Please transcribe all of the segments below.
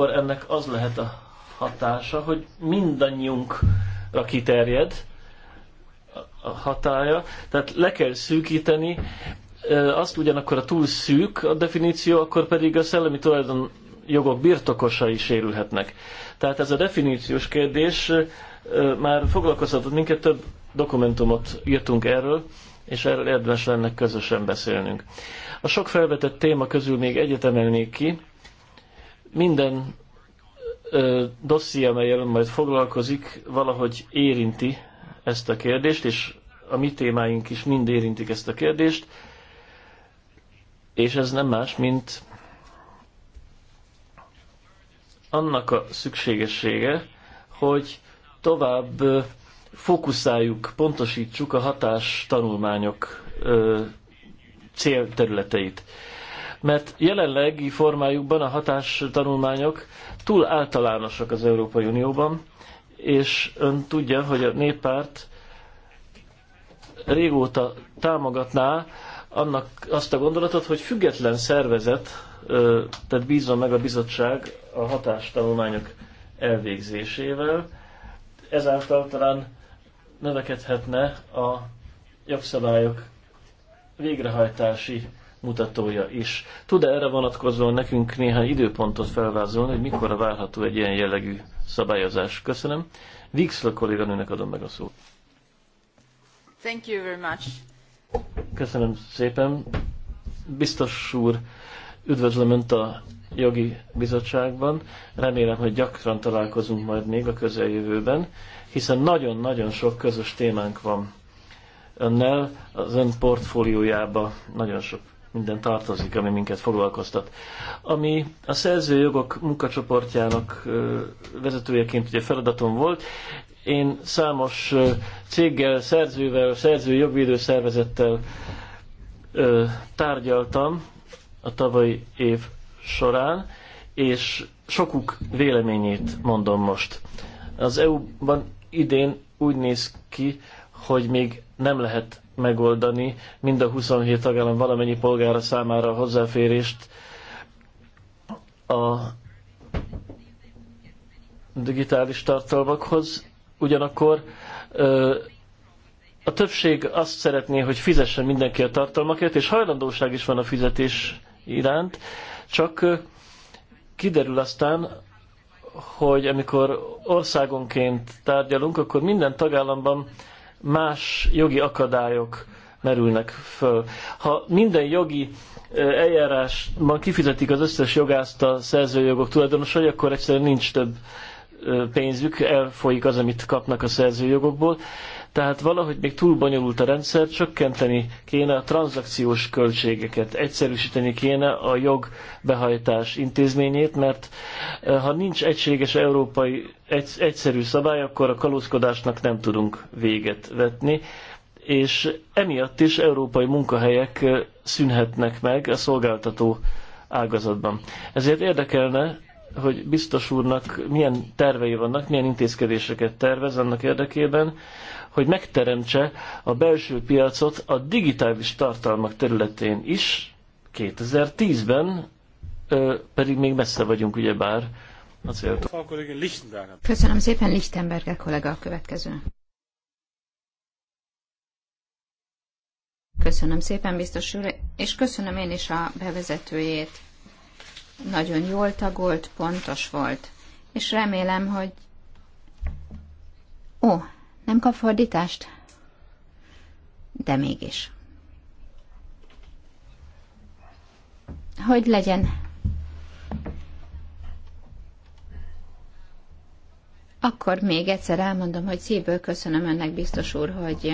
akkor ennek az lehet a hatása, hogy mindannyiunkra kiterjed a hatája, tehát le kell szűkíteni, azt ugyanakkor a túl szűk a definíció, akkor pedig a szellemi tulajdon jogok birtokosai sérülhetnek. Tehát ez a definíciós kérdés már foglalkoztatott minket, több dokumentumot írtunk erről, és erről érdemes lenne közösen beszélnünk. A sok felvetett téma közül még egyet emelnék ki, minden ö, dosszi, amelyel majd foglalkozik, valahogy érinti ezt a kérdést, és a mi témáink is mind érintik ezt a kérdést, és ez nem más, mint annak a szükségessége, hogy tovább fókuszáljuk, pontosítsuk a hatás tanulmányok célterületeit mert jelenlegi formájukban a hatástanulmányok túl általánosak az Európai Unióban, és ön tudja, hogy a néppárt régóta támogatná annak azt a gondolatot, hogy független szervezet, tehát bízza meg a bizottság a hatástanulmányok elvégzésével. Ezáltal talán növekedhetne a jogszabályok végrehajtási mutatója is. Tud-e erre vonatkozóan nekünk néhány időpontot felvázolni, hogy mikorra várható egy ilyen jellegű szabályozás? Köszönöm. Wixler kolléganőnek adom meg a szót. Thank you very much. Köszönöm szépen. Biztos úr, üdvözlöm Önt a jogi bizottságban. Remélem, hogy gyakran találkozunk majd még a közeljövőben, hiszen nagyon-nagyon sok közös témánk van önnel, az ön portfóliójába nagyon sok minden tartozik, ami minket foglalkoztat. Ami a szerzőjogok munkacsoportjának vezetőjeként ugye feladatom volt, én számos céggel, szerzővel, szerzőjogvédő szervezettel tárgyaltam a tavalyi év során, és sokuk véleményét mondom most. Az EU-ban idén úgy néz ki, hogy még nem lehet megoldani mind a 27 tagállam valamennyi polgára számára a hozzáférést a digitális tartalmakhoz. Ugyanakkor a többség azt szeretné, hogy fizessen mindenki a tartalmakért, és hajlandóság is van a fizetés iránt, csak kiderül aztán, hogy amikor országonként tárgyalunk, akkor minden tagállamban más jogi akadályok merülnek föl. Ha minden jogi eljárásban kifizetik az összes jogászt a szerzőjogok tulajdonosai, akkor egyszerűen nincs több pénzük, elfolyik az, amit kapnak a szerzőjogokból. Tehát valahogy még túl bonyolult a rendszer, csökkenteni kéne a tranzakciós költségeket, egyszerűsíteni kéne a jogbehajtás intézményét, mert eh, ha nincs egységes európai egyszerű szabály, akkor a kalózkodásnak nem tudunk véget vetni és emiatt is európai munkahelyek eh, szűnhetnek meg a szolgáltató ágazatban. Ezért érdekelne, hogy biztos úrnak milyen tervei vannak, milyen intézkedéseket tervez annak érdekében, hogy megteremtse a belső piacot a digitális tartalmak területén is 2010-ben, pedig még messze vagyunk ugyebár a céltól. Köszönöm szépen, Lichtenberger kollega a következő. Köszönöm szépen, biztos úr, és köszönöm én is a bevezetőjét. Nagyon jól tagolt, pontos volt, és remélem, hogy... Ó, nem kap fordítást? De mégis. Hogy legyen? Akkor még egyszer elmondom, hogy szívből köszönöm önnek, biztos úr, hogy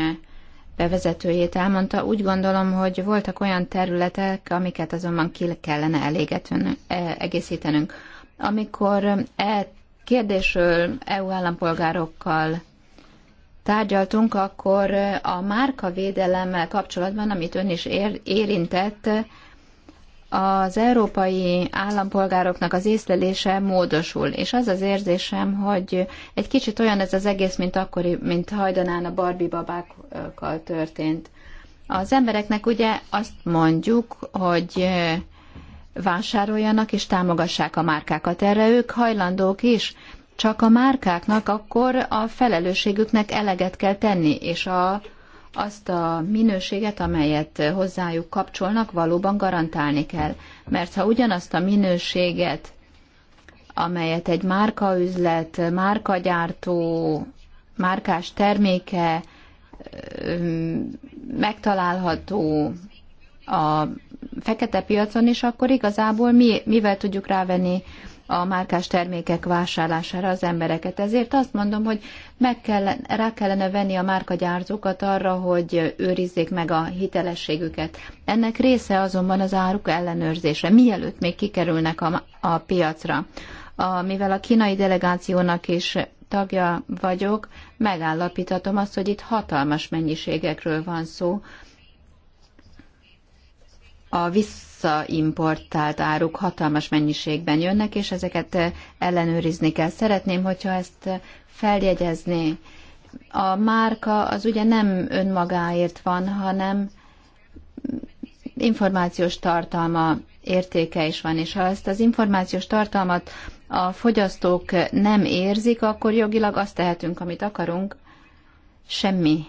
bevezetőjét elmondta. Úgy gondolom, hogy voltak olyan területek, amiket azonban ki kellene elégetőn, e, egészítenünk. Amikor e kérdésről EU állampolgárokkal tárgyaltunk, akkor a márkavédelemmel kapcsolatban, amit ön is ér, érintett, az európai állampolgároknak az észlelése módosul, és az az érzésem, hogy egy kicsit olyan ez az egész, mint akkori, mint hajdanán a Barbie babákkal történt. Az embereknek ugye azt mondjuk, hogy vásároljanak és támogassák a márkákat. Erre ők hajlandók is, csak a márkáknak akkor a felelősségüknek eleget kell tenni, és a, azt a minőséget, amelyet hozzájuk kapcsolnak, valóban garantálni kell. Mert ha ugyanazt a minőséget, amelyet egy márkaüzlet, márkagyártó, márkás terméke megtalálható a fekete piacon, is akkor igazából mi, mivel tudjuk rávenni a márkás termékek vásárlására az embereket. Ezért azt mondom, hogy meg kell, rá kellene venni a márkagyárzókat arra, hogy őrizzék meg a hitelességüket. Ennek része azonban az áruk ellenőrzése, mielőtt még kikerülnek a, a piacra. A, mivel a kínai delegációnak is tagja vagyok, megállapítatom azt, hogy itt hatalmas mennyiségekről van szó, a visszaimportált áruk hatalmas mennyiségben jönnek, és ezeket eh, ellenőrizni kell. Szeretném, hogyha ezt eh, feljegyezné. A márka az ugye nem önmagáért van, hanem információs tartalma értéke is van, és ha ezt az információs tartalmat a fogyasztók nem érzik, akkor jogilag azt tehetünk, amit akarunk, semmi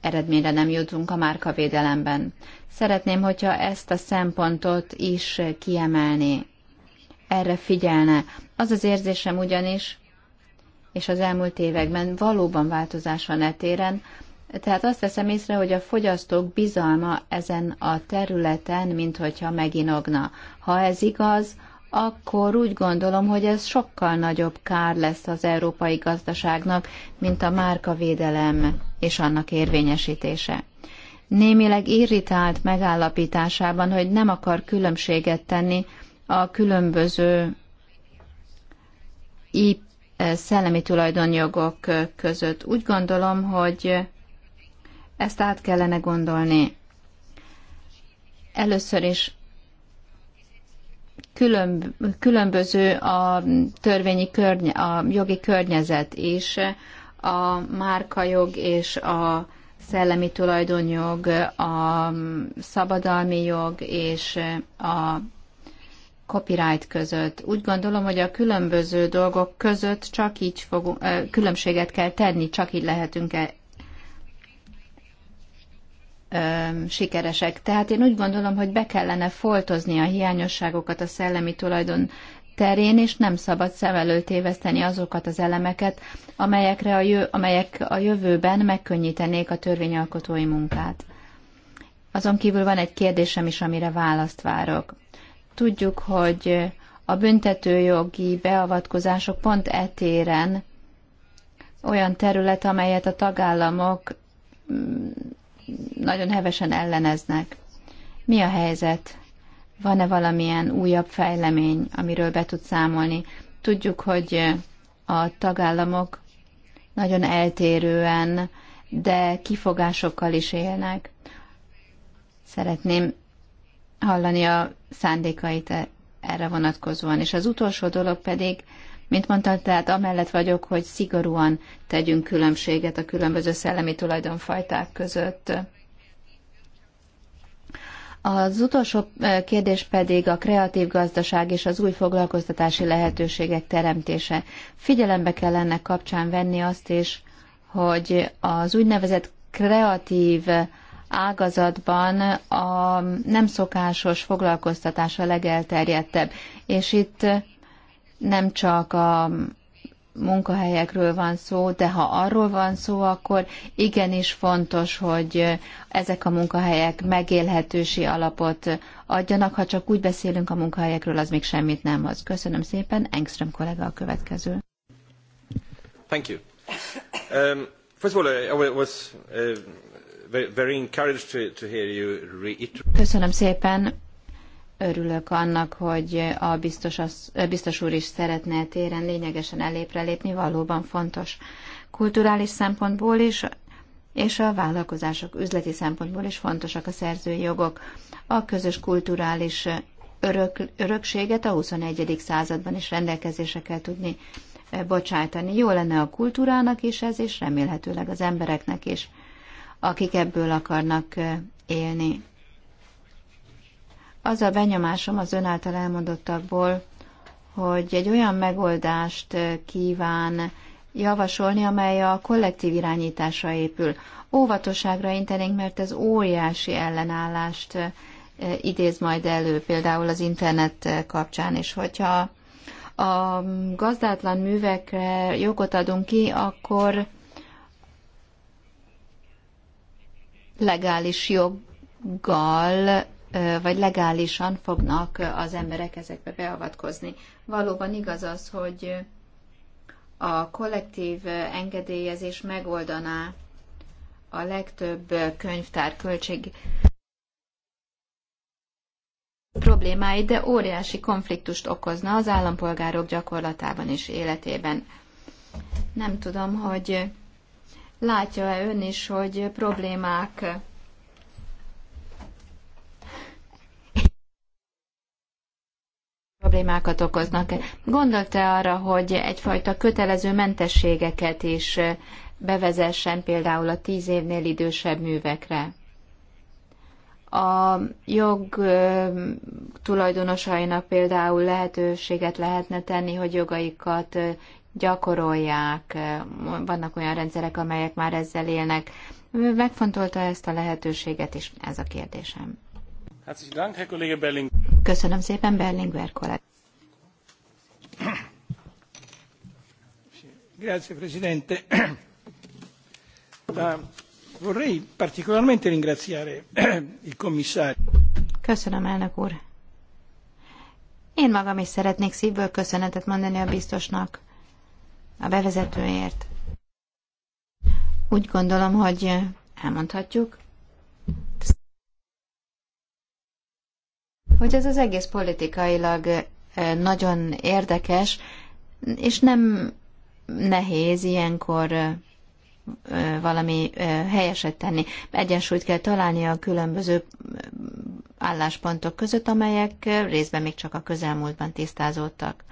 eredményre nem jutunk a márkavédelemben. Szeretném, hogyha ezt a szempontot is kiemelné, erre figyelne. Az az érzésem ugyanis, és az elmúlt években valóban változás van etéren, tehát azt veszem észre, hogy a fogyasztók bizalma ezen a területen, mint hogyha meginogna. Ha ez igaz, akkor úgy gondolom, hogy ez sokkal nagyobb kár lesz az európai gazdaságnak, mint a márkavédelem és annak érvényesítése némileg irritált megállapításában, hogy nem akar különbséget tenni a különböző eh, szellemi tulajdonjogok között. Úgy gondolom, hogy ezt át kellene gondolni. Először is különböző a törvényi környe, a jogi környezet és a márkajog és a szellemi tulajdonjog, a szabadalmi jog és a copyright között. Úgy gondolom, hogy a különböző dolgok között csak így fogunk, különbséget kell tenni, csak így lehetünk -e sikeresek. Tehát én úgy gondolom, hogy be kellene foltozni a hiányosságokat a szellemi tulajdon terén, és nem szabad szem előtt éveszteni azokat az elemeket, amelyekre a jö, amelyek a jövőben megkönnyítenék a törvényalkotói munkát. Azon kívül van egy kérdésem is, amire választ várok. Tudjuk, hogy a büntetőjogi beavatkozások pont etéren olyan terület, amelyet a tagállamok mm, nagyon hevesen elleneznek. Mi a helyzet? Van-e valamilyen újabb fejlemény, amiről be tud számolni? Tudjuk, hogy a tagállamok nagyon eltérően, de kifogásokkal is élnek. Szeretném hallani a szándékait e- erre vonatkozóan. És az utolsó dolog pedig, mint mondtam, tehát amellett vagyok, hogy szigorúan tegyünk különbséget a különböző szellemi tulajdonfajták között. Az utolsó eh, kérdés pedig a kreatív gazdaság és az új foglalkoztatási lehetőségek teremtése. Figyelembe kell ennek kapcsán venni azt is, hogy az úgynevezett kreatív ágazatban a nem szokásos foglalkoztatás a legelterjedtebb. És itt nem csak a, munkahelyekről van szó, de ha arról van szó, akkor igenis fontos, hogy ezek a munkahelyek megélhetősi alapot adjanak. Ha csak úgy beszélünk a munkahelyekről, az még semmit nem hoz. Köszönöm szépen. Engström kollega a következő. Thank you. Um, first of all, I was uh, very encouraged to, to hear you reiterate. Köszönöm szépen Örülök annak, hogy a biztos, az, biztos úr is szeretne téren lényegesen elépre lépni, valóban fontos kulturális szempontból is, és a vállalkozások üzleti szempontból is fontosak a szerzői jogok. A közös kulturális örök, örökséget a 21. században is rendelkezésre kell tudni bocsájtani. Jó lenne a kultúrának is ez, és remélhetőleg az embereknek is, akik ebből akarnak élni. Az a benyomásom az ön által elmondottakból, hogy egy olyan megoldást eh, kíván javasolni, amely a kollektív irányításra épül. Óvatosságra intenénk, mert ez óriási ellenállást eh, idéz majd elő, például az internet eh, kapcsán is. Hogyha a gazdátlan művekre jogot adunk ki, akkor legális joggal vagy legálisan fognak az emberek ezekbe beavatkozni. Valóban igaz az, hogy a kollektív engedélyezés megoldaná a legtöbb könyvtár költség problémáit, de óriási konfliktust okozna az állampolgárok gyakorlatában és életében. Nem tudom, hogy látja-e ön is, hogy problémák problémákat okoznak. Gondolta arra, hogy egyfajta kötelező mentességeket is bevezessen például a tíz évnél idősebb művekre? a jog tulajdonosainak például lehetőséget lehetne tenni, hogy jogaikat gyakorolják. Vannak olyan rendszerek, amelyek már ezzel élnek. Megfontolta ezt a lehetőséget, és ez a kérdésem. Köszönöm szépen, Berlingver kollég. Grazie, Presidente. Ah, vorrei particolarmente ringraziare il commissario. Köszönöm, elnök úr. Én magam is szeretnék szívből köszönetet mondani a biztosnak a bevezetőért. Úgy gondolom, hogy elmondhatjuk, hogy ez az egész politikailag nagyon érdekes, és nem nehéz ilyenkor valami helyeset tenni. Egyensúlyt kell találni a különböző álláspontok között, amelyek részben még csak a közelmúltban tisztázódtak.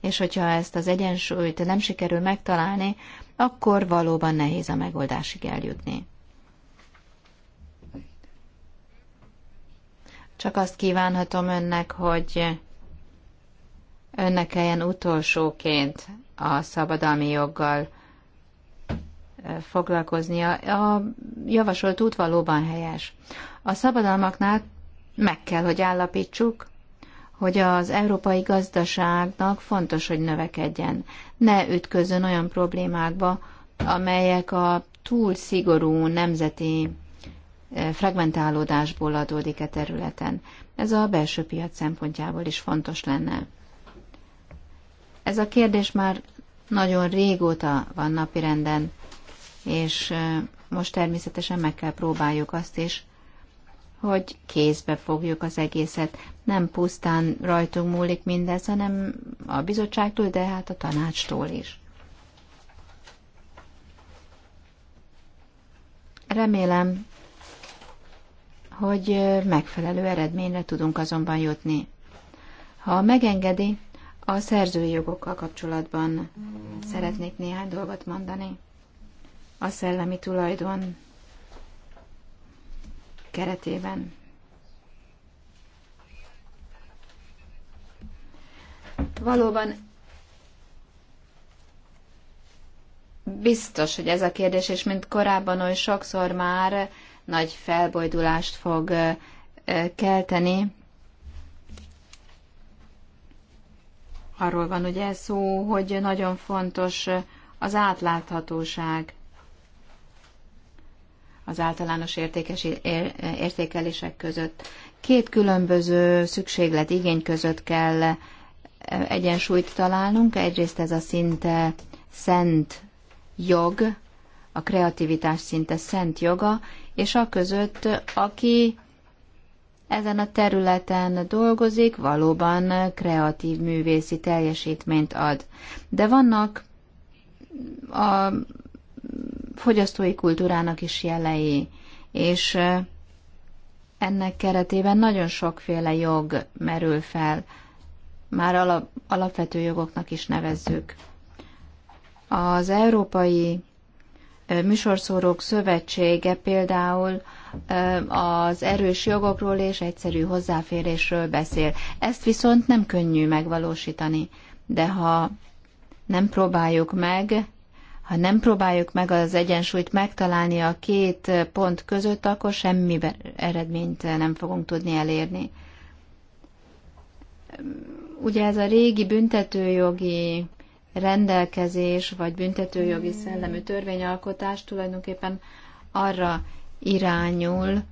És hogyha ezt az egyensúlyt nem sikerül megtalálni, akkor valóban nehéz a megoldásig eljutni. Csak azt kívánhatom önnek, hogy önnek kelljen utolsóként a szabadalmi joggal foglalkoznia. A javasolt út valóban helyes. A szabadalmaknál meg kell, hogy állapítsuk, hogy az európai gazdaságnak fontos, hogy növekedjen. Ne ütközön olyan problémákba, amelyek a túl szigorú nemzeti fragmentálódásból adódik e területen. Ez a belső piac szempontjából is fontos lenne. Ez a kérdés már nagyon régóta van napirenden, és most természetesen meg kell próbáljuk azt is, hogy kézbe fogjuk az egészet. Nem pusztán rajtunk múlik mindez, hanem a bizottságtól, de hát a tanácstól is. Remélem, hogy megfelelő eredményre tudunk azonban jutni. Ha megengedi, a szerzői jogokkal kapcsolatban szeretnék néhány dolgot mondani. A szellemi tulajdon keretében. Valóban biztos, hogy ez a kérdés, és mint korábban oly sokszor már nagy felbojdulást fog kelteni. Arról van ugye szó, hogy nagyon fontos az átláthatóság az általános értékes, értékelések között. Két különböző szükséglet, igény között kell egyensúlyt találnunk. Egyrészt ez a szinte szent jog, a kreativitás szinte szent joga, és a között, aki ezen a területen dolgozik, valóban kreatív művészi teljesítményt ad. De vannak a fogyasztói kultúrának is jelei, és ennek keretében nagyon sokféle jog merül fel, már alap, alapvető jogoknak is nevezzük. Az európai műsorszórók szövetsége például az erős jogokról és egyszerű hozzáférésről beszél. Ezt viszont nem könnyű megvalósítani. De ha nem próbáljuk meg, ha nem próbáljuk meg az egyensúlyt megtalálni a két pont között, akkor semmi eredményt nem fogunk tudni elérni. Ugye ez a régi büntetőjogi rendelkezés vagy büntetőjogi szellemű törvényalkotás tulajdonképpen arra irányul,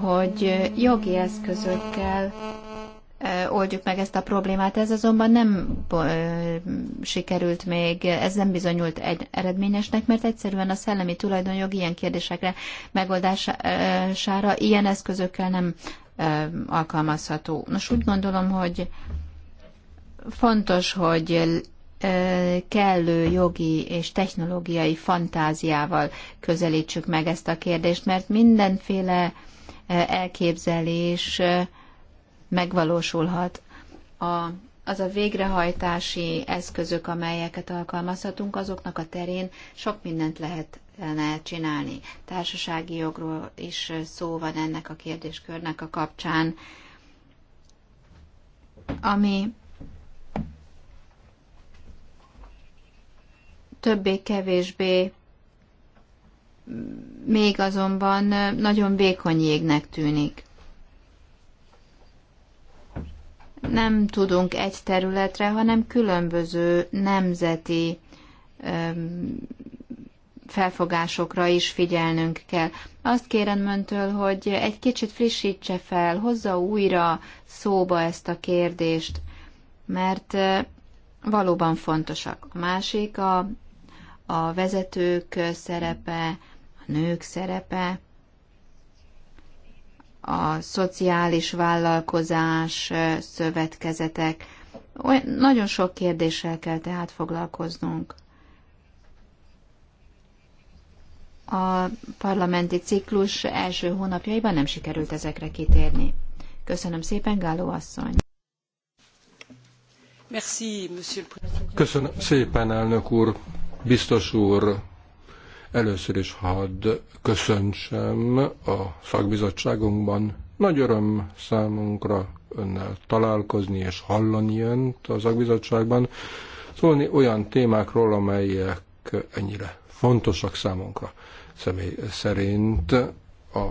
hogy jogi eszközökkel oldjuk meg ezt a problémát. Ez azonban nem sikerült még, ez nem bizonyult egy eredményesnek, mert egyszerűen a szellemi tulajdonjog ilyen kérdésekre megoldására ilyen eszközökkel nem alkalmazható. Nos, úgy gondolom, hogy Fontos, hogy eh, kellő jogi és technológiai fantáziával közelítsük meg ezt a kérdést, mert mindenféle eh, elképzelés eh, megvalósulhat. A, az a végrehajtási eszközök, amelyeket alkalmazhatunk, azoknak a terén sok mindent lehet kellene csinálni. Társasági jogról is szó van ennek a kérdéskörnek a kapcsán, ami többé-kevésbé még azonban nagyon vékony jégnek tűnik. Nem tudunk egy területre, hanem különböző nemzeti felfogásokra is figyelnünk kell. Azt kérem öntől, hogy egy kicsit frissítse fel, hozza újra szóba ezt a kérdést, mert valóban fontosak. A másik a a vezetők szerepe, a nők szerepe, a szociális vállalkozás, szövetkezetek. Olyan, nagyon sok kérdéssel kell tehát foglalkoznunk. A parlamenti ciklus első hónapjaiban nem sikerült ezekre kitérni. Köszönöm szépen, Gáló asszony! Köszönöm szépen, elnök úr! Biztos úr, először is hadd köszöntsem a szakbizottságunkban. Nagy öröm számunkra önnel találkozni és hallani önt a szakbizottságban, szólni olyan témákról, amelyek ennyire fontosak számunkra. Személy szerint a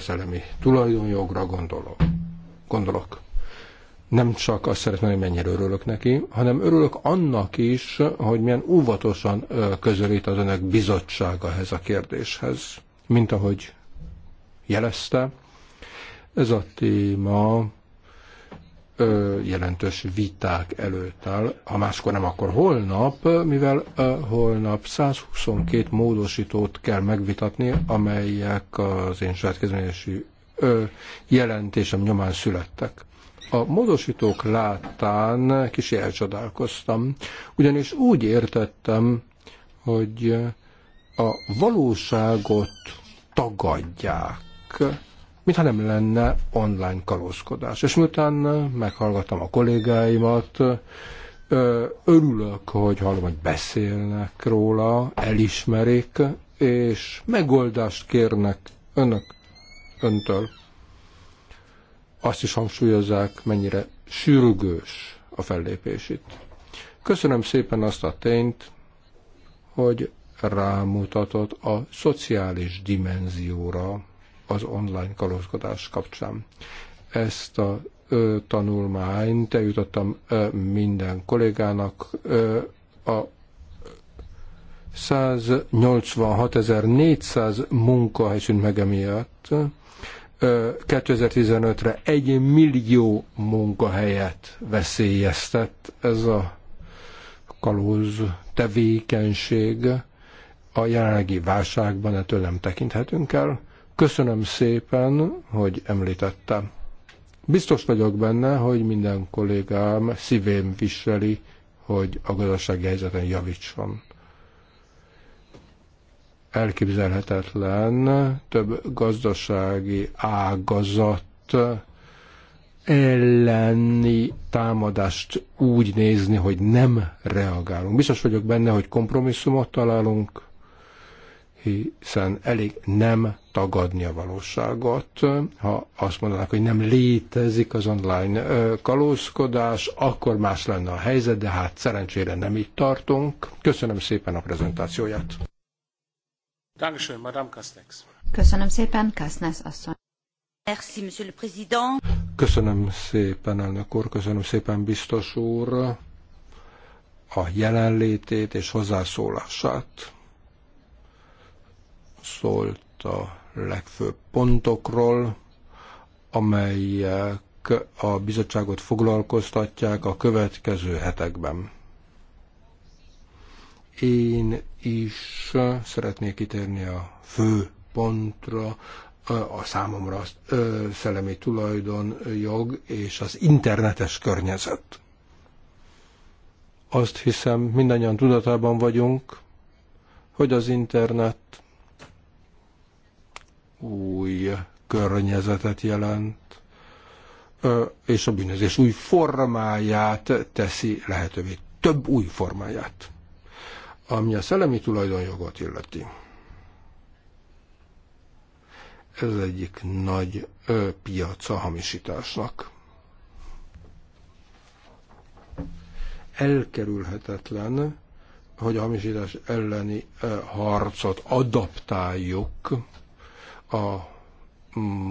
szellemi tulajdonjogra gondolok. gondolok nem csak azt szeretném, hogy mennyire örülök neki, hanem örülök annak is, hogy milyen óvatosan közelít az önök bizottsága ehhez a kérdéshez. Mint ahogy jelezte, ez a téma jelentős viták előtt áll, ha máskor nem, akkor holnap, mivel holnap 122 módosítót kell megvitatni, amelyek az én sajátkezményesi jelentésem nyomán születtek. A módosítók láttán kis elcsodálkoztam, ugyanis úgy értettem, hogy a valóságot tagadják, mintha nem lenne online kalózkodás. És miután meghallgattam a kollégáimat, örülök, hogy hallom, hogy beszélnek róla, elismerik, és megoldást kérnek önök öntől azt is hangsúlyozzák, mennyire sürgős a fellépés itt. Köszönöm szépen azt a tényt, hogy rámutatott a szociális dimenzióra az online kalózkodás kapcsán. Ezt a ö, tanulmányt eljutottam ö, minden kollégának. Ö, a 186.400 munkahely megemiatt 2015-re egy millió munkahelyet veszélyeztet ez a kalóz tevékenység. A jelenlegi válságban ettől nem tekinthetünk el. Köszönöm szépen, hogy említettem. Biztos vagyok benne, hogy minden kollégám szívén viseli, hogy a gazdasági helyzeten javítson elképzelhetetlen több gazdasági ágazat elleni támadást úgy nézni, hogy nem reagálunk. Biztos vagyok benne, hogy kompromisszumot találunk, hiszen elég nem tagadni a valóságot. Ha azt mondanák, hogy nem létezik az online kalózkodás, akkor más lenne a helyzet, de hát szerencsére nem itt tartunk. Köszönöm szépen a prezentációját. Dankeschön, Madame Köszönöm szépen, Kastnex asszony. Merci, Monsieur le Président. Köszönöm szépen, elnök úr, köszönöm szépen, biztos úr, a jelenlétét és hozzászólását. Szólt a legfőbb pontokról, amelyek a bizottságot foglalkoztatják a következő hetekben. Én is szeretnék kitérni a fő pontra, a számomra a szellemi jog és az internetes környezet. Azt hiszem, mindannyian tudatában vagyunk, hogy az internet új környezetet jelent, és a bűnözés új formáját teszi lehetővé, több új formáját ami a szellemi tulajdonjogot illeti. Ez egyik nagy ö, piaca hamisításnak. Elkerülhetetlen, hogy a hamisítás elleni ö, harcot adaptáljuk a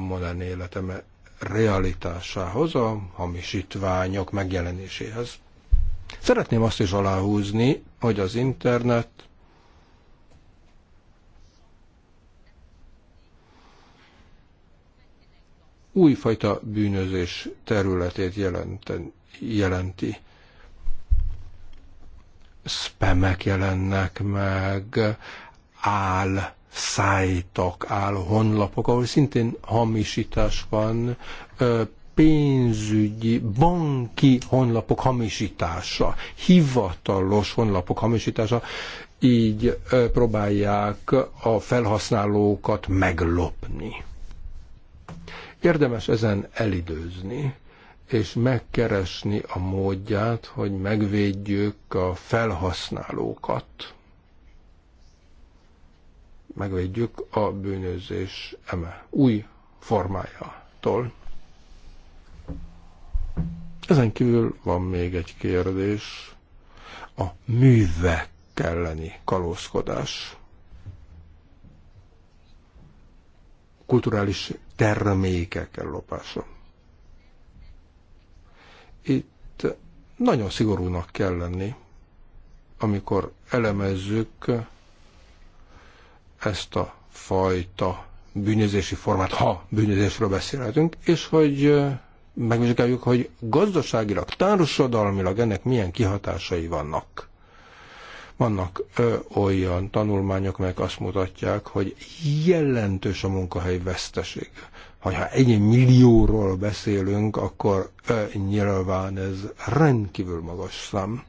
modern életeme realitásához, a hamisítványok megjelenéséhez Szeretném azt is aláhúzni, hogy az internet újfajta bűnözés területét jelenten, jelenti. Spemek jelennek meg, áll szájtak, áll honlapok, ahol szintén hamisítás van, pénzügyi, banki honlapok hamisítása, hivatalos honlapok hamisítása, így próbálják a felhasználókat meglopni. Érdemes ezen elidőzni, és megkeresni a módját, hogy megvédjük a felhasználókat. Megvédjük a bűnözés eme új formájától. Ezen kívül van még egy kérdés, a művek elleni kalózkodás. Kulturális termékek ellopása. Itt nagyon szigorúnak kell lenni, amikor elemezzük ezt a fajta bűnözési formát, ha bűnözésről beszélhetünk, és hogy megvizsgáljuk, hogy gazdaságilag, társadalmilag ennek milyen kihatásai vannak. Vannak ö, olyan tanulmányok, melyek azt mutatják, hogy jelentős a munkahely veszteség. Ha egy millióról beszélünk, akkor ö, nyilván ez rendkívül magas szám.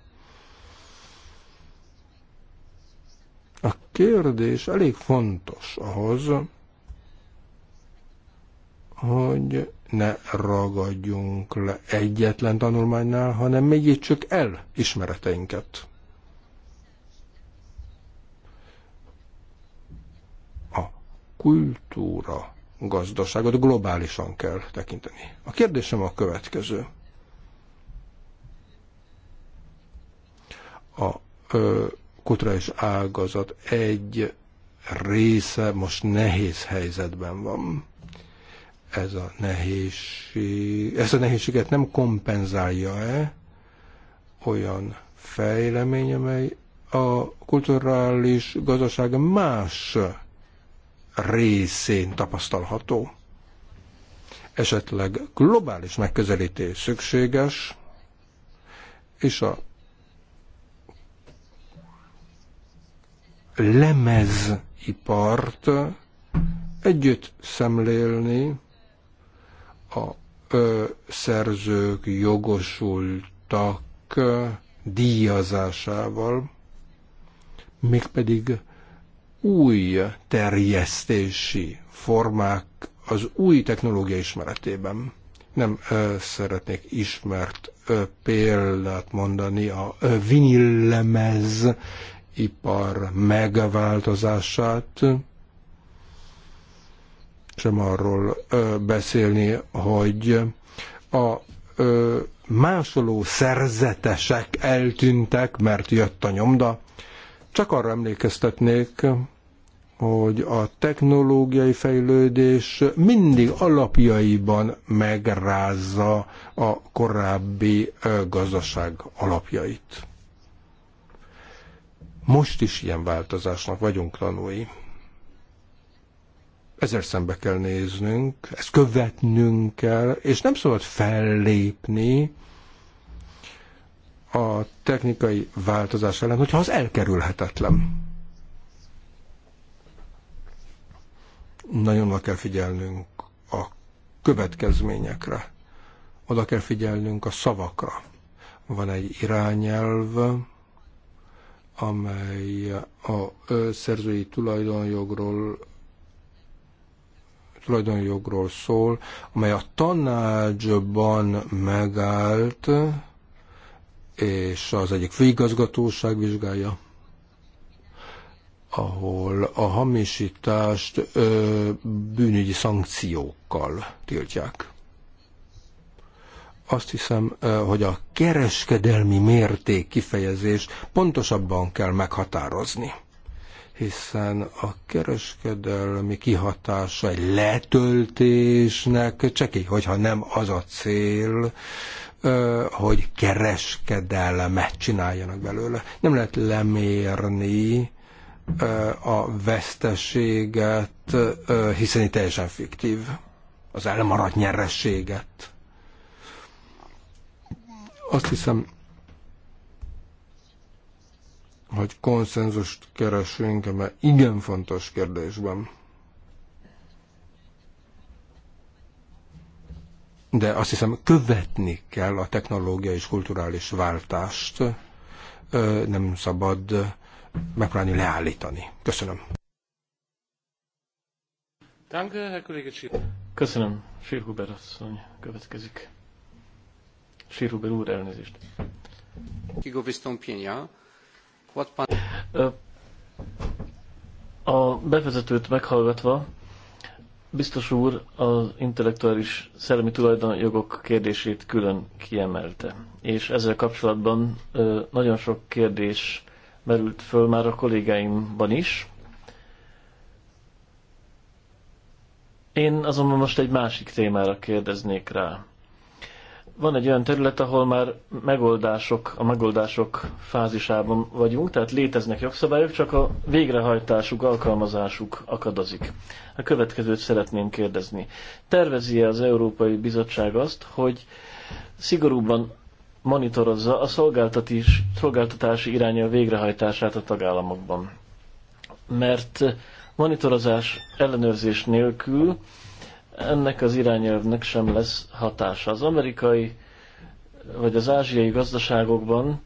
A kérdés elég fontos ahhoz, hogy ne ragadjunk le egyetlen tanulmánynál, hanem mégiscsak el ismereteinket. A kultúra gazdaságot globálisan kell tekinteni. A kérdésem a következő. A ö, kulturális ágazat egy része most nehéz helyzetben van ez a nehézség, ezt a nehézséget nem kompenzálja-e olyan fejlemény, amely a kulturális gazdaság más részén tapasztalható. Esetleg globális megközelítés szükséges, és a lemezipart együtt szemlélni a ö, szerzők jogosultak ö, díjazásával, mégpedig új terjesztési formák az új technológia ismeretében. Nem ö, szeretnék ismert ö, példát mondani a vinillemez ipar megváltozását, sem arról beszélni, hogy a másoló szerzetesek eltűntek, mert jött a nyomda. Csak arra emlékeztetnék, hogy a technológiai fejlődés mindig alapjaiban megrázza a korábbi gazdaság alapjait. Most is ilyen változásnak vagyunk tanúi ezért szembe kell néznünk, ezt követnünk kell, és nem szabad fellépni a technikai változás ellen, hogyha az elkerülhetetlen. Nagyon oda kell figyelnünk a következményekre, oda kell figyelnünk a szavakra. Van egy irányelv, amely a szerzői tulajdonjogról tulajdonjogról szól, amely a tanácsban megállt, és az egyik főigazgatóság vizsgálja, ahol a hamisítást ö, bűnügyi szankciókkal tiltják. Azt hiszem, ö, hogy a kereskedelmi mérték kifejezés pontosabban kell meghatározni hiszen a kereskedelmi kihatása egy letöltésnek csekély, hogyha nem az a cél, hogy kereskedelmet csináljanak belőle. Nem lehet lemérni a veszteséget, hiszen itt teljesen fiktív az elmaradt nyerességet. Azt hiszem, hogy konszenzust keresünk ebben igen fontos kérdésben. De azt hiszem, követni kell a technológiai és kulturális váltást, nem szabad megpróbálni leállítani. Köszönöm. Köszönöm. Sírhuber asszony következik. Sírhuber úr elnézést. Kigo wystąpienia a bevezetőt meghallgatva biztos úr az intellektuális szellemi tulajdonjogok kérdését külön kiemelte. És ezzel kapcsolatban nagyon sok kérdés merült föl már a kollégáimban is. Én azonban most egy másik témára kérdeznék rá van egy olyan terület, ahol már megoldások, a megoldások fázisában vagyunk, tehát léteznek jogszabályok, csak a végrehajtásuk, alkalmazásuk akadozik. A következőt szeretném kérdezni. Tervezi-e az Európai Bizottság azt, hogy szigorúban monitorozza a szolgáltatási irányel végrehajtását a tagállamokban? Mert monitorozás ellenőrzés nélkül ennek az irányelvnek sem lesz hatása. Az amerikai vagy az ázsiai gazdaságokban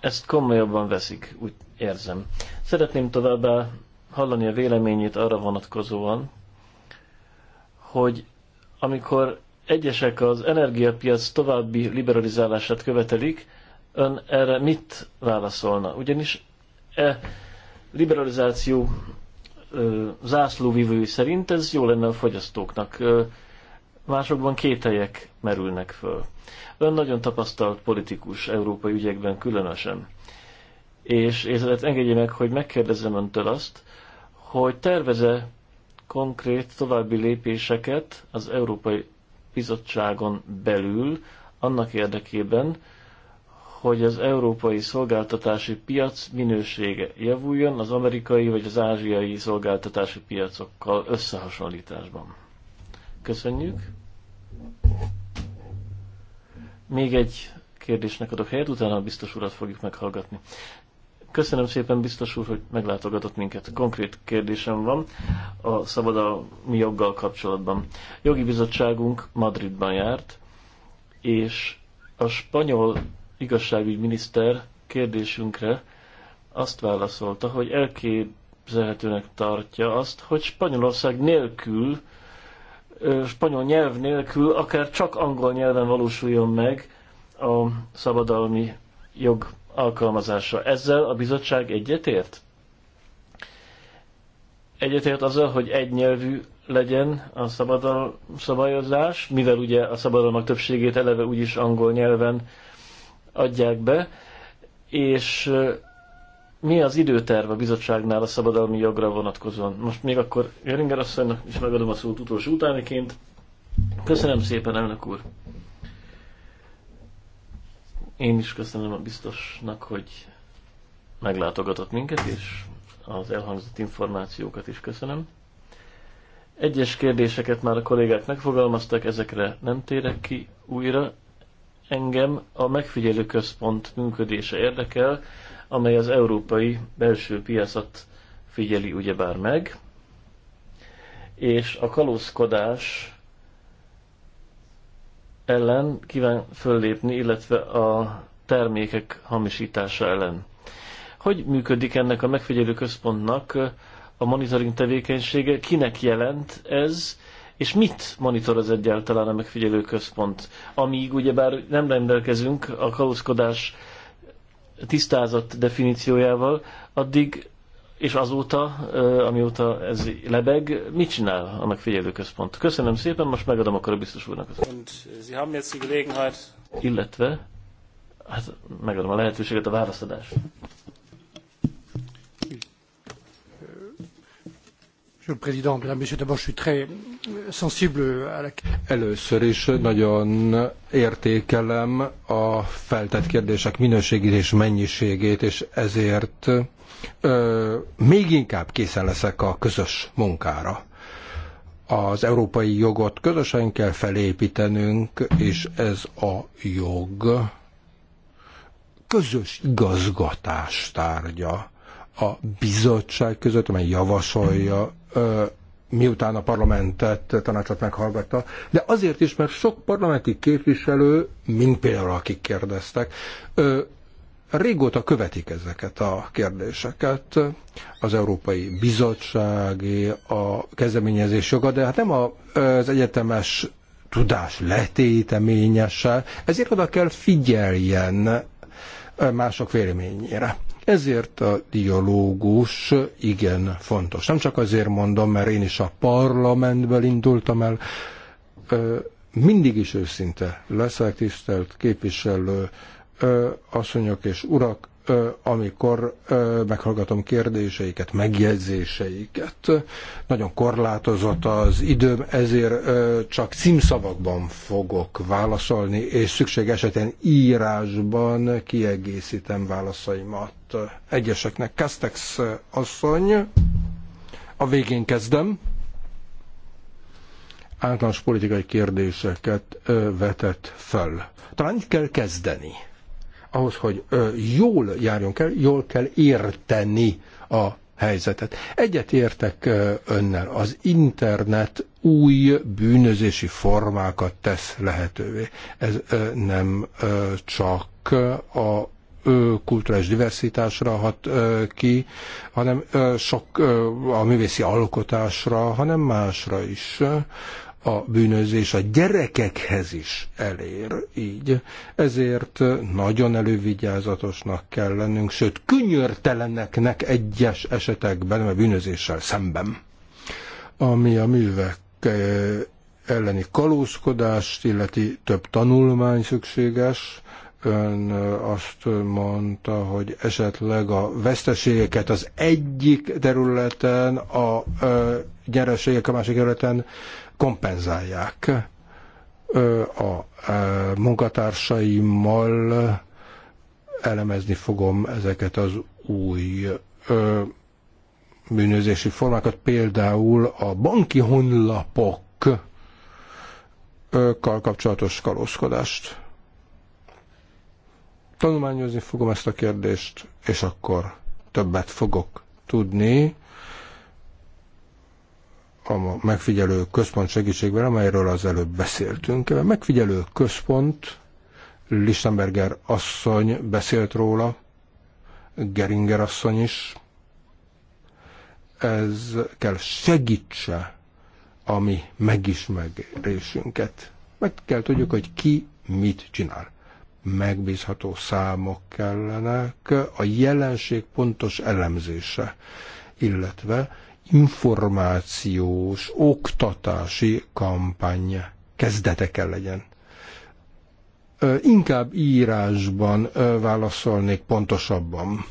ezt komolyabban veszik, úgy érzem. Szeretném továbbá hallani a véleményét arra vonatkozóan, hogy amikor egyesek az energiapiac további liberalizálását követelik, ön erre mit válaszolna? Ugyanis e liberalizáció zászlóvivői szerint ez jó lenne a fogyasztóknak. Másokban kételyek merülnek föl. Ön nagyon tapasztalt politikus európai ügyekben különösen. És ezért engedje meg, hogy megkérdezzem öntől azt, hogy terveze konkrét további lépéseket az Európai Bizottságon belül annak érdekében, hogy az európai szolgáltatási piac minősége javuljon az amerikai vagy az ázsiai szolgáltatási piacokkal összehasonlításban. Köszönjük. Még egy kérdésnek adok helyet, utána a biztos urat fogjuk meghallgatni. Köszönöm szépen, biztos úr, hogy meglátogatott minket. Konkrét kérdésem van a szabadalmi joggal kapcsolatban. Jogi bizottságunk Madridban járt, és a spanyol igazságügyi miniszter kérdésünkre azt válaszolta, hogy elképzelhetőnek tartja azt, hogy Spanyolország nélkül, spanyol nyelv nélkül, akár csak angol nyelven valósuljon meg a szabadalmi jog alkalmazása. Ezzel a bizottság egyetért? Egyetért azzal, hogy egynyelvű legyen a szabadalom szabályozás, mivel ugye a szabadalmak többségét eleve úgyis angol nyelven adják be, és mi az időterv a bizottságnál a szabadalmi jogra vonatkozóan? Most még akkor Jöringer asszonynak is megadom a szót utolsó utániként. Köszönöm szépen, elnök úr! Én is köszönöm a biztosnak, hogy meglátogatott minket, és az elhangzott információkat is köszönöm. Egyes kérdéseket már a kollégák megfogalmaztak, ezekre nem térek ki újra engem a megfigyelő központ működése érdekel, amely az európai belső piacot figyeli ugyebár meg, és a kalózkodás ellen kíván föllépni, illetve a termékek hamisítása ellen. Hogy működik ennek a megfigyelő központnak a monitoring tevékenysége? Kinek jelent ez, és mit az egyáltalán a megfigyelő központ? Amíg ugyebár nem rendelkezünk a kalózkodás tisztázott definíciójával, addig és azóta, amióta ez lebeg, mit csinál a megfigyelő központ? Köszönöm szépen, most megadom akkor a biztos úrnak. Az... Illetve, hát megadom a lehetőséget a választadás. Először is nagyon értékelem a feltett kérdések minőségét és mennyiségét, és ezért ö, még inkább készen leszek a közös munkára. Az európai jogot közösen kell felépítenünk, és ez a jog közös igazgatás tárgya a bizottság között, amely javasolja miután a parlamentet, tanácsot meghallgatta, de azért is, mert sok parlamenti képviselő, mint például akik kérdeztek, régóta követik ezeket a kérdéseket, az Európai Bizottsági, a kezdeményezés joga, de hát nem az egyetemes tudás letéteményese, ezért oda kell figyeljen mások véleményére. Ezért a dialógus igen fontos. Nem csak azért mondom, mert én is a parlamentből indultam el, mindig is őszinte leszek, tisztelt képviselő, asszonyok és urak, amikor meghallgatom kérdéseiket, megjegyzéseiket. Nagyon korlátozott az időm, ezért csak címszavakban fogok válaszolni, és szükség esetén írásban kiegészítem válaszaimat egyeseknek. Kastex asszony, a végén kezdem. Általános politikai kérdéseket vetett fel. Talán így kell kezdeni. Ahhoz, hogy jól járjon kell, jól kell érteni a helyzetet. Egyet értek önnel, az internet új bűnözési formákat tesz lehetővé. Ez nem csak a kulturális diversitásra hat ki, hanem sok a művészi alkotásra, hanem másra is a bűnözés a gyerekekhez is elér így. Ezért nagyon elővigyázatosnak kell lennünk, sőt könyörteleneknek egyes esetekben, a bűnözéssel szemben. Ami a művek elleni kalózkodást illeti több tanulmány szükséges, Ön azt mondta, hogy esetleg a veszteségeket az egyik területen, a nyereségek a másik területen kompenzálják. A munkatársaimmal elemezni fogom ezeket az új bűnözési formákat, például a banki honlapokkal kapcsolatos kalózkodást. Tanulmányozni fogom ezt a kérdést, és akkor többet fogok tudni a megfigyelő központ segítségével, amelyről az előbb beszéltünk. A megfigyelő központ, Lichtenberger asszony beszélt róla, Geringer asszony is. Ez kell segítse a mi megismerésünket. Meg kell tudjuk, hogy ki mit csinál megbízható számok kellenek, a jelenség pontos elemzése, illetve információs, oktatási kampány kezdete kell legyen. Inkább írásban válaszolnék pontosabban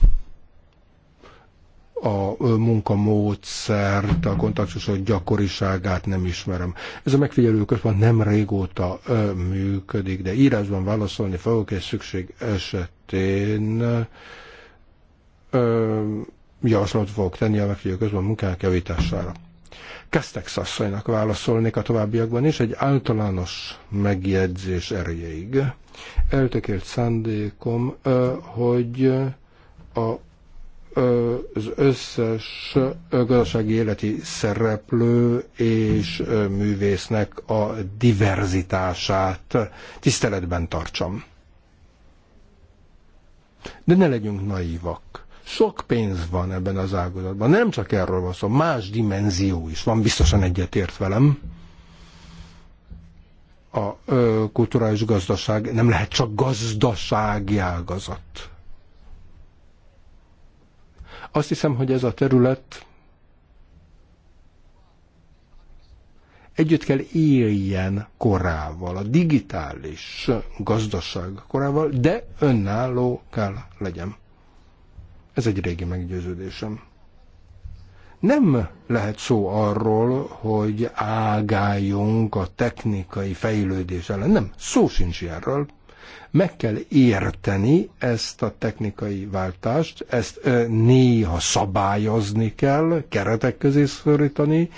a munkamódszert, a kontaktusok gyakoriságát nem ismerem. Ez a megfigyelő központ nem régóta működik, de írásban válaszolni fogok, egy szükség esetén javaslatot fogok tenni a megfigyelő központ munkának javítására. Kezdtek szasszonynak válaszolni a továbbiakban is egy általános megjegyzés erejéig. Eltökélt szándékom, hogy a az összes gazdasági életi szereplő és művésznek a diverzitását tiszteletben tartsam. De ne legyünk naívak. Sok pénz van ebben az ágazatban. Nem csak erről van szó, más dimenzió is van, biztosan egyetért velem. A kulturális gazdaság nem lehet csak gazdasági ágazat azt hiszem, hogy ez a terület együtt kell éljen korával, a digitális gazdaság korával, de önálló kell legyen. Ez egy régi meggyőződésem. Nem lehet szó arról, hogy ágáljunk a technikai fejlődés ellen. Nem, szó sincs erről. Meg kell érteni ezt a technikai váltást, ezt néha szabályozni kell, keretek közé szorítani,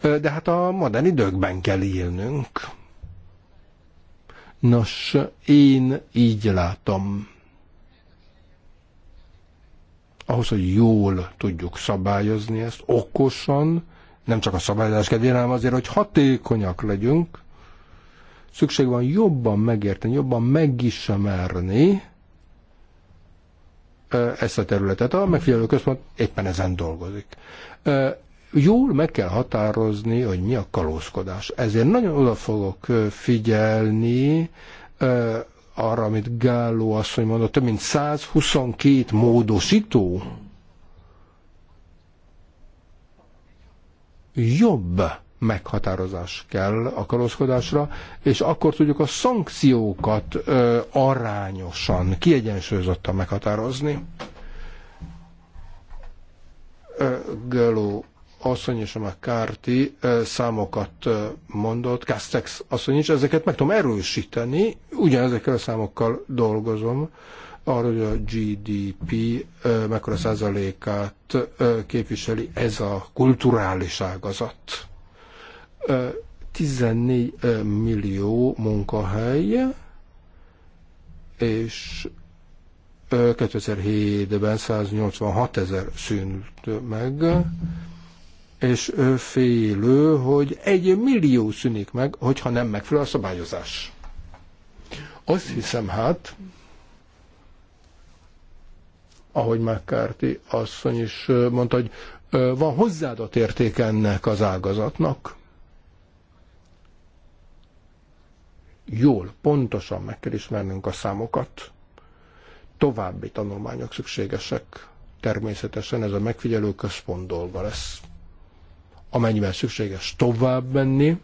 de hát a modern időkben kell élnünk. Nos, én így látom ahhoz, hogy jól tudjuk szabályozni ezt, okosan, nem csak a szabályozás kedvére, hanem azért, hogy hatékonyak legyünk, szükség van jobban megérteni, jobban megismerni ezt a területet. A megfigyelő központ éppen ezen dolgozik. Jól meg kell határozni, hogy mi a kalózkodás. Ezért nagyon oda fogok figyelni arra, amit Gálló asszony mondott, több mint 122 módosító jobb meghatározás kell a kalózkodásra, és akkor tudjuk a szankciókat ö, arányosan, kiegyensúlyozottan meghatározni. Gelo asszony és a McCarthy számokat mondott, Castex asszony is, ezeket meg tudom erősíteni, ugyanezekkel a számokkal dolgozom, arra, hogy a GDP mekkora százalékát képviseli ez a kulturális ágazat. 14 millió munkahely, és 2007-ben 186 ezer szűnt meg, és félő, hogy egy millió szűnik meg, hogyha nem megfelel a szabályozás. Azt hiszem hát, ahogy McCarthy asszony is mondta, hogy van hozzáadott érték ennek az ágazatnak. jól, pontosan meg kell ismernünk a számokat. További tanulmányok szükségesek. Természetesen ez a megfigyelő központ dolga lesz. Amennyiben szükséges tovább menni,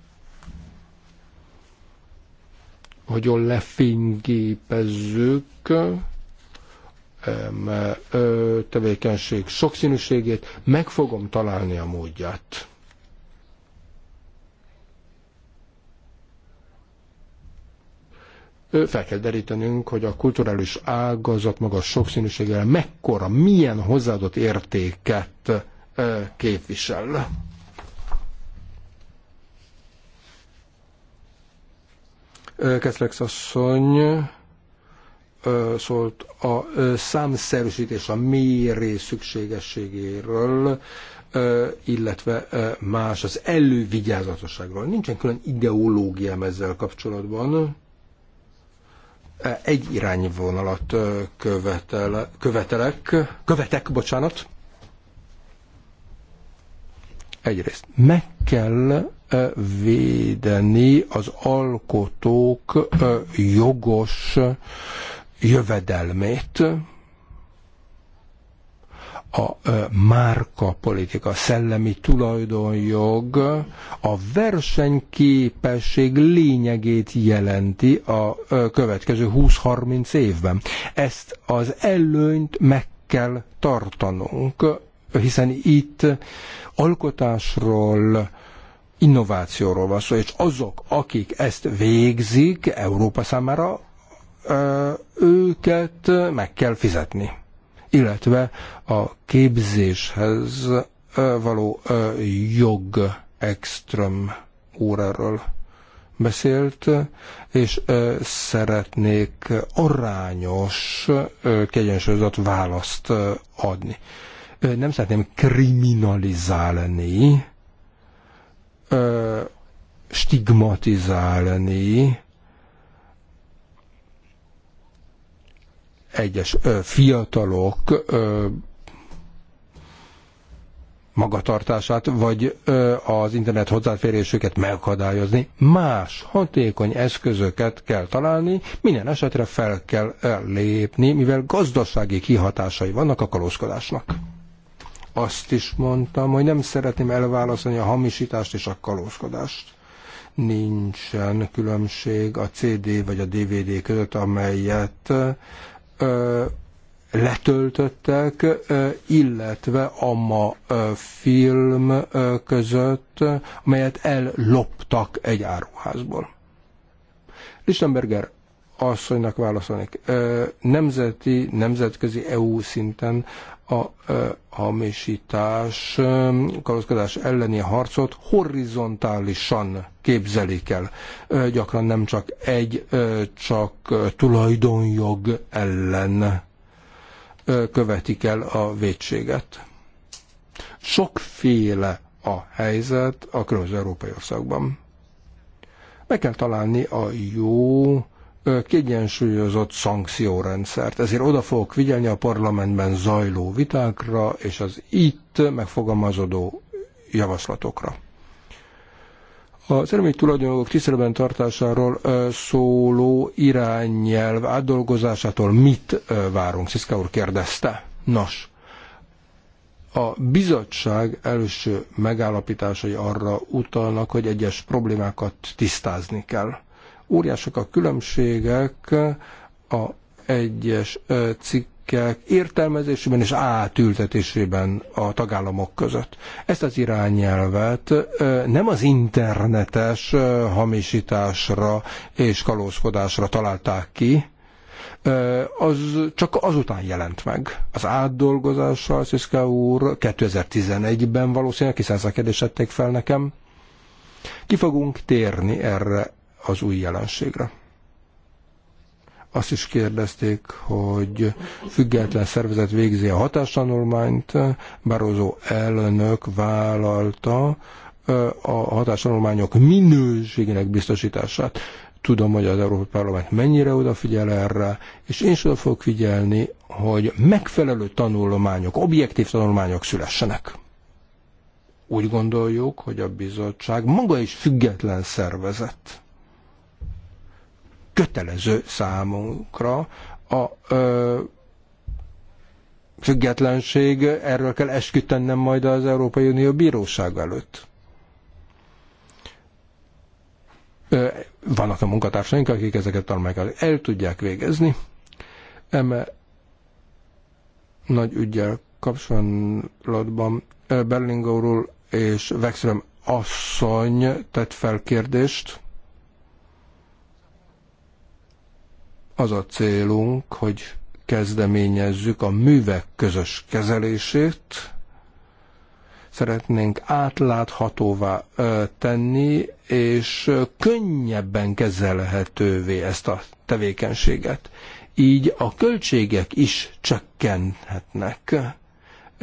hogy jól lefényképezzük tevékenység sokszínűségét, meg fogom találni a módját fel kell derítenünk, hogy a kulturális ágazat maga sokszínűségével mekkora, milyen hozzáadott értéket képvisel. Keszlex asszony szólt a számszerűsítés, a mérés szükségességéről, illetve más az elővigyázatosságról. Nincsen külön ideológiám ezzel kapcsolatban egy irányvonalat követel, követelek, követek, bocsánat. Egyrészt meg kell védeni az alkotók jogos jövedelmét, a márka politika, szellemi tulajdonjog a versenyképesség lényegét jelenti a következő 20-30 évben. Ezt az előnyt meg kell tartanunk, hiszen itt alkotásról, innovációról van szó, és azok, akik ezt végzik Európa számára, őket meg kell fizetni illetve a képzéshez való jog extrem óráról beszélt, és szeretnék arányos, kiegyensúlyozott választ adni. Nem szeretném kriminalizálni, stigmatizálni egyes fiatalok magatartását, vagy az internet hozzáférésüket megakadályozni. Más hatékony eszközöket kell találni, minden esetre fel kell lépni, mivel gazdasági kihatásai vannak a kalózkodásnak. Azt is mondtam, hogy nem szeretném elválasztani a hamisítást és a kalózkodást. Nincsen különbség a CD vagy a DVD között, amelyet letöltöttek, illetve a ma film között, amelyet elloptak egy áruházból. Lichtenberger asszonynak válaszolnék. Nemzeti, nemzetközi EU szinten a hamisítás, kalózkodás elleni harcot horizontálisan képzelik el. Gyakran nem csak egy, csak tulajdonjog ellen követik el a védséget. Sokféle a helyzet a különböző európai országban. Meg kell találni a jó kiegyensúlyozott szankciórendszert. Ezért oda fogok figyelni a parlamentben zajló vitákra és az itt megfogalmazódó javaslatokra. Az elemi tulajdonjogok tiszteletben tartásáról szóló irányelv átdolgozásától mit várunk? Sziszka úr kérdezte. Nos, a bizottság első megállapításai arra utalnak, hogy egyes problémákat tisztázni kell Óriások a különbségek a egyes cikkek értelmezésében és átültetésében a tagállamok között. Ezt az irányelvet nem az internetes hamisításra és kalózkodásra találták ki, az csak azután jelent meg. Az átdolgozással Sziszka úr 2011-ben valószínűleg, hiszen ezt a kérdést fel nekem. Ki fogunk térni erre az új jelenségre. Azt is kérdezték, hogy független szervezet végzi a hatástanulmányt. Barozó elnök vállalta a hatástanulmányok minőségének biztosítását. Tudom, hogy az Európai Parlament mennyire odafigyel erre, és én is oda fogok figyelni, hogy megfelelő tanulmányok, objektív tanulmányok szülessenek úgy gondoljuk, hogy a bizottság maga is független szervezet kötelező számunkra a ö, függetlenség, erről kell eskütennem majd az Európai Unió bíróság előtt. Ö, vannak a munkatársaink, akik ezeket tanulmányokat el tudják végezni. Eme nagy ügyel kapcsolatban Berlingóról és Wexström asszony tett fel kérdést, Az a célunk, hogy kezdeményezzük a művek közös kezelését, szeretnénk átláthatóvá tenni, és könnyebben kezelhetővé ezt a tevékenységet. Így a költségek is csökkenhetnek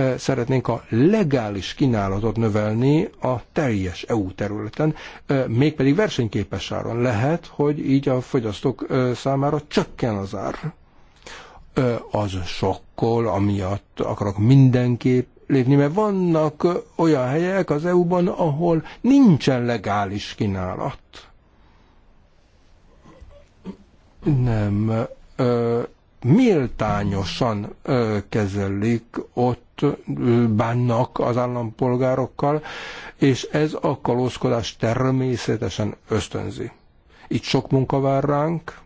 Eh, szeretnénk a legális kínálatot növelni a teljes EU területen, eh, mégpedig versenyképes áron. Lehet, hogy így a fogyasztók eh, számára csökken az ár. Az sokkol, amiatt akarok mindenképp lépni, mert vannak olyan helyek az EU-ban, ahol nincsen legális kínálat. Nem. Ö, méltányosan ö, kezelik ott bánnak az állampolgárokkal, és ez a kalózkodás természetesen ösztönzi. Itt sok munka vár ránk,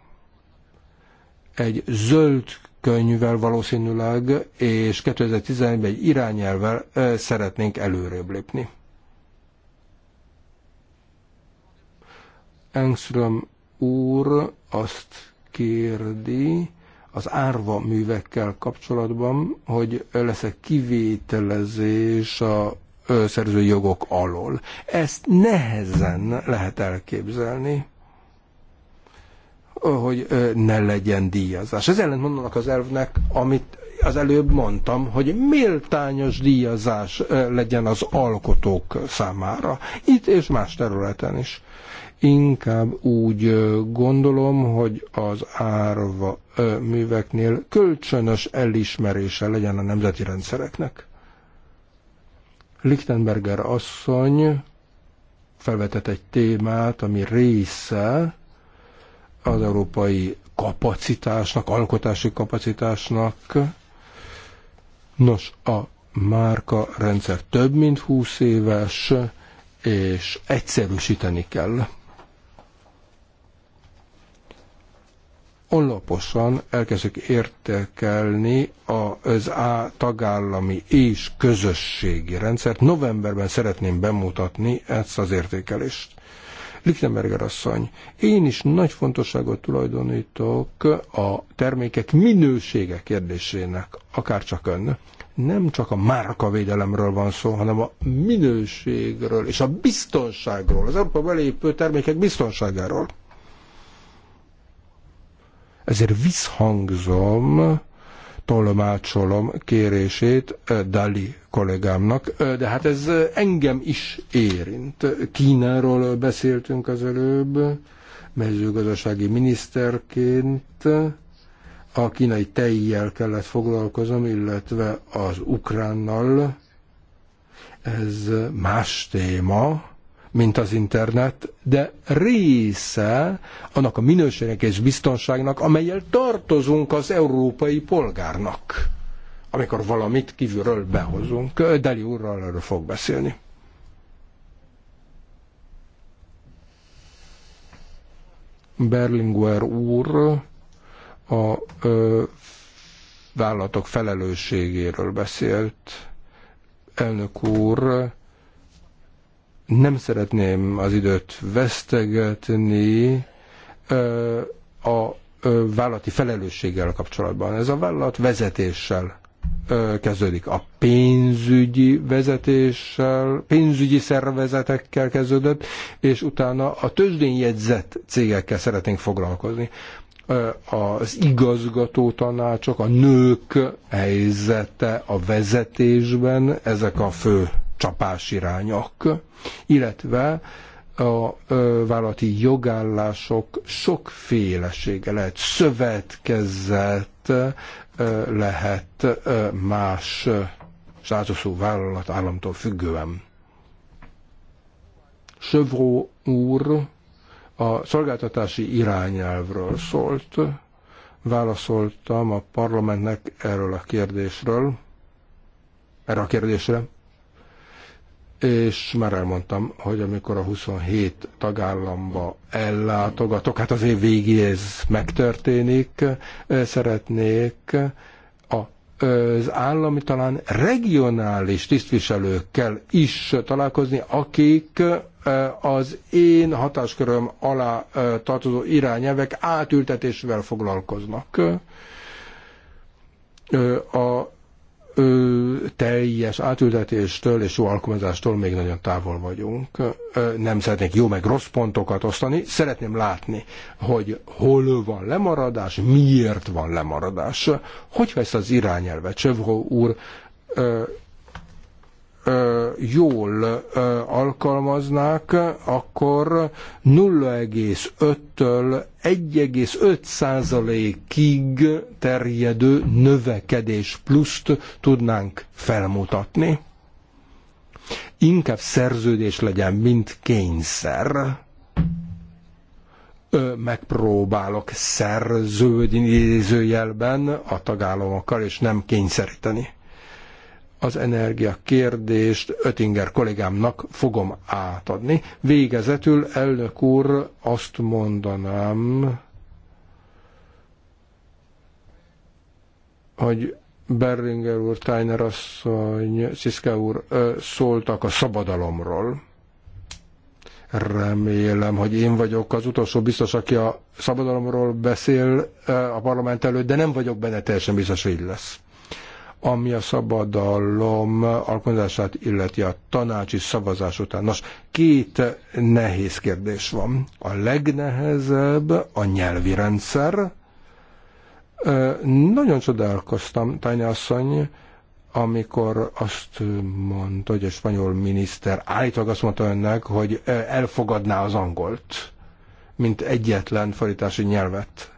egy zöld könyvvel valószínűleg, és 2011-ben egy irányelvvel szeretnénk előrébb lépni. Engström úr azt kérdi, az árva művekkel kapcsolatban, hogy lesz e kivételezés a szerző jogok alól. Ezt nehezen lehet elképzelni, hogy ne legyen díjazás. Ez ellent mondanak az elvnek, amit az előbb mondtam, hogy méltányos díjazás legyen az alkotók számára, itt és más területen is. Inkább úgy gondolom, hogy az árva műveknél kölcsönös elismerése legyen a nemzeti rendszereknek. Lichtenberger asszony felvetett egy témát, ami része az európai kapacitásnak, alkotási kapacitásnak. Nos, a márka rendszer több mint 20 éves, és egyszerűsíteni kell. alaposan elkezdek értékelni az A tagállami és közösségi rendszert. Novemberben szeretném bemutatni ezt az értékelést. Lichtenberger asszony, én is nagy fontosságot tulajdonítok a termékek minősége kérdésének, akár csak ön. Nem csak a márkavédelemről van szó, hanem a minőségről és a biztonságról, az Európa belépő termékek biztonságáról ezért visszhangzom, tolmácsolom kérését Dali kollégámnak, de hát ez engem is érint. Kínáról beszéltünk az előbb, mezőgazdasági miniszterként a kínai tejjel kellett foglalkozom, illetve az ukránnal. Ez más téma, mint az internet, de része annak a minőségnek és biztonságnak, amelyel tartozunk az európai polgárnak, amikor valamit kívülről behozunk. Deli úrral erről fog beszélni. Berlinguer úr a ö, vállalatok felelősségéről beszélt. Elnök úr, nem szeretném az időt vesztegetni a vállalati felelősséggel kapcsolatban. Ez a vállalat vezetéssel kezdődik. A pénzügyi vezetéssel, pénzügyi szervezetekkel kezdődött, és utána a tőzsdén jegyzett cégekkel szeretnénk foglalkozni. Az igazgató tanácsok, a nők helyzete a vezetésben, ezek a fő irányak, illetve a vállalati jogállások sokfélesége lehet, szövetkezet lehet más százaszó vállalat államtól függően. Sövró úr a szolgáltatási irányelvről szólt, válaszoltam a parlamentnek erről a kérdésről, erre a kérdésre és már elmondtam, hogy amikor a 27 tagállamba ellátogatok, hát az év végéhez megtörténik, szeretnék a az állami, talán regionális tisztviselőkkel is találkozni, akik az én hatásköröm alá tartozó irányelvek átültetésével foglalkoznak. A ö, teljes átültetéstől és jó alkalmazástól még nagyon távol vagyunk. Ö, nem szeretnék jó meg rossz pontokat osztani, szeretném látni, hogy hol van lemaradás, miért van lemaradás. Hogyha ezt az irányelvet Csövró úr ö, jól alkalmaznák, akkor 0,5-től 1,5 százalékig terjedő növekedés pluszt tudnánk felmutatni. Inkább szerződés legyen, mint kényszer megpróbálok szerződni a tagállamokkal, és nem kényszeríteni az energia kérdést Ötinger kollégámnak fogom átadni. Végezetül, elnök úr, azt mondanám, hogy Berlinger úr, Tainer asszony, Sziszke úr szóltak a szabadalomról. Remélem, hogy én vagyok az utolsó biztos, aki a szabadalomról beszél a parlament előtt, de nem vagyok benne teljesen biztos, hogy így lesz ami a szabadalom alkalmazását illeti a tanácsi szavazás után. Nos, két nehéz kérdés van. A legnehezebb a nyelvi rendszer. Nagyon csodálkoztam, Tanya asszony, amikor azt mondta, hogy a spanyol miniszter állítólag azt mondta önnek, hogy elfogadná az angolt, mint egyetlen fordítási nyelvet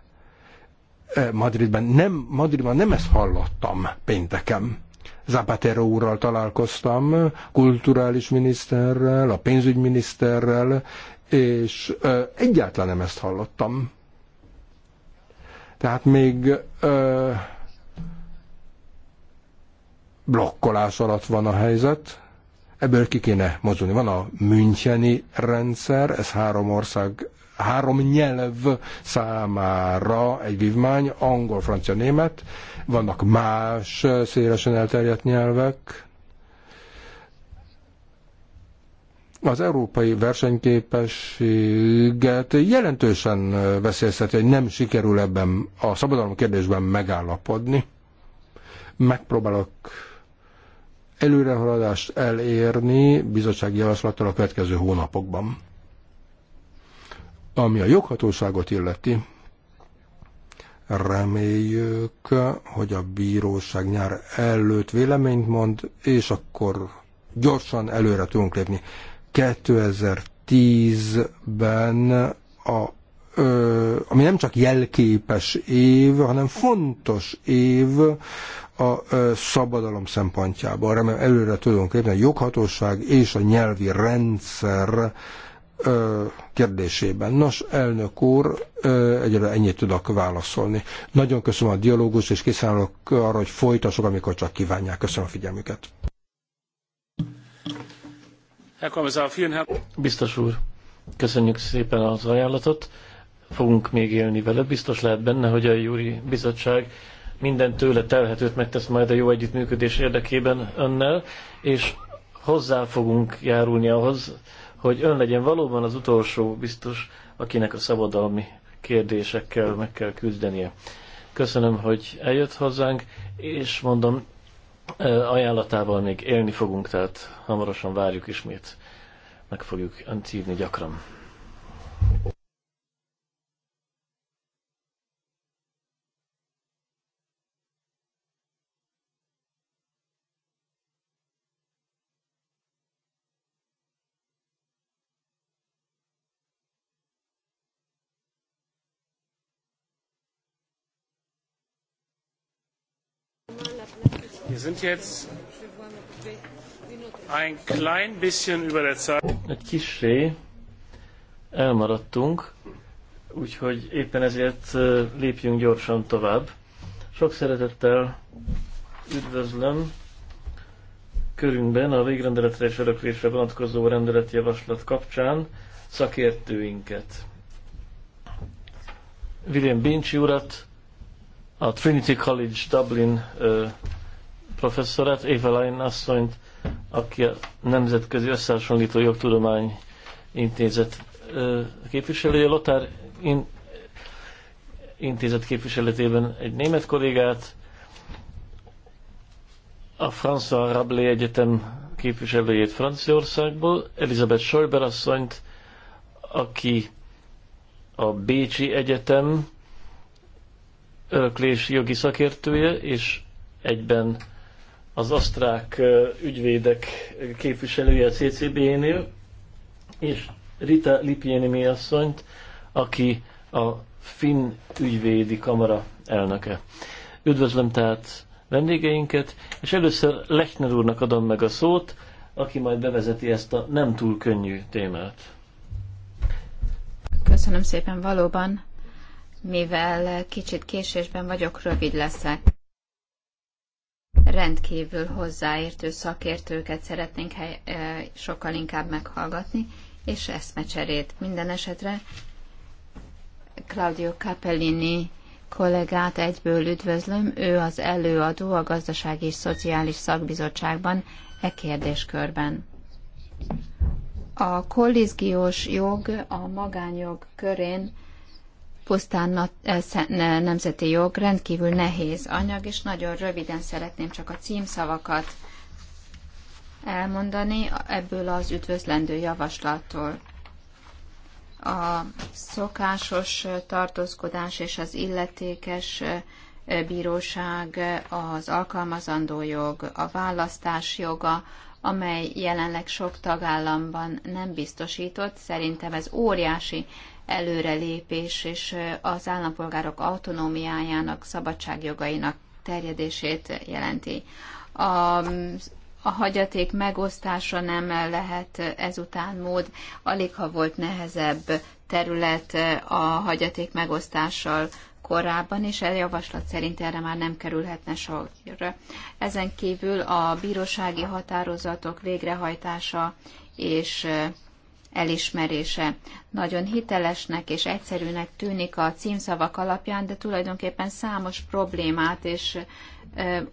Eh, Madridben. Nem, Madridban nem ezt hallottam pénteken. Zapatero úrral találkoztam, kulturális miniszterrel, a pénzügyminiszterrel, és eh, egyáltalán nem ezt hallottam. Tehát még ö, eh, blokkolás alatt van a helyzet, ebből ki kéne mozdulni. Van a Müncheni rendszer, ez három ország három nyelv számára egy vívmány, angol, francia, német, vannak más szélesen elterjedt nyelvek. Az európai versenyképességet jelentősen veszélyezteti, hogy nem sikerül ebben a szabadalom kérdésben megállapodni. Megpróbálok előrehaladást elérni bizottsági javaslattal a következő hónapokban. Ami a joghatóságot illeti, reméljük, hogy a bíróság nyár előtt véleményt mond, és akkor gyorsan előre tudunk lépni. 2010-ben a ö, ami nem csak jelképes év, hanem fontos év a ö, szabadalom szempontjából. Remélem előre tudunk lépni a joghatóság és a nyelvi rendszer kérdésében. Nos, elnök úr, egyre ennyit tudok válaszolni. Nagyon köszönöm a dialógust, és készen állok arra, hogy folytassuk, amikor csak kívánják. Köszönöm a figyelmüket. Biztos úr, köszönjük szépen az ajánlatot. Fogunk még élni vele. Biztos lehet benne, hogy a Júri Bizottság minden tőle telhetőt megtesz majd a jó együttműködés érdekében önnel, és hozzá fogunk járulni ahhoz, hogy ön legyen valóban az utolsó biztos, akinek a szabadalmi kérdésekkel meg kell küzdenie. Köszönöm, hogy eljött hozzánk, és mondom, e, ajánlatával még élni fogunk, tehát hamarosan várjuk ismét, meg fogjuk önt hívni gyakran. sind jetzt ein klein bisschen über der Zeit. Egy kissé elmaradtunk, úgyhogy éppen ezért lépjünk gyorsan tovább. Sok szeretettel üdvözlöm körünkben a végrendeletre és öröklésre vonatkozó rendeletjavaslat kapcsán szakértőinket. William Bincsi urat, a Trinity College Dublin professzorát, Éva Lein asszonyt, aki a Nemzetközi Összehasonlító Jogtudomány Intézet képviselője, Lothar in, intézet képviseletében egy német kollégát, a François Rabelais Egyetem képviselőjét Franciaországból, Elizabeth Schäuber asszonyt, aki a Bécsi Egyetem öröklési jogi szakértője, és egyben az osztrák ügyvédek képviselője a CCB-nél, és Rita Lipieni asszonyt, aki a Finn ügyvédi kamara elnöke. Üdvözlöm tehát vendégeinket, és először Lechner úrnak adom meg a szót, aki majd bevezeti ezt a nem túl könnyű témát. Köszönöm szépen valóban, mivel kicsit késésben vagyok, rövid leszek rendkívül hozzáértő szakértőket szeretnénk hely, sokkal inkább meghallgatni, és eszmecserét. Minden esetre Claudio Capellini kollégát egyből üdvözlöm, ő az előadó a Gazdasági és Szociális Szakbizottságban e kérdéskörben. A kollizgiós jog a magánjog körén pusztán e, nemzeti jog rendkívül nehéz anyag, és nagyon röviden szeretném csak a címszavakat elmondani ebből az üdvözlendő javaslattól. A szokásos tartózkodás és az illetékes e, bíróság, e, az alkalmazandó jog, a választás joga, amely jelenleg sok tagállamban nem biztosított. Szerintem ez óriási előrelépés és az állampolgárok autonómiájának, szabadságjogainak terjedését jelenti. A, a hagyaték megosztása nem lehet ezután mód, alig ha volt nehezebb terület a hagyaték megosztással korábban, és a javaslat szerint erre már nem kerülhetne sor. Ezen kívül a bírósági határozatok végrehajtása és elismerése. Nagyon hitelesnek és egyszerűnek tűnik a címszavak alapján, de tulajdonképpen számos problémát és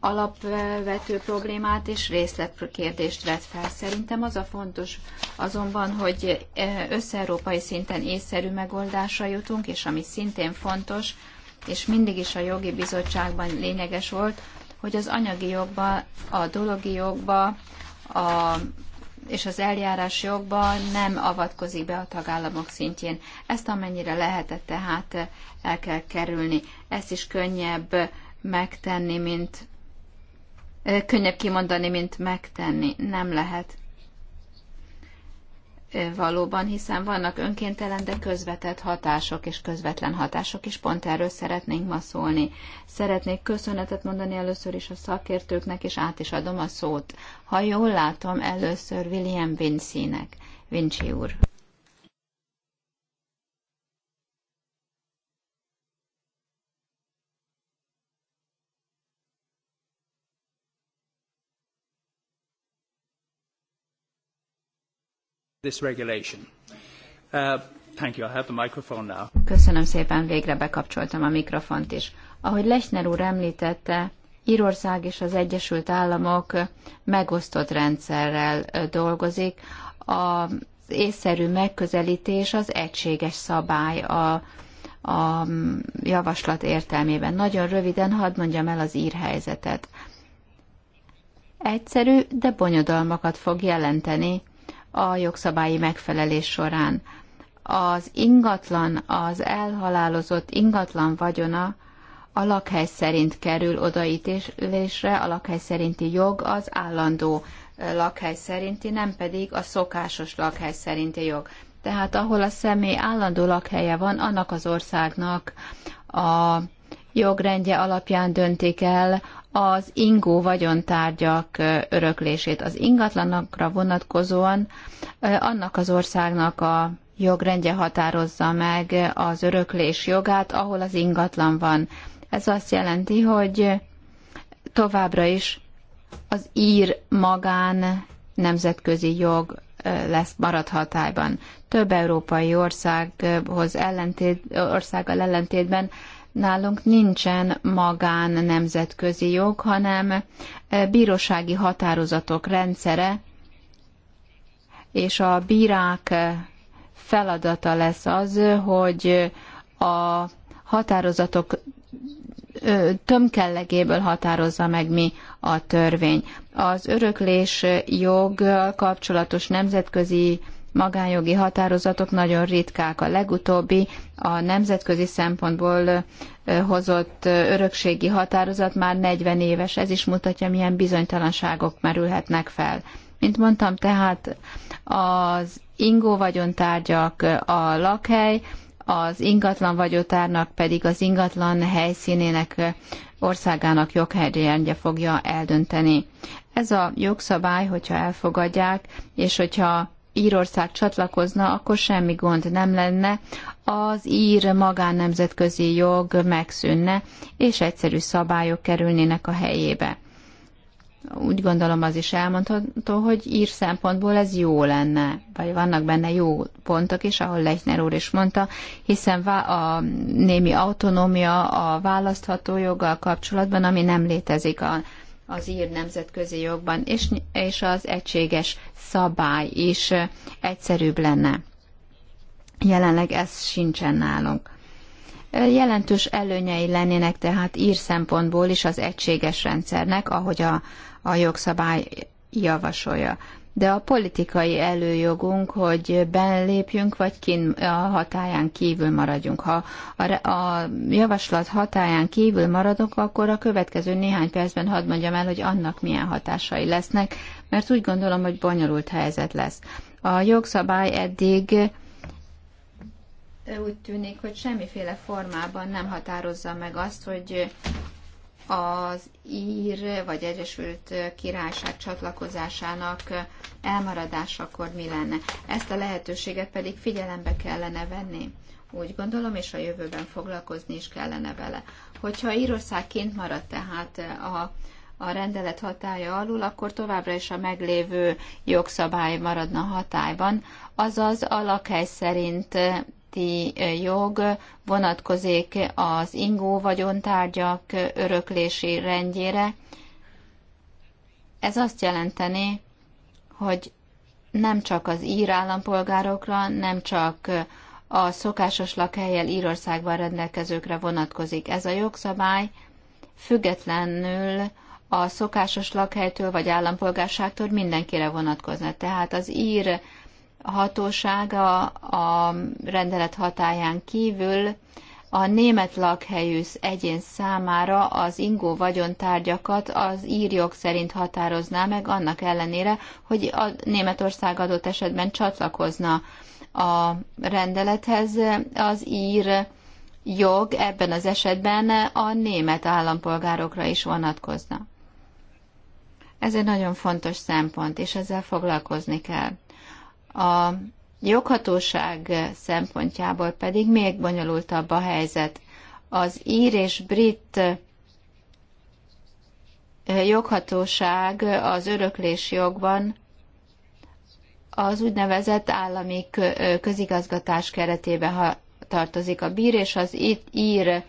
alapvető problémát és részletkérdést vet fel. Szerintem az a fontos azonban, hogy összeurópai szinten észszerű megoldásra jutunk, és ami szintén fontos, és mindig is a jogi bizottságban lényeges volt, hogy az anyagi jogba, a dologi jogba, a és az eljárás jogban nem avatkozik be a tagállamok szintjén. Ezt amennyire lehetett, tehát el kell kerülni. Ezt is könnyebb megtenni, mint könnyebb kimondani, mint megtenni. Nem lehet valóban, hiszen vannak önkéntelen, de közvetett hatások és közvetlen hatások is, pont erről szeretnénk ma szólni. Szeretnék köszönetet mondani először is a szakértőknek, és át is adom a szót. Ha jól látom, először William Vinci-nek. Vinci úr. Uh, Köszönöm szépen, végre bekapcsoltam a mikrofont is. Ahogy Lechner úr említette, Írország és az Egyesült Államok megosztott rendszerrel dolgozik. A észszerű megközelítés az egységes szabály a, a javaslat értelmében. Nagyon röviden hadd mondjam el az ír helyzetet. Egyszerű, de bonyodalmakat fog jelenteni a jogszabályi megfelelés során. Az ingatlan, az elhalálozott ingatlan vagyona a lakhely szerint kerül odaítésre, a lakhely szerinti jog az állandó lakhely szerinti, nem pedig a szokásos lakhely szerinti jog. Tehát ahol a személy állandó lakhelye van, annak az országnak a jogrendje alapján döntik el az ingó vagyontárgyak öröklését. Az ingatlanokra vonatkozóan annak az országnak a jogrendje határozza meg az öröklés jogát, ahol az ingatlan van. Ez azt jelenti, hogy továbbra is az ír magán nemzetközi jog lesz marad hatályban. Több európai országhoz ellentét, országgal ellentétben nálunk nincsen magán nemzetközi jog, hanem e, bírósági határozatok rendszere, és a bírák e, feladata lesz az, hogy a határozatok e, tömkellegéből határozza meg mi a törvény. Az öröklés jog kapcsolatos nemzetközi magánjogi határozatok nagyon ritkák. A legutóbbi a nemzetközi szempontból hozott örökségi határozat már 40 éves. Ez is mutatja, milyen bizonytalanságok merülhetnek fel. Mint mondtam, tehát az ingó vagyontárgyak a lakhely, az ingatlan vagyotárnak pedig az ingatlan helyszínének országának joghelyrenje fogja eldönteni. Ez a jogszabály, hogyha elfogadják, és hogyha Írország csatlakozna, akkor semmi gond nem lenne, az ír magánnemzetközi jog megszűnne, és egyszerű szabályok kerülnének a helyébe. Úgy gondolom az is elmondható, hogy ír szempontból ez jó lenne, vagy vannak benne jó pontok is, ahol Lechner úr is mondta, hiszen a némi autonómia a választható joggal kapcsolatban, ami nem létezik a az ír nemzetközi jogban, és, és az egységes szabály is egyszerűbb lenne. Jelenleg ez sincsen nálunk. Jelentős előnyei lennének tehát ír szempontból is az egységes rendszernek, ahogy a, a jogszabály javasolja de a politikai előjogunk, hogy belépjünk, vagy kin a hatáján kívül maradjunk. Ha a, a javaslat hatáján kívül maradok, akkor a következő néhány percben hadd mondjam el, hogy annak milyen hatásai lesznek, mert úgy gondolom, hogy bonyolult helyzet lesz. A jogszabály eddig úgy tűnik, hogy semmiféle formában nem határozza meg azt, hogy az ír vagy Egyesült Királyság csatlakozásának elmaradásakor mi lenne. Ezt a lehetőséget pedig figyelembe kellene venni. Úgy gondolom, és a jövőben foglalkozni is kellene vele. Hogyha Írország kint marad tehát a, a rendelet hatája alul, akkor továbbra is a meglévő jogszabály maradna hatályban, azaz a lakhely szerint eredeti jog vonatkozik az ingó vagyontárgyak öröklési rendjére. Ez azt jelenteni, hogy nem csak az ír állampolgárokra, nem csak a szokásos lakhelyel Írországban rendelkezőkre vonatkozik. Ez a jogszabály függetlenül a szokásos lakhelytől vagy állampolgárságtól mindenkire vonatkozna. Tehát az ír hatósága a rendelet hatáján kívül a német lakhelyű egyén számára az ingó vagyontárgyakat az írjog szerint határozná meg, annak ellenére, hogy a Németország adott esetben csatlakozna a rendelethez. Az ír jog ebben az esetben a német állampolgárokra is vonatkozna. Ez egy nagyon fontos szempont, és ezzel foglalkozni kell. A joghatóság szempontjából pedig még bonyolultabb a helyzet. Az ír és brit joghatóság az öröklés jogban az úgynevezett állami közigazgatás keretében tartozik a bír, és az itt ír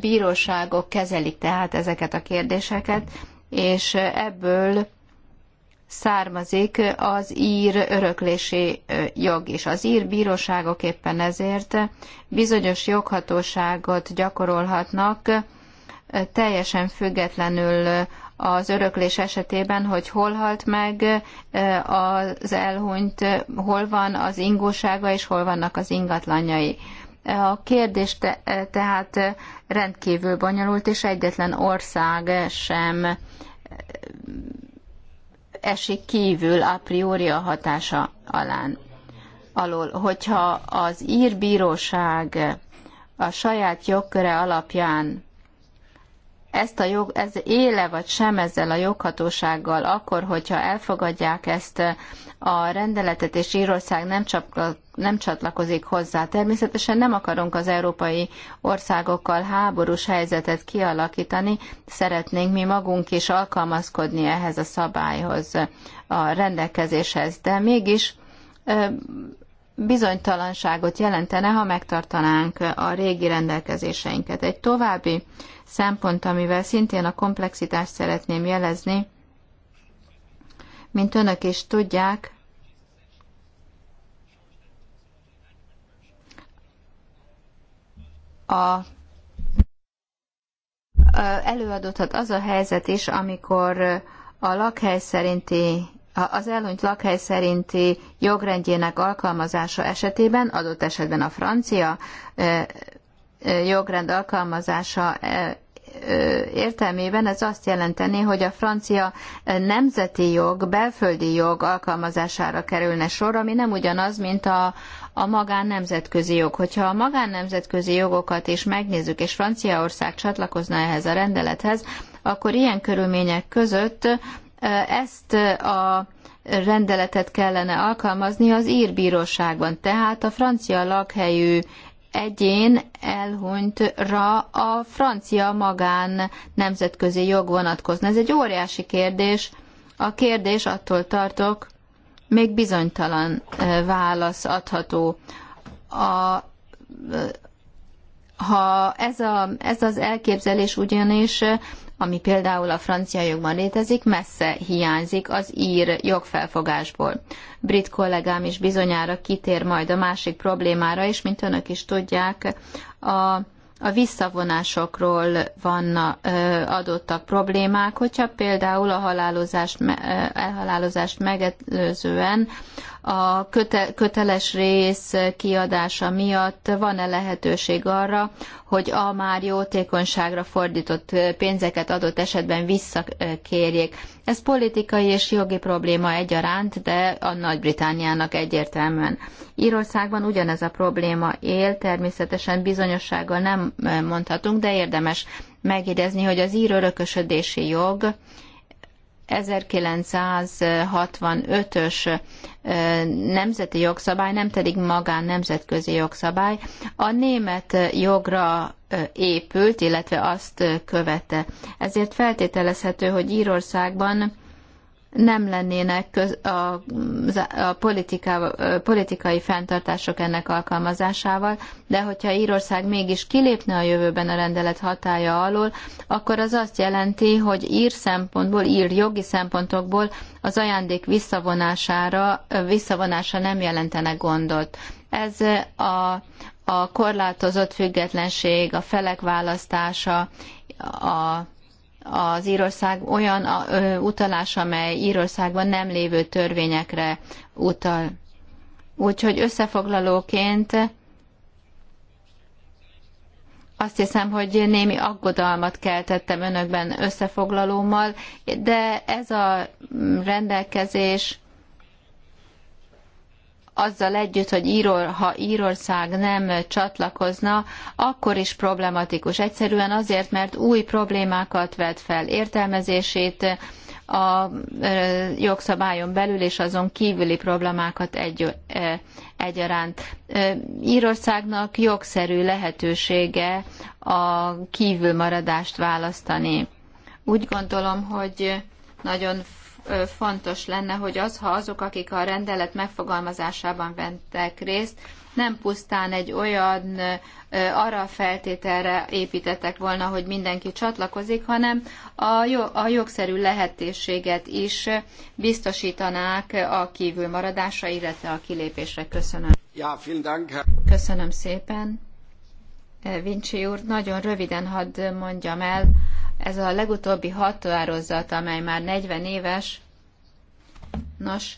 bíróságok kezelik tehát ezeket a kérdéseket, és ebből származik az ír öröklési jog és Az ír bíróságok éppen ezért bizonyos joghatóságot gyakorolhatnak teljesen függetlenül az öröklés esetében, hogy hol halt meg az elhunyt, hol van az ingósága és hol vannak az ingatlanjai. A kérdés te, tehát rendkívül bonyolult, és egyetlen ország sem esik kívül a priori a hatása alán. Alól, hogyha az ír bíróság a saját jogköre alapján ezt a jog, ez éle vagy sem ezzel a joghatósággal, akkor, hogyha elfogadják ezt a rendeletet, és Írország nem, nem csatlakozik hozzá. Természetesen nem akarunk az európai országokkal háborús helyzetet kialakítani, szeretnénk mi magunk is alkalmazkodni ehhez a szabályhoz, a rendelkezéshez, de mégis bizonytalanságot jelentene, ha megtartanánk a régi rendelkezéseinket. Egy további szempont, amivel szintén a komplexitást szeretném jelezni, mint önök is tudják, a előadódhat az a helyzet is, amikor a lakhely szerinti az elhunyt lakhely szerinti jogrendjének alkalmazása esetében, adott esetben a francia jogrend alkalmazása értelmében ez azt jelenteni, hogy a francia nemzeti jog, belföldi jog alkalmazására kerülne sor, ami nem ugyanaz, mint a, a magán nemzetközi jog. Hogyha a magán nemzetközi jogokat is megnézzük, és Franciaország csatlakozna ehhez a rendelethez, akkor ilyen körülmények között ezt a rendeletet kellene alkalmazni az írbíróságban, tehát a francia lakhelyű egyén elhunytra a francia magán nemzetközi jog vonatkozna. Ez egy óriási kérdés. A kérdés attól tartok, még bizonytalan válasz adható. A, ha ez, a, ez az elképzelés ugyanis ami például a francia jogban létezik, messze hiányzik az ír jogfelfogásból. Brit kollégám is bizonyára kitér majd a másik problémára és mint önök is tudják, a a visszavonásokról van adottak problémák, hogyha például a halálozást, elhalálozást megelőzően a köte, köteles rész kiadása miatt van-e lehetőség arra, hogy a már jótékonyságra fordított pénzeket adott esetben visszakérjék. Ez politikai és jogi probléma egyaránt, de a Nagy-Britániának egyértelműen. Írországban ugyanez a probléma él, természetesen bizonyossággal nem mondhatunk, de érdemes megjegyezni, hogy az ír örökösödési jog 1965-ös nemzeti jogszabály, nem pedig magán nemzetközi jogszabály, a német jogra épült, illetve azt követte. Ezért feltételezhető, hogy Írországban nem lennének köz, a, a politika, politikai fenntartások ennek alkalmazásával, de hogyha Írország mégis kilépne a jövőben a rendelet hatája alól, akkor az azt jelenti, hogy ír szempontból, ír jogi szempontokból az ajándék visszavonására, visszavonása nem jelentene gondot. Ez a, a korlátozott függetlenség, a felek választása, a az Írország olyan utalás, amely Írországban nem lévő törvényekre utal. Úgyhogy összefoglalóként azt hiszem, hogy némi aggodalmat keltettem önökben összefoglalómmal, de ez a rendelkezés azzal együtt, hogy Íror, ha Írország nem csatlakozna, akkor is problematikus. Egyszerűen azért, mert új problémákat vet fel értelmezését, a jogszabályon belül és azon kívüli problémákat egy, egyaránt. Írországnak jogszerű lehetősége a kívülmaradást választani. Úgy gondolom, hogy nagyon fontos lenne, hogy az, ha azok, akik a rendelet megfogalmazásában vettek részt, nem pusztán egy olyan arra feltételre építettek volna, hogy mindenki csatlakozik, hanem a, jog, a jogszerű lehetőséget is biztosítanák a kívülmaradásra, illetve a kilépésre. Köszönöm. Ja, Köszönöm szépen. Eh, Vinci úr, nagyon röviden hadd mondjam el, ez a legutóbbi hatóározat, amely már 40 éves, nos,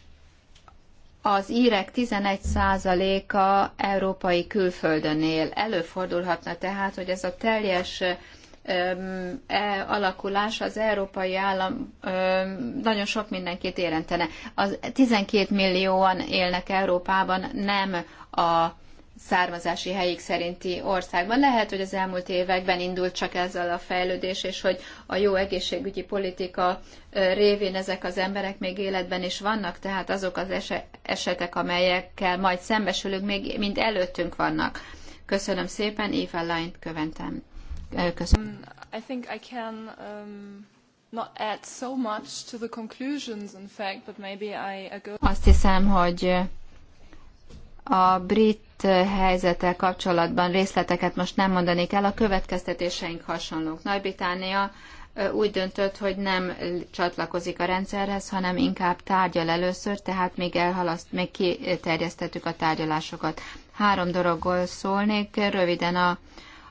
az írek 11%-a európai külföldön él. Előfordulhatna tehát, hogy ez a teljes e alakulás az európai állam nagyon sok mindenkit érintene. Az 12 millióan élnek Európában, nem a származási helyük szerinti országban. Lehet, hogy az elmúlt években indult csak ezzel a fejlődés, és hogy a jó egészségügyi politika révén ezek az emberek még életben is vannak, tehát azok az esetek, amelyekkel majd szembesülünk, még mind előttünk vannak. Köszönöm szépen, Eva Line követem. Köszönöm. Um, I think I can um, not add so much to the conclusions, in fact, but maybe I go... Azt hiszem, hogy a brit helyzettel kapcsolatban részleteket most nem mondanék el, a következtetéseink hasonlók. Nagy-Británia úgy döntött, hogy nem csatlakozik a rendszerhez, hanem inkább tárgyal először, tehát még elhalaszt, még kiterjesztettük a tárgyalásokat. Három dologról szólnék, röviden a,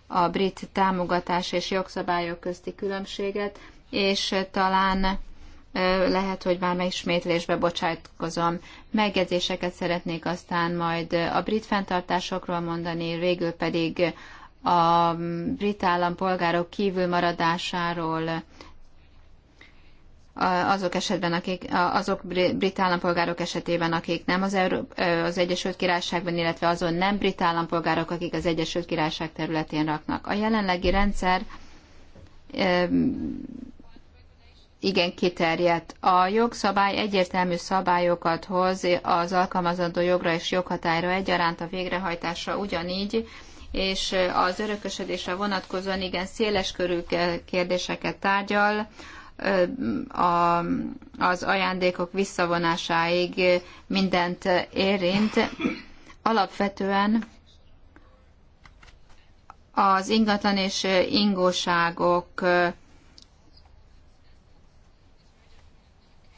a brit támogatás és jogszabályok közti különbséget, és talán lehet, hogy már megismétlésbe bocsátkozom. Megjegyzéseket szeretnék aztán majd a brit fenntartásokról mondani, végül pedig a brit állampolgárok kívül maradásáról, azok esetben, akik, azok brit állampolgárok esetében, akik nem az, Euró- az Egyesült Királyságban, illetve azon nem brit állampolgárok, akik az Egyesült Királyság területén raknak. A jelenlegi rendszer igen kiterjedt. A jogszabály egyértelmű szabályokat hoz az alkalmazandó jogra és joghatályra egyaránt a végrehajtásra ugyanígy, és az örökösödésre vonatkozóan igen széles körű kérdéseket tárgyal, a, az ajándékok visszavonásáig mindent érint. Alapvetően az ingatlan és ingóságok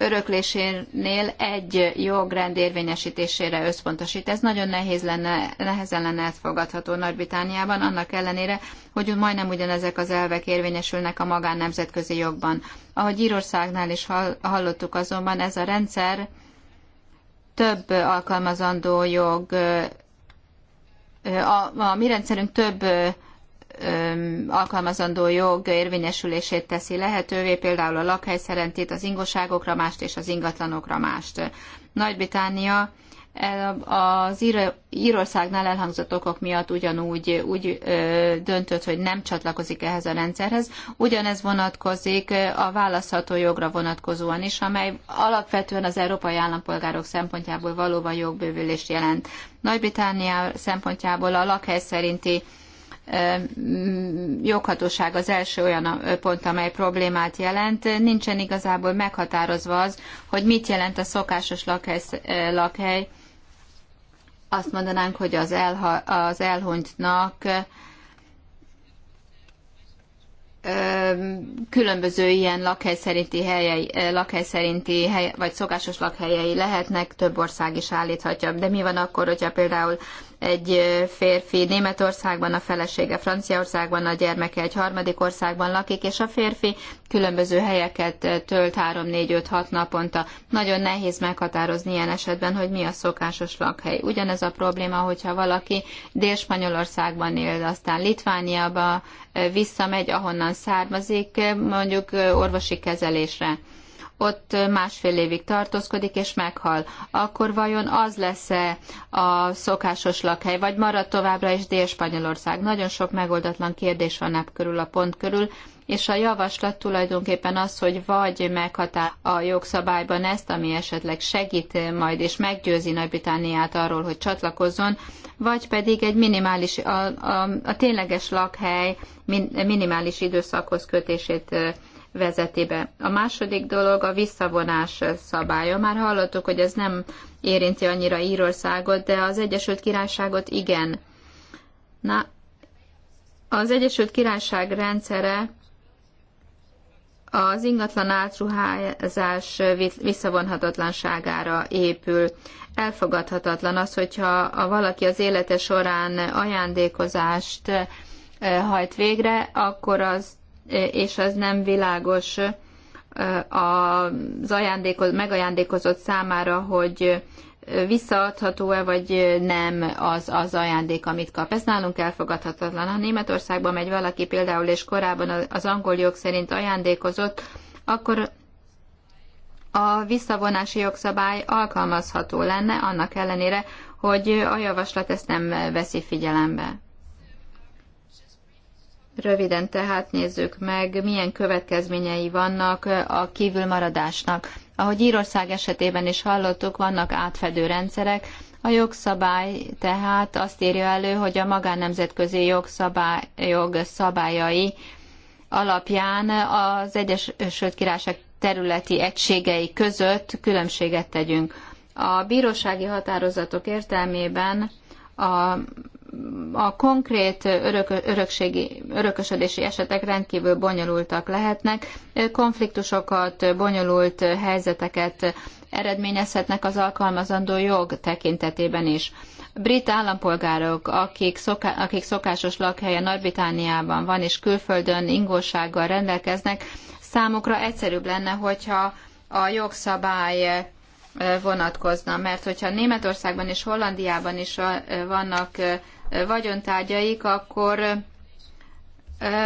öröklésénél egy jogrend érvényesítésére összpontosít. Ez nagyon nehéz lenne, nehezen lenne elfogadható Nagy-Britániában, annak ellenére, hogy majdnem ugyanezek az elvek érvényesülnek a magán nemzetközi jogban. Ahogy Írországnál is hallottuk azonban, ez a rendszer több alkalmazandó jog, a, a mi rendszerünk több alkalmazandó jog érvényesülését teszi lehetővé, például a lakhely szerentét, az ingoságokra mást és az ingatlanokra mást. Nagy-Britannia az Írországnál elhangzott okok miatt ugyanúgy úgy döntött, hogy nem csatlakozik ehhez a rendszerhez. Ugyanez vonatkozik a választható jogra vonatkozóan is, amely alapvetően az európai állampolgárok szempontjából valóban jogbővülést jelent. Nagy-Britannia szempontjából a lakhely szerinti joghatóság az első olyan pont, amely problémát jelent. Nincsen igazából meghatározva az, hogy mit jelent a szokásos lakhely, lakhely. Azt mondanánk, hogy az, elha, az elhunytnak különböző ilyen lakhely szerinti, helyei, lakhely szerinti hely, vagy szokásos lakhelyei lehetnek, több ország is állíthatja. De mi van akkor, hogyha például egy férfi Németországban, a felesége Franciaországban, a gyermeke egy harmadik országban lakik, és a férfi különböző helyeket tölt 3, 4, 5, 6 naponta. Nagyon nehéz meghatározni ilyen esetben, hogy mi a szokásos lakhely. Ugyanez a probléma, hogyha valaki Dél-Spanyolországban él, aztán Litvániába visszamegy, ahonnan származik, mondjuk orvosi kezelésre ott másfél évig tartózkodik és meghal, akkor vajon az lesz-e a szokásos lakhely, vagy marad továbbra is Dél-Spanyolország? Nagyon sok megoldatlan kérdés van nap körül, a pont körül, és a javaslat tulajdonképpen az, hogy vagy meghatár a jogszabályban ezt, ami esetleg segít majd és meggyőzi Nagy-Britániát arról, hogy csatlakozzon, vagy pedig egy minimális, a, a, a tényleges lakhely min, minimális időszakhoz kötését vezeti be. A második dolog a visszavonás szabálya. Már hallottuk, hogy ez nem érinti annyira Írországot, de az Egyesült Királyságot igen. Na, az Egyesült Királyság rendszere az ingatlan átruházás visszavonhatatlanságára épül. Elfogadhatatlan az, hogyha a valaki az élete során ajándékozást eh, hajt végre, akkor az és ez nem világos az ajándékoz, megajándékozott számára, hogy visszaadható-e vagy nem az az ajándék, amit kap. Ez nálunk elfogadhatatlan. Ha Németországba megy valaki például, és korábban az angol jog szerint ajándékozott, akkor a visszavonási jogszabály alkalmazható lenne, annak ellenére, hogy a javaslat ezt nem veszi figyelembe. Röviden tehát nézzük meg, milyen következményei vannak a kívülmaradásnak. Ahogy Írország esetében is hallottuk, vannak átfedő rendszerek. A jogszabály tehát azt írja elő, hogy a magánnemzetközi jogszabályok jogszabályai alapján az Egyesült Királyság területi egységei között különbséget tegyünk. A bírósági határozatok értelmében a a konkrét örök, örökségi, örökösödési esetek rendkívül bonyolultak lehetnek, konfliktusokat, bonyolult helyzeteket eredményezhetnek az alkalmazandó jog tekintetében is. Brit állampolgárok, akik, szoká, akik szokásos lakhelye Nagy-Britániában van és külföldön ingósággal rendelkeznek, számukra egyszerűbb lenne, hogyha a jogszabály eh, vonatkozna, mert hogyha Németországban és Hollandiában is eh, vannak eh, vagyontárgyaik, akkor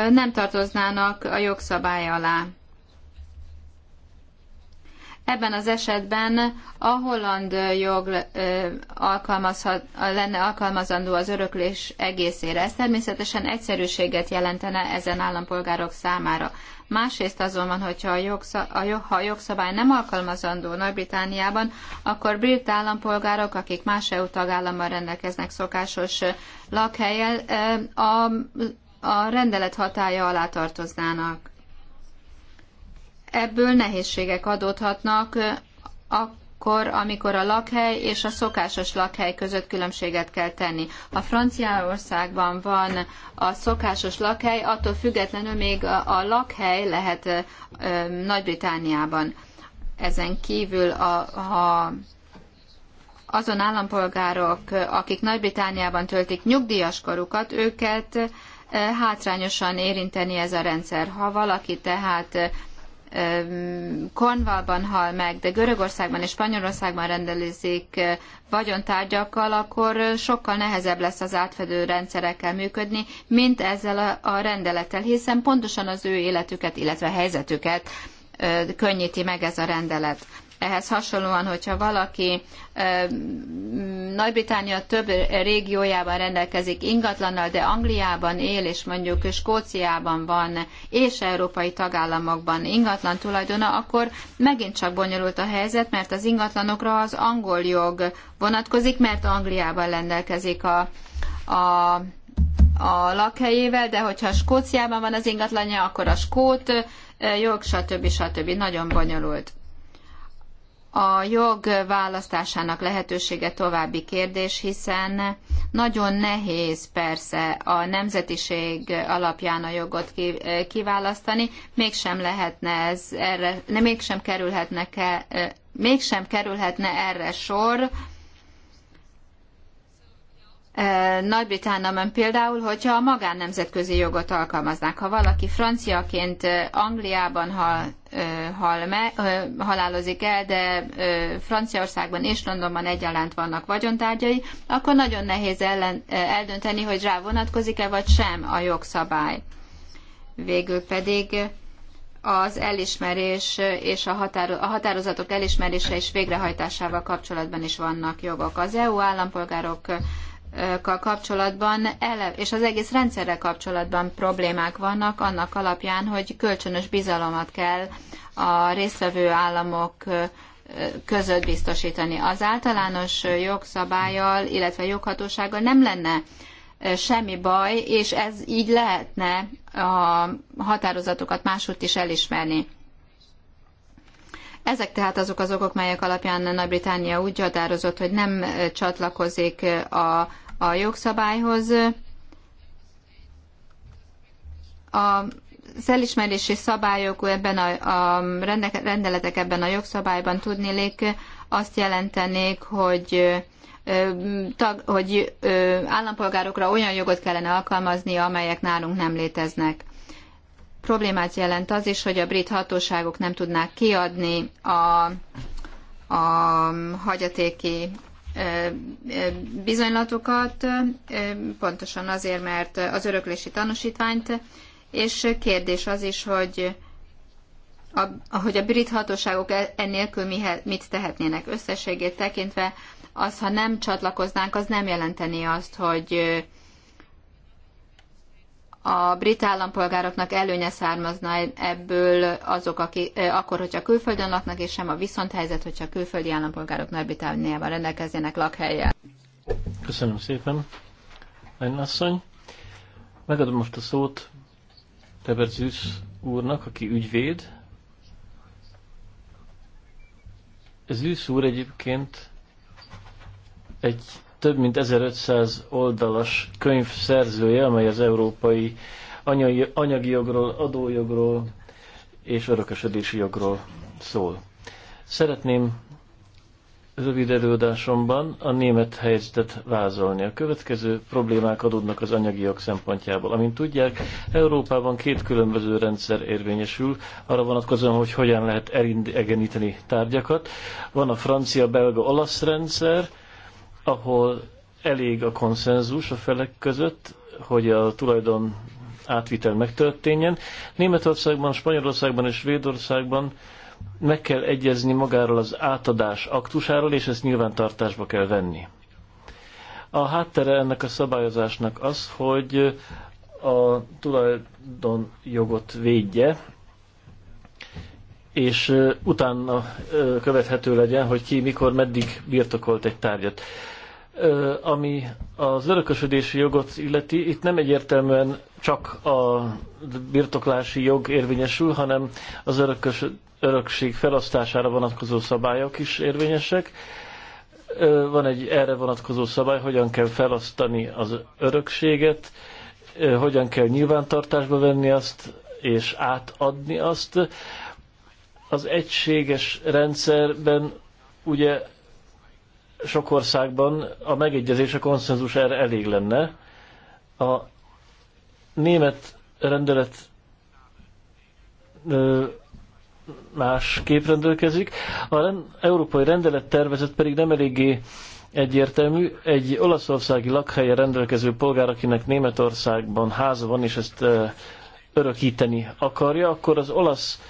nem tartoznának a jogszabály alá. Ebben az esetben a holland jog alkalmazhat, lenne alkalmazandó az öröklés egészére. Ez természetesen egyszerűséget jelentene ezen állampolgárok számára. Másrészt azonban, hogyha a, jogszab- a, jog- ha a jogszabály nem alkalmazandó Nagy-Britániában, akkor brit állampolgárok, akik más EU tagállammal rendelkeznek szokásos lakhelyel, a, a rendelet hatája alá tartoznának. Ebből nehézségek adódhatnak, akkor akkor, amikor a lakhely és a szokásos lakhely között különbséget kell tenni. Ha Franciaországban van a szokásos lakhely, attól függetlenül még a, lakhely lehet Nagy-Britániában. Ezen kívül, a, ha azon állampolgárok, akik Nagy-Britániában töltik nyugdíjas korukat, őket hátrányosan érinteni ez a rendszer. Ha valaki tehát Kornvalban hal meg, de Görögországban és Spanyolországban rendelőzik vagyontárgyakkal, akkor sokkal nehezebb lesz az átfedő rendszerekkel működni, mint ezzel a rendelettel, hiszen pontosan az ő életüket, illetve helyzetüket könnyíti meg ez a rendelet ehhez hasonlóan, hogyha valaki Nagy-Britannia több régiójában rendelkezik ingatlannal, de Angliában él, és mondjuk Skóciában van, és európai tagállamokban ingatlan tulajdona, akkor megint csak bonyolult a helyzet, mert az ingatlanokra az angol jog vonatkozik, mert Angliában rendelkezik a, a a lakhelyével, de hogyha Skóciában van az ingatlanja, akkor a skót jog, stb. stb. Nagyon bonyolult a jog választásának lehetősége további kérdés, hiszen nagyon nehéz persze a nemzetiség alapján a jogot kiválasztani, mégsem lehetne ez erre, mégsem kerülhetne, ke, mégsem kerülhetne erre sor, Eh, Nagy-Britániában például, hogyha a magánnemzetközi jogot alkalmaznák. Ha valaki franciaként eh, Angliában hal, eh, hal me, halálozik el, de Franciaországban és Londonban egyaránt vannak vagyontárgyai, akkor nagyon nehéz ellen, eldönteni, hogy rá vonatkozik-e vagy sem a jogszabály. Végül pedig az elismerés és a, határozatok elismerése és végrehajtásával kapcsolatban is vannak jogok. Az EU állampolgárok kapcsolatban, és az egész rendszerrel kapcsolatban problémák vannak, annak alapján, hogy kölcsönös bizalomat kell a résztvevő államok között biztosítani. Az általános jogszabályal, illetve joghatósággal nem lenne semmi baj, és ez így lehetne a határozatokat máshogy is elismerni. Ezek tehát azok az okok, melyek alapján Nagy-Britannia úgy határozott, hogy nem csatlakozik a a jogszabályhoz. A az szabályok ebben a, a rendeletek ebben a jogszabályban tudnélék azt jelentenék, hogy tag, hogy állampolgárokra olyan jogot kellene alkalmazni, amelyek nálunk nem léteznek. Problémát jelent az is, hogy a brit hatóságok nem tudnák kiadni a, a hagyatéki bizonylatokat, pontosan azért, mert az öröklési tanúsítványt, és kérdés az is, hogy a, hogy a brit hatóságok e, ennélkül mit tehetnének összességét tekintve, az, ha nem csatlakoznánk, az nem jelenteni azt, hogy a brit állampolgároknak előnye származna ebből azok, akik, akkor, hogyha külföldön laknak, és sem a viszonthelyzet, hogyha külföldi állampolgárok Nagy-Britániában rendelkezének lakhelyjel. Köszönöm szépen, asszony. Megadom most a szót Teberzűsz úrnak, aki ügyvéd. Zűsz úr egyébként egy több mint 1500 oldalas könyv szerzője, amely az európai anyagi jogról, adójogról és örökösödési jogról szól. Szeretném rövid előadásomban a német helyzetet vázolni. A következő problémák adódnak az anyagi jog szempontjából. Amint tudják, Európában két különböző rendszer érvényesül, arra vonatkozóan, hogy hogyan lehet elindegeníteni tárgyakat. Van a francia, belga, olasz rendszer, ahol elég a konszenzus a felek között, hogy a tulajdon átvitel megtörténjen. Németországban, Spanyolországban és Svédországban meg kell egyezni magáról az átadás aktusáról, és ezt nyilvántartásba kell venni. A háttere ennek a szabályozásnak az, hogy a tulajdonjogot védje, és utána követhető legyen, hogy ki mikor meddig birtokolt egy tárgyat ami az örökösödési jogot illeti, itt nem egyértelműen csak a birtoklási jog érvényesül, hanem az örökös, örökség felasztására vonatkozó szabályok is érvényesek. Van egy erre vonatkozó szabály, hogyan kell felasztani az örökséget, hogyan kell nyilvántartásba venni azt, és átadni azt. Az egységes rendszerben ugye sok országban a megegyezés, a konszenzus erre elég lenne. A német rendelet más képrendelkezik. A európai rendelet tervezet pedig nem eléggé egyértelmű. Egy olaszországi lakhelye rendelkező polgár, akinek Németországban háza van, és ezt ö, örökíteni akarja, akkor az olasz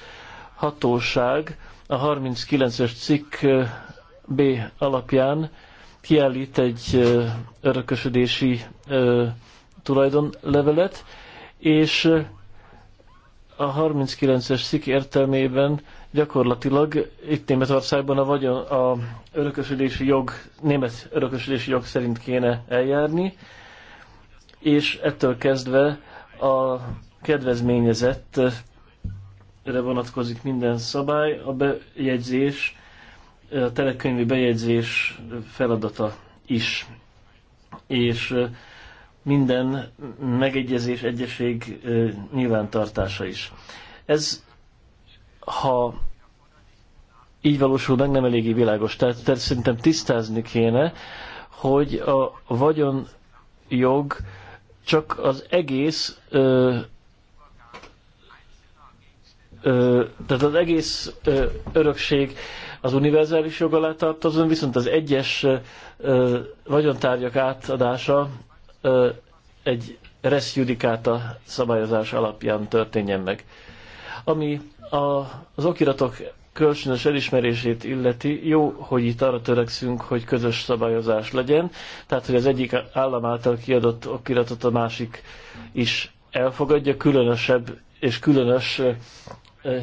hatóság a 39-es cikk B alapján kiállít egy örökösödési tulajdonlevelet, és a 39-es szik értelmében gyakorlatilag itt Németországban a, vagyon, a örökösödési jog, német örökösödési jog szerint kéne eljárni, és ettől kezdve a kedvezményezettre vonatkozik minden szabály, a bejegyzés a telekönyvi bejegyzés feladata is. És minden megegyezés, egyeség nyilvántartása is. Ez, ha így valósul meg, nem eléggé világos. Tehát, tehát szerintem tisztázni kéne, hogy a vagyonjog csak az egész ö, ö, tehát az egész ö, örökség az univerzális jog alá tartozom, viszont az egyes vagyontárgyak átadása egy res judicata szabályozás alapján történjen meg. Ami a, az okiratok kölcsönös elismerését illeti, jó, hogy itt arra törekszünk, hogy közös szabályozás legyen, tehát hogy az egyik állam által kiadott okiratot a másik is elfogadja, különösebb és különös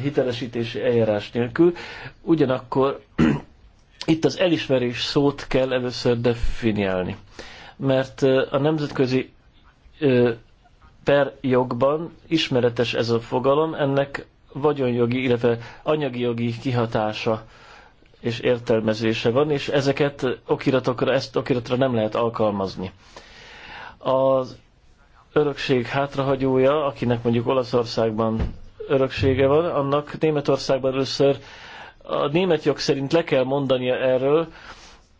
hitelesítési eljárás nélkül. Ugyanakkor itt az elismerés szót kell először definiálni, mert a nemzetközi per jogban ismeretes ez a fogalom, ennek vagyonjogi, illetve anyagi jogi kihatása és értelmezése van, és ezeket okiratokra, ezt okiratra nem lehet alkalmazni. Az örökség hátrahagyója, akinek mondjuk Olaszországban öröksége van, annak Németországban először a német jog szerint le kell mondania erről,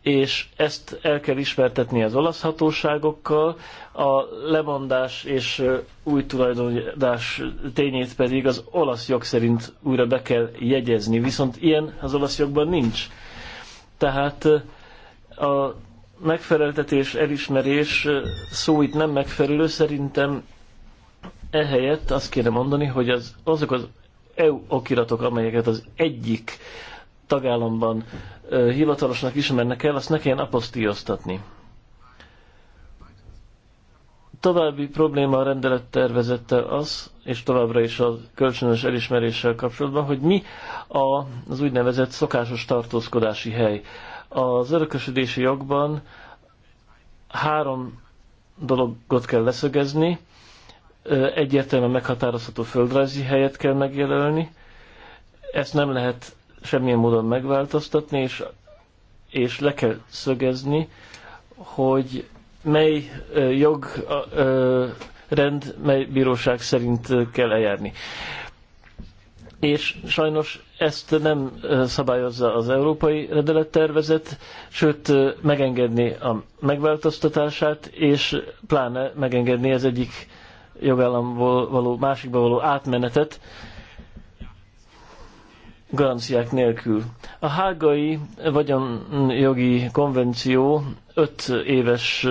és ezt el kell ismertetni az olasz hatóságokkal, a lemondás és új tulajdonodás tényét pedig az olasz jog szerint újra be kell jegyezni, viszont ilyen az olasz jogban nincs. Tehát a megfeleltetés, elismerés szó itt nem megfelelő, szerintem ehelyett azt kéne mondani, hogy az, azok az EU okiratok, amelyeket az egyik tagállamban ö, hivatalosnak ismernek el, azt ne kelljen apostíoztatni. További probléma a rendelettervezettel az, és továbbra is a kölcsönös elismeréssel kapcsolatban, hogy mi a, az úgynevezett szokásos tartózkodási hely. Az örökösödési jogban három dologot kell leszögezni egyértelműen meghatározható földrajzi helyet kell megjelölni, ezt nem lehet semmilyen módon megváltoztatni, és, és le kell szögezni, hogy mely jogrend, mely bíróság szerint kell eljárni. És sajnos ezt nem szabályozza az európai rendelettervezet, sőt megengedni a megváltoztatását, és pláne megengedni az egyik jogállamból való másikba való átmenetet garanciák nélkül. A hágai vagyonjogi konvenció öt éves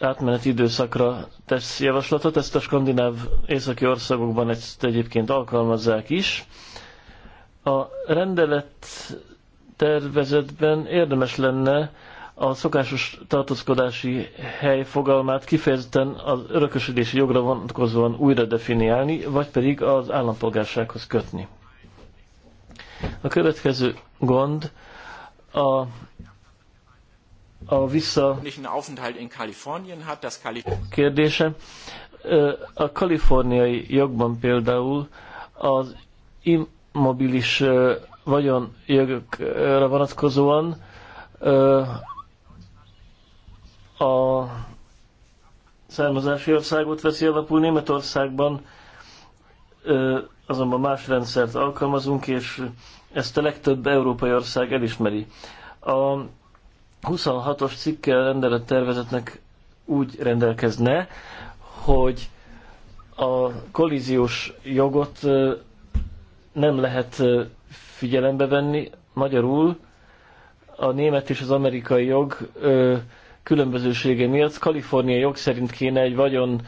átmeneti időszakra tesz javaslatot, ezt a skandináv északi országokban ezt egyébként alkalmazzák is. A rendelet tervezetben érdemes lenne a szokásos tartózkodási hely fogalmát kifejezetten az örökösödési jogra vonatkozóan újra definiálni, vagy pedig az állampolgársághoz kötni. A következő gond a a vissza kérdése. A kaliforniai jogban például az immobilis vagyonjogokra vonatkozóan a származási országot veszi alapul. Németországban azonban más rendszert alkalmazunk, és ezt a legtöbb európai ország elismeri. A 26-os cikkel rendelet tervezetnek úgy rendelkezne, hogy a kollíziós jogot nem lehet figyelembe venni. Magyarul a német és az amerikai jog különbözősége miatt Kalifornia jog szerint kéne egy vagyon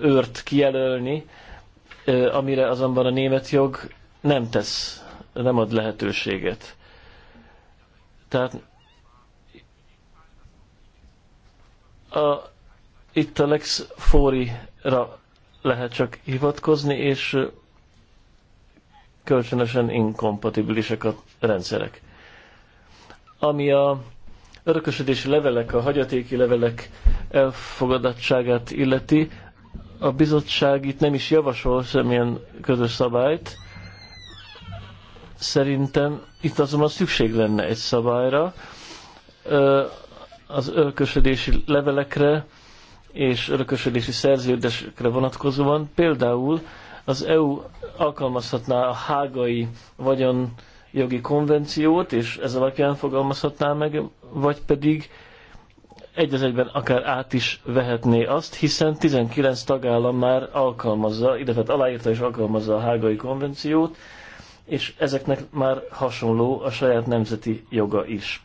őrt kijelölni, amire azonban a német jog nem tesz, nem ad lehetőséget. Tehát a, itt a Lex Fóri-ra lehet csak hivatkozni, és kölcsönösen inkompatibilisek a rendszerek. Ami a örökösödési levelek, a hagyatéki levelek elfogadatságát illeti, a bizottság itt nem is javasol semmilyen közös szabályt. Szerintem itt azonban szükség lenne egy szabályra, az örökösödési levelekre és örökösödési szerződésekre vonatkozóan. Például az EU alkalmazhatná a hágai vagyon jogi konvenciót, és ez alapján fogalmazhatná meg, vagy pedig egy az egyben akár át is vehetné azt, hiszen 19 tagállam már alkalmazza, illetve aláírta és alkalmazza a hágai konvenciót, és ezeknek már hasonló a saját nemzeti joga is.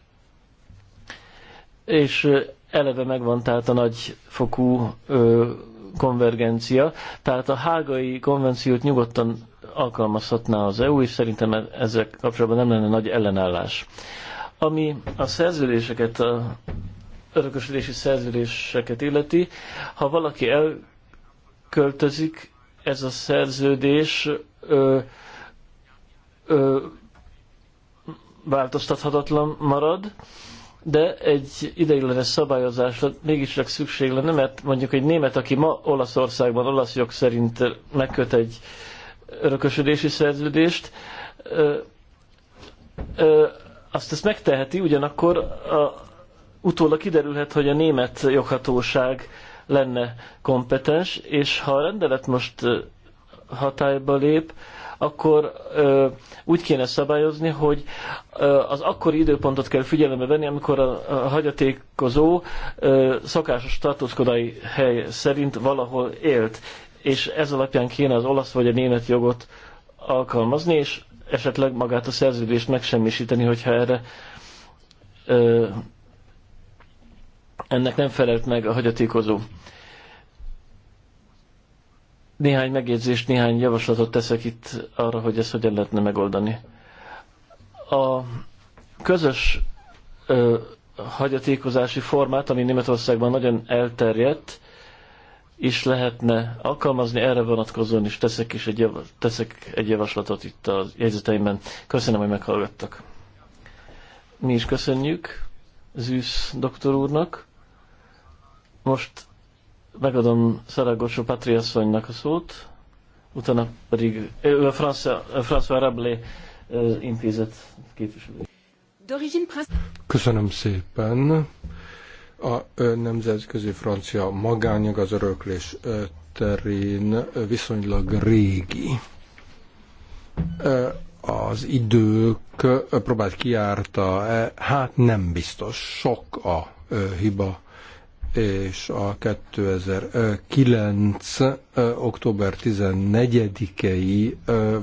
És eleve megvan tehát a nagyfokú ö, konvergencia, tehát a hágai konvenciót nyugodtan alkalmazhatná az EU, és szerintem e- ezzel kapcsolatban nem lenne nagy ellenállás. Ami a szerződéseket, a örökösödési szerződéseket illeti, ha valaki elköltözik, ez a szerződés ö, ö, változtathatatlan marad, de egy ideiglenes szabályozásra mégiscsak szükség lenne, mert mondjuk egy német, aki ma Olaszországban olasz jog szerint megköt egy örökösödési szerződést, azt ezt megteheti, ugyanakkor a, utólag kiderülhet, hogy a német joghatóság lenne kompetens, és ha a rendelet most hatályba lép, akkor ö, úgy kéne szabályozni, hogy ö, az akkori időpontot kell figyelembe venni, amikor a, a hagyatékozó ö, szokásos tartózkodai hely szerint valahol élt és ez alapján kéne az olasz vagy a német jogot alkalmazni, és esetleg magát a szerződést megsemmisíteni, hogyha erre ö, ennek nem felelt meg a hagyatékozó. Néhány megjegyzést, néhány javaslatot teszek itt arra, hogy ezt hogyan lehetne megoldani. A közös ö, hagyatékozási formát, ami Németországban nagyon elterjedt, is lehetne alkalmazni, erre vonatkozóan is teszek, is egy, teszek egy javaslatot itt a jegyzeteimben. Köszönöm, hogy meghallgattak. Mi is köszönjük Zűsz doktor úrnak. Most megadom Szaragosó Patriasszonynak a szót, utána pedig a François Rabelais intézet képviselő. Köszönöm szépen. A nemzetközi francia magányag az öröklés terén viszonylag régi. Az idők próbált kiárta, e, hát nem biztos, sok a hiba és a 2009. október 14-i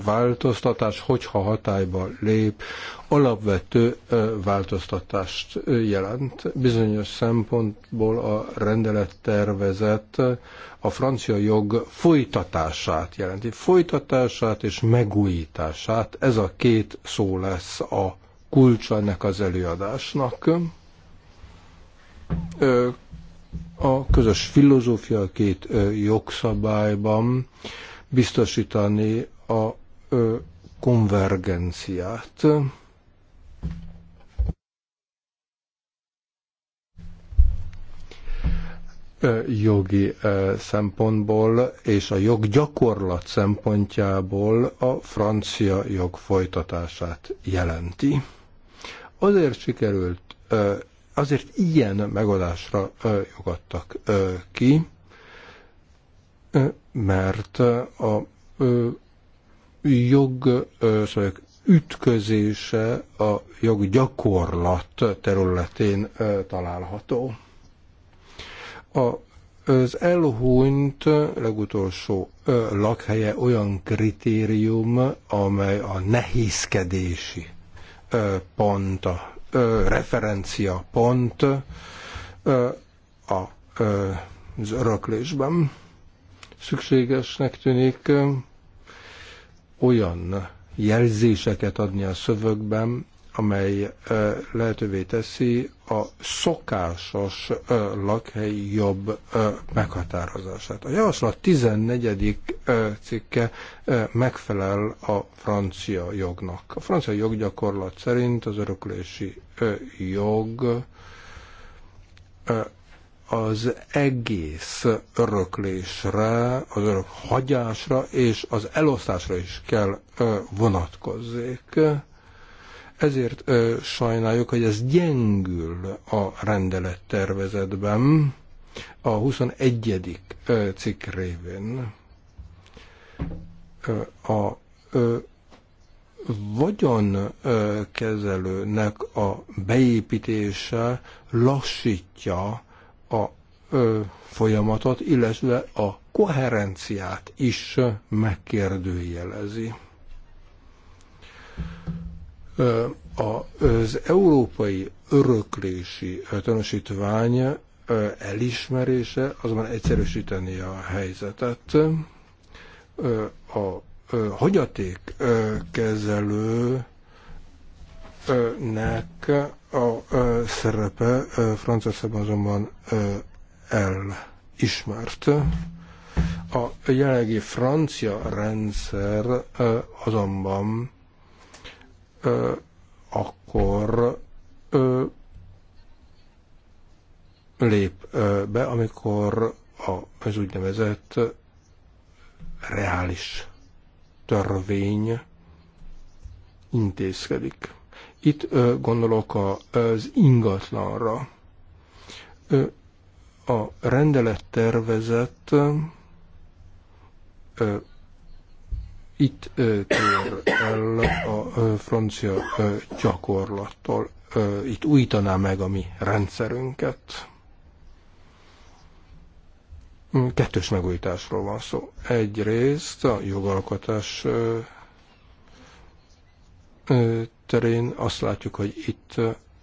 változtatás, hogyha hatályba lép, alapvető változtatást jelent. Bizonyos szempontból a rendelettervezet a francia jog folytatását jelenti. Folytatását és megújítását, ez a két szó lesz a kulcsa ennek az előadásnak a közös filozófia két jogszabályban biztosítani a konvergenciát. jogi szempontból és a joggyakorlat szempontjából a francia jog folytatását jelenti. Azért sikerült azért ilyen megoldásra jogadtak ki, mert a jog, szóval ütközése a jog gyakorlat területén található. A az elhúnyt legutolsó lakhelye olyan kritérium, amely a nehézkedési pont a referencia pont a az öröklésben szükségesnek tűnik olyan jelzéseket adni a szövögben, amely lehetővé teszi a szokásos lakhely jobb meghatározását. A javaslat 14. cikke megfelel a francia jognak. A francia joggyakorlat szerint az öröklési jog az egész öröklésre, az örök hagyásra és az elosztásra is kell vonatkozzék ezért ö, sajnáljuk, hogy ez gyengül a rendelettervezetben a 21. Ö, cikk révén. Ö, a ö, vagyonkezelőnek a beépítése lassítja a ö, folyamatot, illetve a koherenciát is megkérdőjelezi. Az európai öröklési tanúsítvány elismerése azonban egyszerűsíteni a helyzetet. A kezelő nek a szerepe Franciaországban azonban elismert. A jelenlegi francia rendszer azonban akkor lép be, amikor a, az úgynevezett reális törvény intézkedik. Itt gondolok a az ingatlanra. A rendelettervezet itt tér el a francia gyakorlattól. Itt újítaná meg a mi rendszerünket. Mm, kettős megújításról van szó. Egyrészt a jogalkotás terén azt látjuk, hogy itt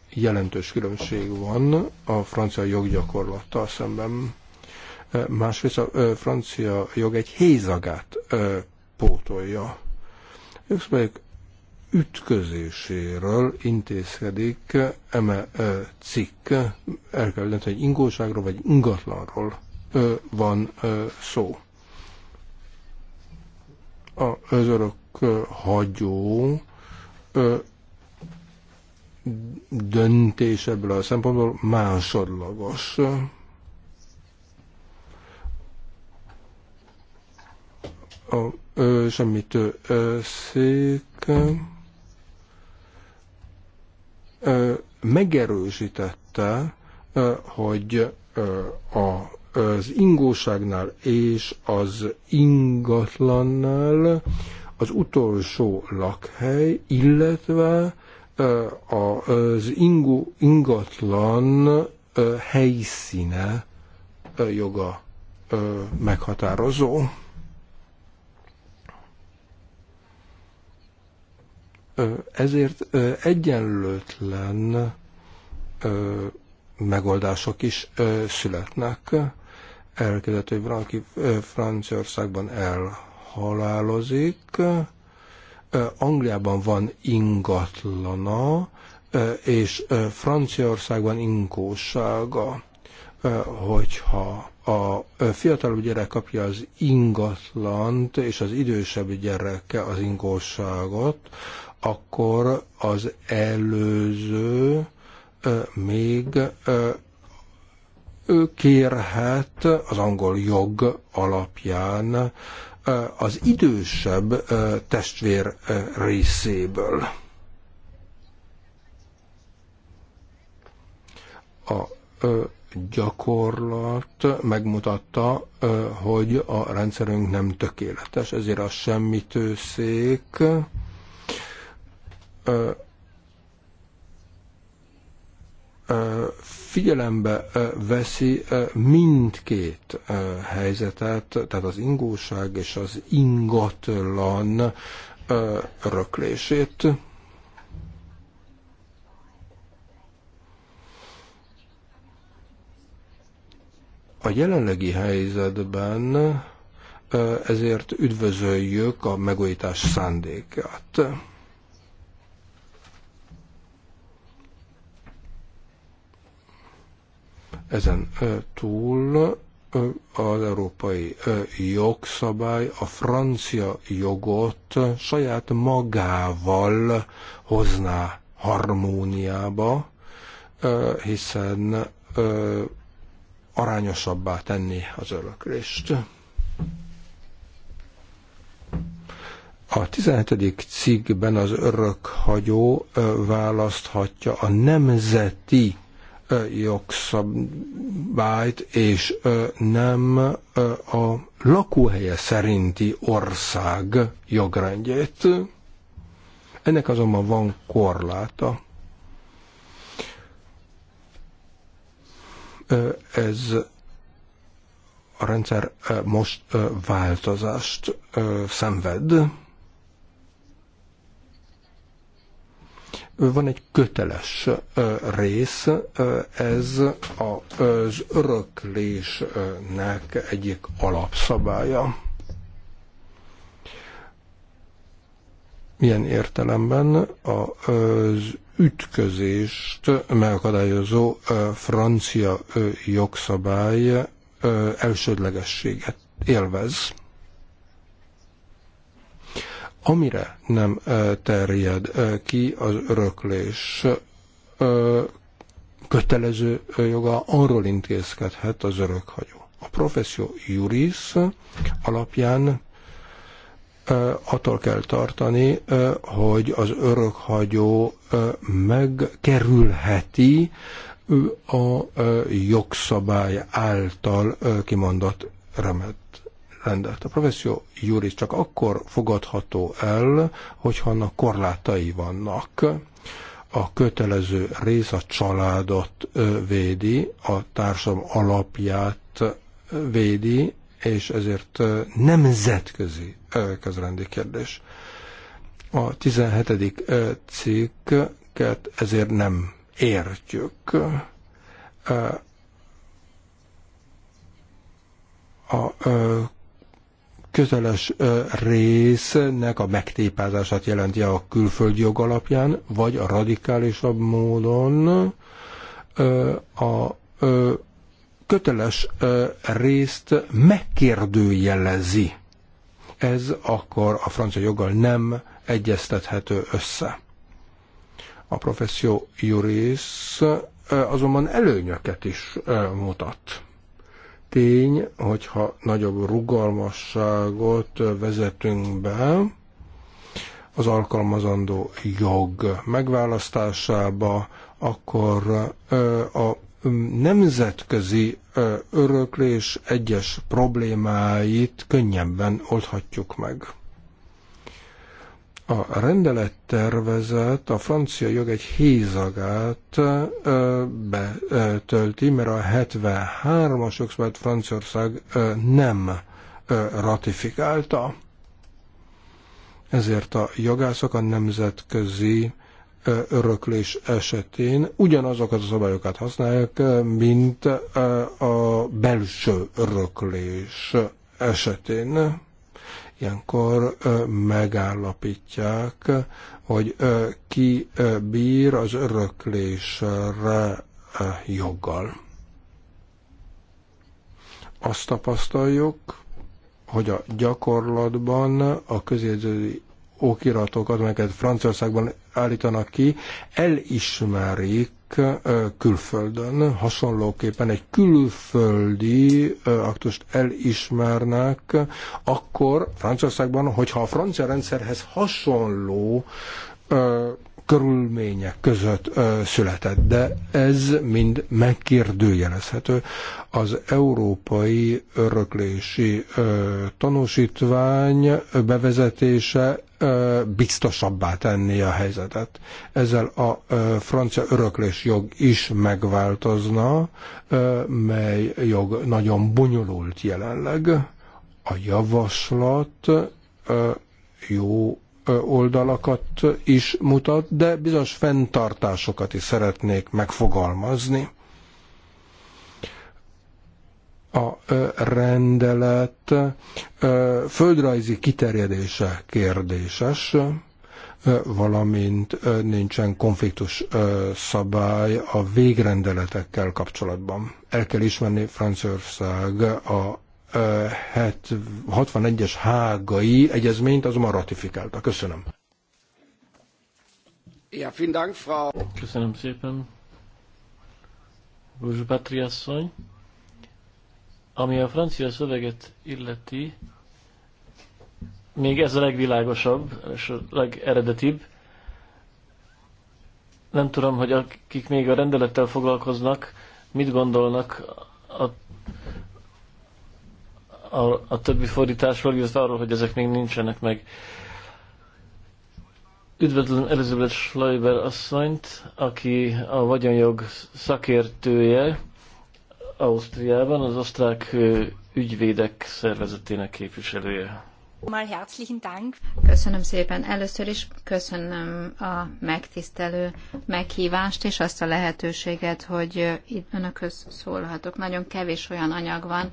jelentős különbség van a francia joggyakorlattal szemben. Másrészt a francia jog egy hézagát pótolja. Jogszabályok ütközéséről intézkedik eme cikk, el kell lenni, hogy ingóságról vagy ingatlanról van szó. A örök hagyó döntés ebből a szempontból másodlagos. A semmit szék megerősítette, hogy az ingóságnál és az ingatlannál az utolsó lakhely, illetve az ingó, ingatlan helyszíne joga meghatározó. Ezért egyenlőtlen megoldások is születnek. Elkezdett, hogy valaki Franciaországban elhalálozik, Angliában van ingatlana, és Franciaországban inkósága, hogyha a fiatalabb gyerek kapja az ingatlant, és az idősebb gyereke az ingóságot, akkor az előző még ő kérhet az angol jog alapján az idősebb testvér részéből. A gyakorlat megmutatta, hogy a rendszerünk nem tökéletes, ezért a semmitőszék figyelembe veszi mindkét helyzetet, tehát az ingóság és az ingatlan öröklését. A jelenlegi helyzetben ezért üdvözöljük a megújítás szándékát. Ezen túl az európai jogszabály a francia jogot saját magával hozná harmóniába, hiszen arányosabbá tenni az öröklést. A 17. cikkben az örökhagyó választhatja a nemzeti jogszabályt, és nem a lakóhelye szerinti ország jogrendjét. Ennek azonban van korláta. Ez a rendszer most változást szenved Van egy köteles rész, ez az öröklésnek egyik alapszabálya. Milyen értelemben az ütközést megakadályozó francia jogszabály elsődlegességet élvez. Amire nem terjed ki az öröklés kötelező joga, arról intézkedhet az örökhagyó. A professzió juris alapján attól kell tartani, hogy az örökhagyó megkerülheti a jogszabály által kimondott remet rendelt. A professzió juris csak akkor fogadható el, hogyha annak korlátai vannak. A kötelező rész a családot védi, a társam alapját védi, és ezért nemzetközi közrendi kérdés. A 17. cikket ezért nem értjük. A köteles résznek a megtépázását jelenti a külföldi jog alapján, vagy a radikálisabb módon a köteles részt megkérdőjelezi. Ez akkor a francia joggal nem egyeztethető össze. A professzió juris azonban előnyöket is mutat tény, hogyha nagyobb rugalmasságot vezetünk be az alkalmazandó jog megválasztásába, akkor a nemzetközi öröklés egyes problémáit könnyebben oldhatjuk meg. A rendelettervezet a francia jog egy hézagát betölti, mert a 73-as jogszabályt Franciaország nem ratifikálta. Ezért a jogászok a nemzetközi öröklés esetén ugyanazokat a szabályokat használják, mint a belső öröklés esetén. Ilyenkor megállapítják, hogy ki bír az öröklésre joggal. Azt tapasztaljuk, hogy a gyakorlatban a közjegyzői okiratokat, amelyeket Franciaországban állítanak ki, elismerik külföldön, hasonlóképpen egy külföldi aktust elismernek, akkor Franciaországban, hogyha a francia rendszerhez hasonló körülmények között született, de ez mind megkérdőjelezhető. Az európai öröklési tanúsítvány bevezetése biztosabbá tenni a helyzetet. Ezzel a francia öröklés jog is megváltozna, mely jog nagyon bonyolult jelenleg. A javaslat jó oldalakat is mutat, de bizonyos fenntartásokat is szeretnék megfogalmazni a rendelet földrajzi kiterjedése kérdéses, valamint nincsen konfliktus szabály a végrendeletekkel kapcsolatban. El kell ismerni Franciaország a 61-es hágai egyezményt azonban ratifikálta. Köszönöm. Ja, vielen Dank, Frau. Köszönöm szépen. Ruzsbátri asszony. Ami a francia szöveget illeti, még ez a legvilágosabb és a legeredetibb. Nem tudom, hogy akik még a rendelettel foglalkoznak, mit gondolnak a, a, a többi fordításról, illetve arról, hogy ezek még nincsenek meg. Üdvözlöm Elizabeth Schleiber asszonyt, aki a vagyonjog szakértője, Ausztriában, az osztrák ügyvédek szervezetének képviselője. Köszönöm szépen. Először is köszönöm a megtisztelő meghívást és azt a lehetőséget, hogy itt önökhöz szólhatok. Nagyon kevés olyan anyag van,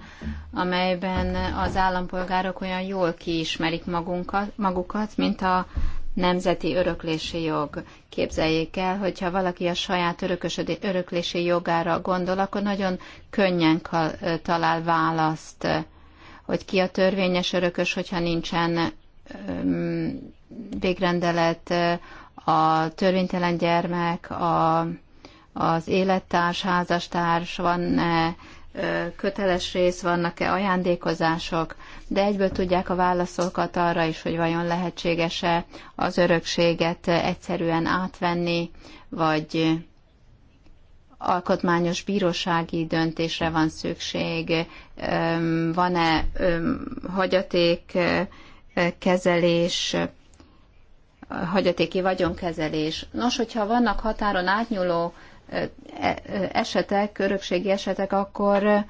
amelyben az állampolgárok olyan jól kiismerik magunkat, magukat, mint a nemzeti öröklési jog. Képzeljék el, hogyha valaki a saját örökösödi, öröklési jogára gondol, akkor nagyon könnyen talál választ, hogy ki a törvényes örökös, hogyha nincsen végrendelet, a törvénytelen gyermek, a, az élettárs, házastárs, van köteles rész, vannak-e ajándékozások, de egyből tudják a válaszokat arra is, hogy vajon lehetséges-e az örökséget egyszerűen átvenni, vagy alkotmányos bírósági döntésre van szükség, van-e hagyaték kezelés, hagyatéki vagyonkezelés. Nos, hogyha vannak határon átnyúló esetek, örökségi esetek, akkor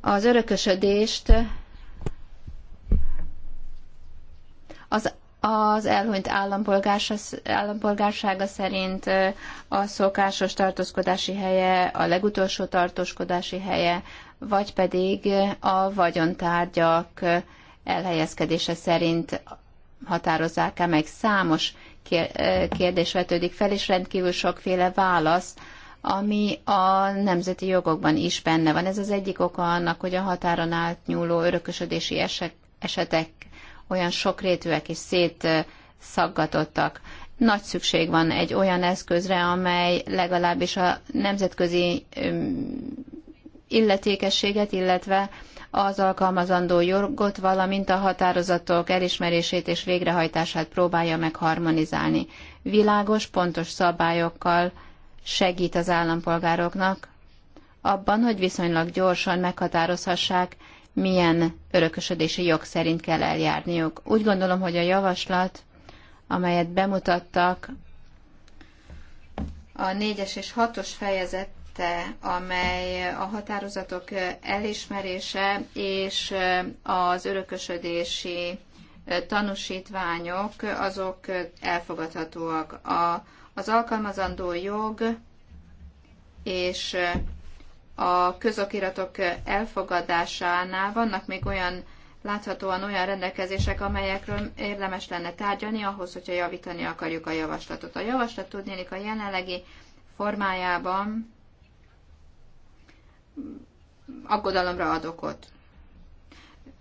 az örökösödést az, az elhunyt állampolgársága szerint a szokásos tartózkodási helye, a legutolsó tartózkodási helye, vagy pedig a vagyontárgyak elhelyezkedése szerint határozzák -e meg számos kérdés vetődik fel, és rendkívül sokféle válasz, ami a nemzeti jogokban is benne van. Ez az egyik oka annak, hogy a határon átnyúló örökösödési esetek olyan sokrétűek és szétszaggatottak. Nagy szükség van egy olyan eszközre, amely legalábbis a nemzetközi illetékességet, illetve az alkalmazandó jogot, valamint a határozatok elismerését és végrehajtását próbálja megharmonizálni. Világos, pontos szabályokkal segít az állampolgároknak abban, hogy viszonylag gyorsan meghatározhassák, milyen örökösödési jog szerint kell eljárniuk. Úgy gondolom, hogy a javaslat, amelyet bemutattak, a négyes es és hatos os fejezet tette, amely a határozatok elismerése és az örökösödési tanúsítványok, azok elfogadhatóak. A, az alkalmazandó jog és a közokiratok elfogadásánál vannak még olyan láthatóan olyan rendelkezések, amelyekről érdemes lenne tárgyalni ahhoz, hogyha javítani akarjuk a javaslatot. A javaslat tudnélik a jelenlegi formájában aggodalomra ad okot.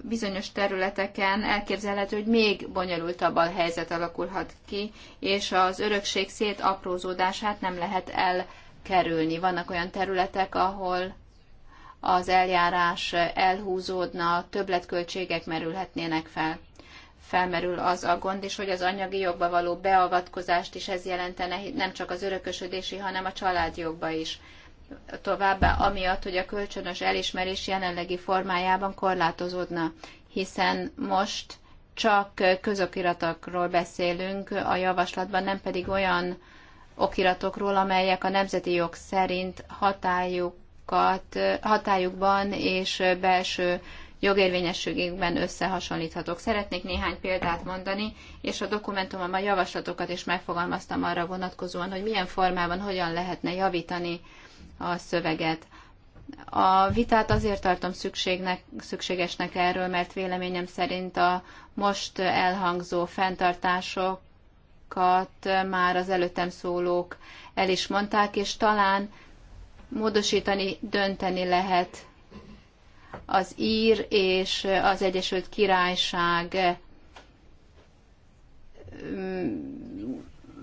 Bizonyos területeken elképzelhető, hogy még bonyolultabb a helyzet alakulhat ki, és az örökség szétaprózódását nem lehet elkerülni. Vannak olyan területek, ahol az eljárás elhúzódna, többletköltségek merülhetnének fel. Felmerül az a gond is, hogy az anyagi jogba való beavatkozást is ez jelentene, nem csak az örökösödési, hanem a családjogba is továbbá amiatt, hogy a kölcsönös elismerés jelenlegi formájában korlátozódna, hiszen most csak közokiratokról beszélünk a javaslatban, nem pedig olyan okiratokról, amelyek a nemzeti jog szerint hatályukat, hatályukban és belső jogérvényességükben összehasonlíthatók. Szeretnék néhány példát mondani, és a dokumentumomban javaslatokat is megfogalmaztam arra vonatkozóan, hogy milyen formában hogyan lehetne javítani a szöveget. A vitát azért tartom szükségnek, szükségesnek erről, mert véleményem szerint a most elhangzó fenntartásokat már az előttem szólók el is mondták, és talán módosítani, dönteni lehet az ír és az Egyesült Királyság mm,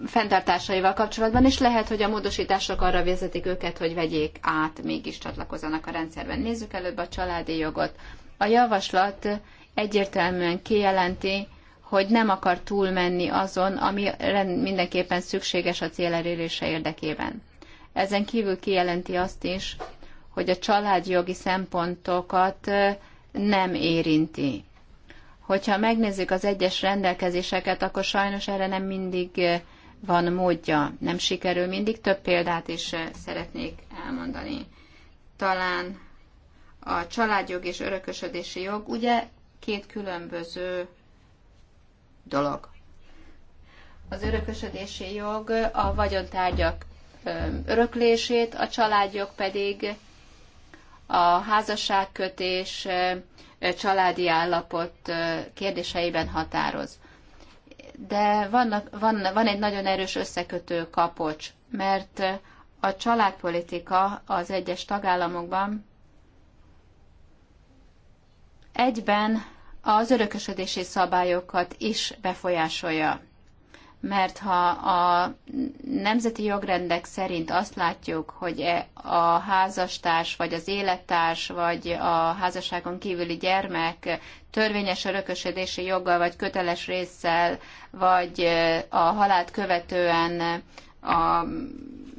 fenntartásaival kapcsolatban, és lehet, hogy a módosítások arra vezetik őket, hogy vegyék át, mégis csatlakozzanak a rendszerben. Nézzük előbb a családi jogot. A javaslat egyértelműen kijelenti, hogy nem akar túlmenni azon, ami mindenképpen szükséges a cél elérése érdekében. Ezen kívül kijelenti azt is, hogy a családjogi szempontokat nem érinti. Hogyha megnézzük az egyes rendelkezéseket, akkor sajnos erre nem mindig van módja. Nem sikerül mindig. Több példát is eh, szeretnék elmondani. Talán a családjog és örökösödési jog ugye két különböző dolog. Az örökösödési jog a vagyontárgyak öröklését, a családjog pedig a házasságkötés családi állapot kérdéseiben határoz de vannak, van, van egy nagyon erős összekötő kapocs, mert a családpolitika az egyes tagállamokban egyben az örökösödési szabályokat is befolyásolja mert ha a nemzeti jogrendek szerint azt látjuk, hogy e a házastárs, vagy az élettárs, vagy a házasságon kívüli gyermek törvényes örökösödési joggal, vagy köteles résszel, vagy e, a halált követően a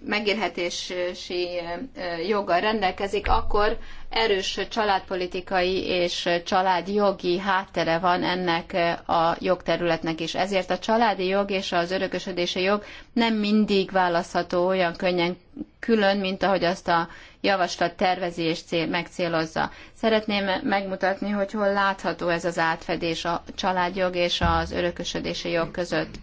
megélhetési joggal rendelkezik, akkor erős családpolitikai és családjogi háttere van ennek a jogterületnek is. Ezért a családi jog és az örökösödési jog nem mindig választható olyan könnyen külön, mint ahogy azt a javaslat tervezi és cél, megcélozza. Szeretném megmutatni, hogy hol látható ez az átfedés a családjog és az örökösödési jog között.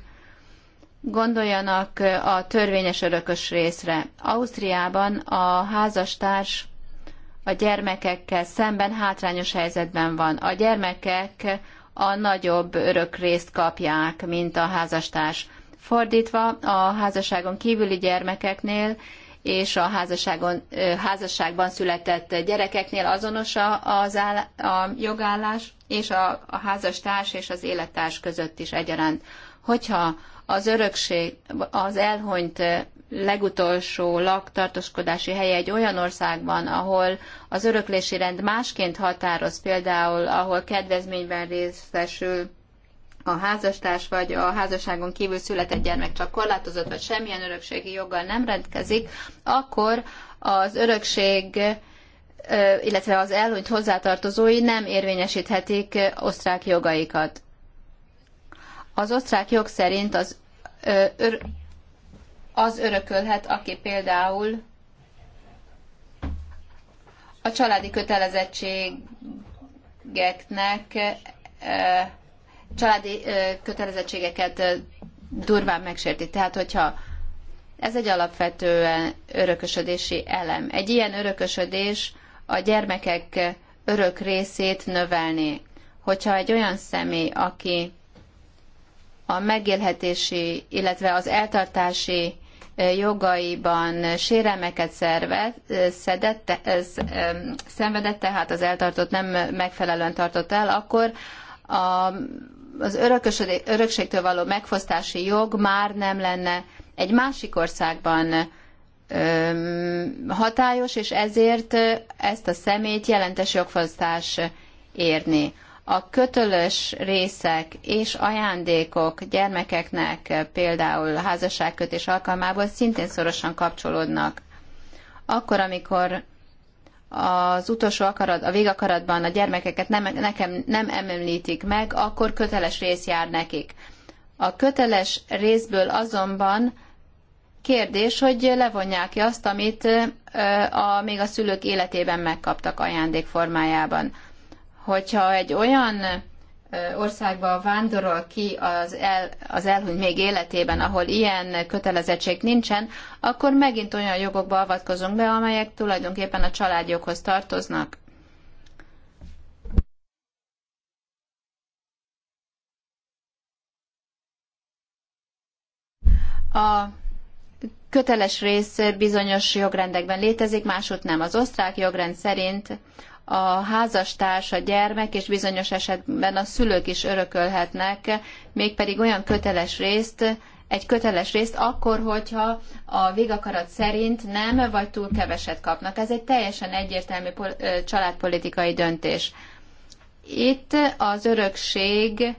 Gondoljanak a törvényes örökös részre. Ausztriában a házastárs a gyermekekkel szemben hátrányos helyzetben van. A gyermekek a nagyobb örök részt kapják, mint a házastárs. Fordítva, a házasságon kívüli gyermekeknél és a házasságon, házasságban született gyerekeknél azonos az áll, a jogállás, és a, a házastárs és az élettárs között is egyaránt. Hogyha az örökség, az elhunyt eh, legutolsó laktartózkodási helye egy olyan országban, ahol az öröklési rend másként határoz, például ahol kedvezményben részesül a házastárs vagy a házasságon kívül született gyermek csak korlátozott, vagy semmilyen örökségi joggal nem rendelkezik, akkor az örökség eh, illetve az elhunyt hozzátartozói nem érvényesíthetik eh, osztrák jogaikat. Az osztrák jog szerint az, ör, az örökölhet, aki például a családi kötelezettségeknek családi kötelezettségeket durván megsérti. Tehát, hogyha ez egy alapvetően örökösödési elem. Egy ilyen örökösödés a gyermekek örök részét növelni. Hogyha egy olyan személy, aki a megélhetési, illetve az eltartási jogaiban sérelmeket szervez, szedett, ez, szenvedett, tehát az eltartott nem megfelelően tartott el, akkor a, az örökségtől való megfosztási jog már nem lenne egy másik országban hatályos, és ezért ezt a szemét jelentes jogfosztás érni a kötölös részek és ajándékok gyermekeknek például házasságkötés alkalmából szintén szorosan kapcsolódnak. Akkor, amikor az utolsó akarat, a végakaratban a gyermekeket nem, nekem nem említik meg, akkor köteles rész jár nekik. A köteles részből azonban kérdés, hogy levonják-e azt, amit a, még a szülők életében megkaptak ajándék formájában hogyha egy olyan országba vándorol ki az, el, az elhunyt még életében, ahol ilyen kötelezettség nincsen, akkor megint olyan jogokba avatkozunk be, amelyek tulajdonképpen a családjoghoz tartoznak. A köteles rész bizonyos jogrendekben létezik, máshogy nem. Az osztrák jogrend szerint a házastárs, a gyermek és bizonyos esetben a szülők is örökölhetnek, mégpedig olyan köteles részt, egy köteles részt akkor, hogyha a végakarat szerint nem vagy túl keveset kapnak. Ez egy teljesen egyértelmű családpolitikai döntés. Itt az örökség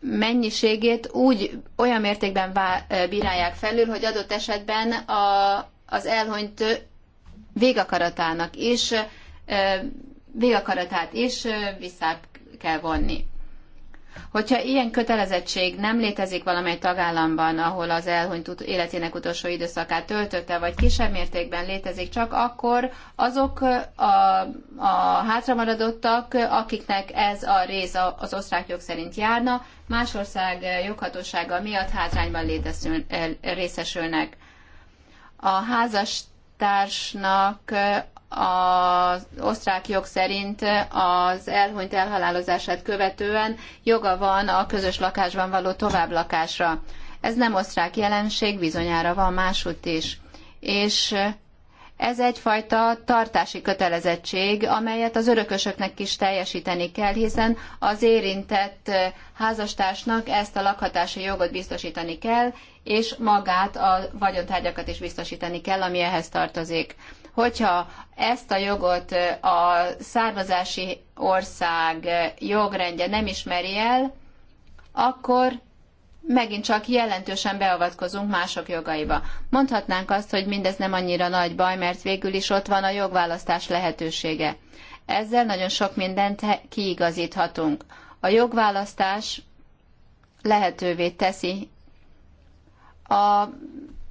mennyiségét úgy olyan mértékben bírálják felül, hogy adott esetben a, az elhunyt végakaratának is, végakaratát is vissza kell vonni. Hogyha ilyen kötelezettség nem létezik valamely tagállamban, ahol az elhunyt életének utolsó időszakát töltötte, vagy kisebb mértékben létezik, csak akkor azok a, a hátramaradottak, akiknek ez a rész az osztrák jog szerint járna, más ország joghatósága miatt hátrányban részesülnek. A házas társnak az osztrák jog szerint az elhunyt elhalálozását követően joga van a közös lakásban való továbblakásra. Ez nem osztrák jelenség, bizonyára van máshogy is. És ez egyfajta tartási kötelezettség, amelyet az örökösöknek is teljesíteni kell, hiszen az érintett házastársnak ezt a lakhatási jogot biztosítani kell, és magát a vagyontárgyakat is biztosítani kell, ami ehhez tartozik. Hogyha ezt a jogot a származási ország jogrendje nem ismeri el, akkor megint csak jelentősen beavatkozunk mások jogaiba. Mondhatnánk azt, hogy mindez nem annyira nagy baj, mert végül is ott van a jogválasztás lehetősége. Ezzel nagyon sok mindent kiigazíthatunk. A jogválasztás lehetővé teszi a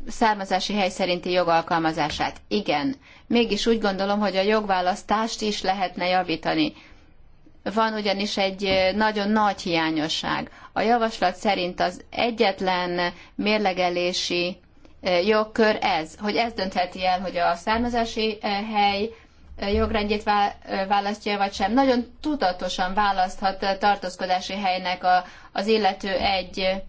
származási hely szerinti jogalkalmazását. Igen, mégis úgy gondolom, hogy a jogválasztást is lehetne javítani. Van ugyanis egy eh, nagyon nagy hiányosság. A javaslat szerint az egyetlen mérlegelési eh, jogkör ez, hogy ez döntheti el, hogy a származási eh, hely eh, jogrendjét választja, vagy sem. Nagyon tudatosan választhat tartózkodási helynek a, az illető egy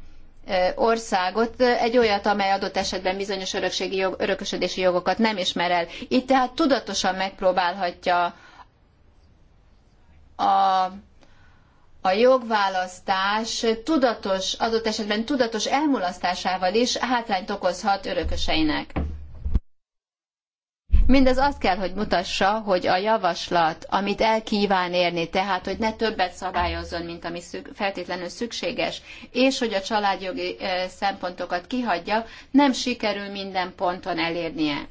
országot, egy olyat, amely adott esetben bizonyos örökségi jog, örökösödési jogokat nem ismer el. Itt tehát tudatosan megpróbálhatja a a jogválasztás tudatos, adott esetben tudatos elmulasztásával is hátrányt okozhat örököseinek. Mindez azt kell, hogy mutassa, hogy a javaslat, amit el kíván érni, tehát, hogy ne többet szabályozzon, mint ami szük, feltétlenül szükséges, és hogy a családjogi szempontokat kihagyja, nem sikerül minden ponton elérnie.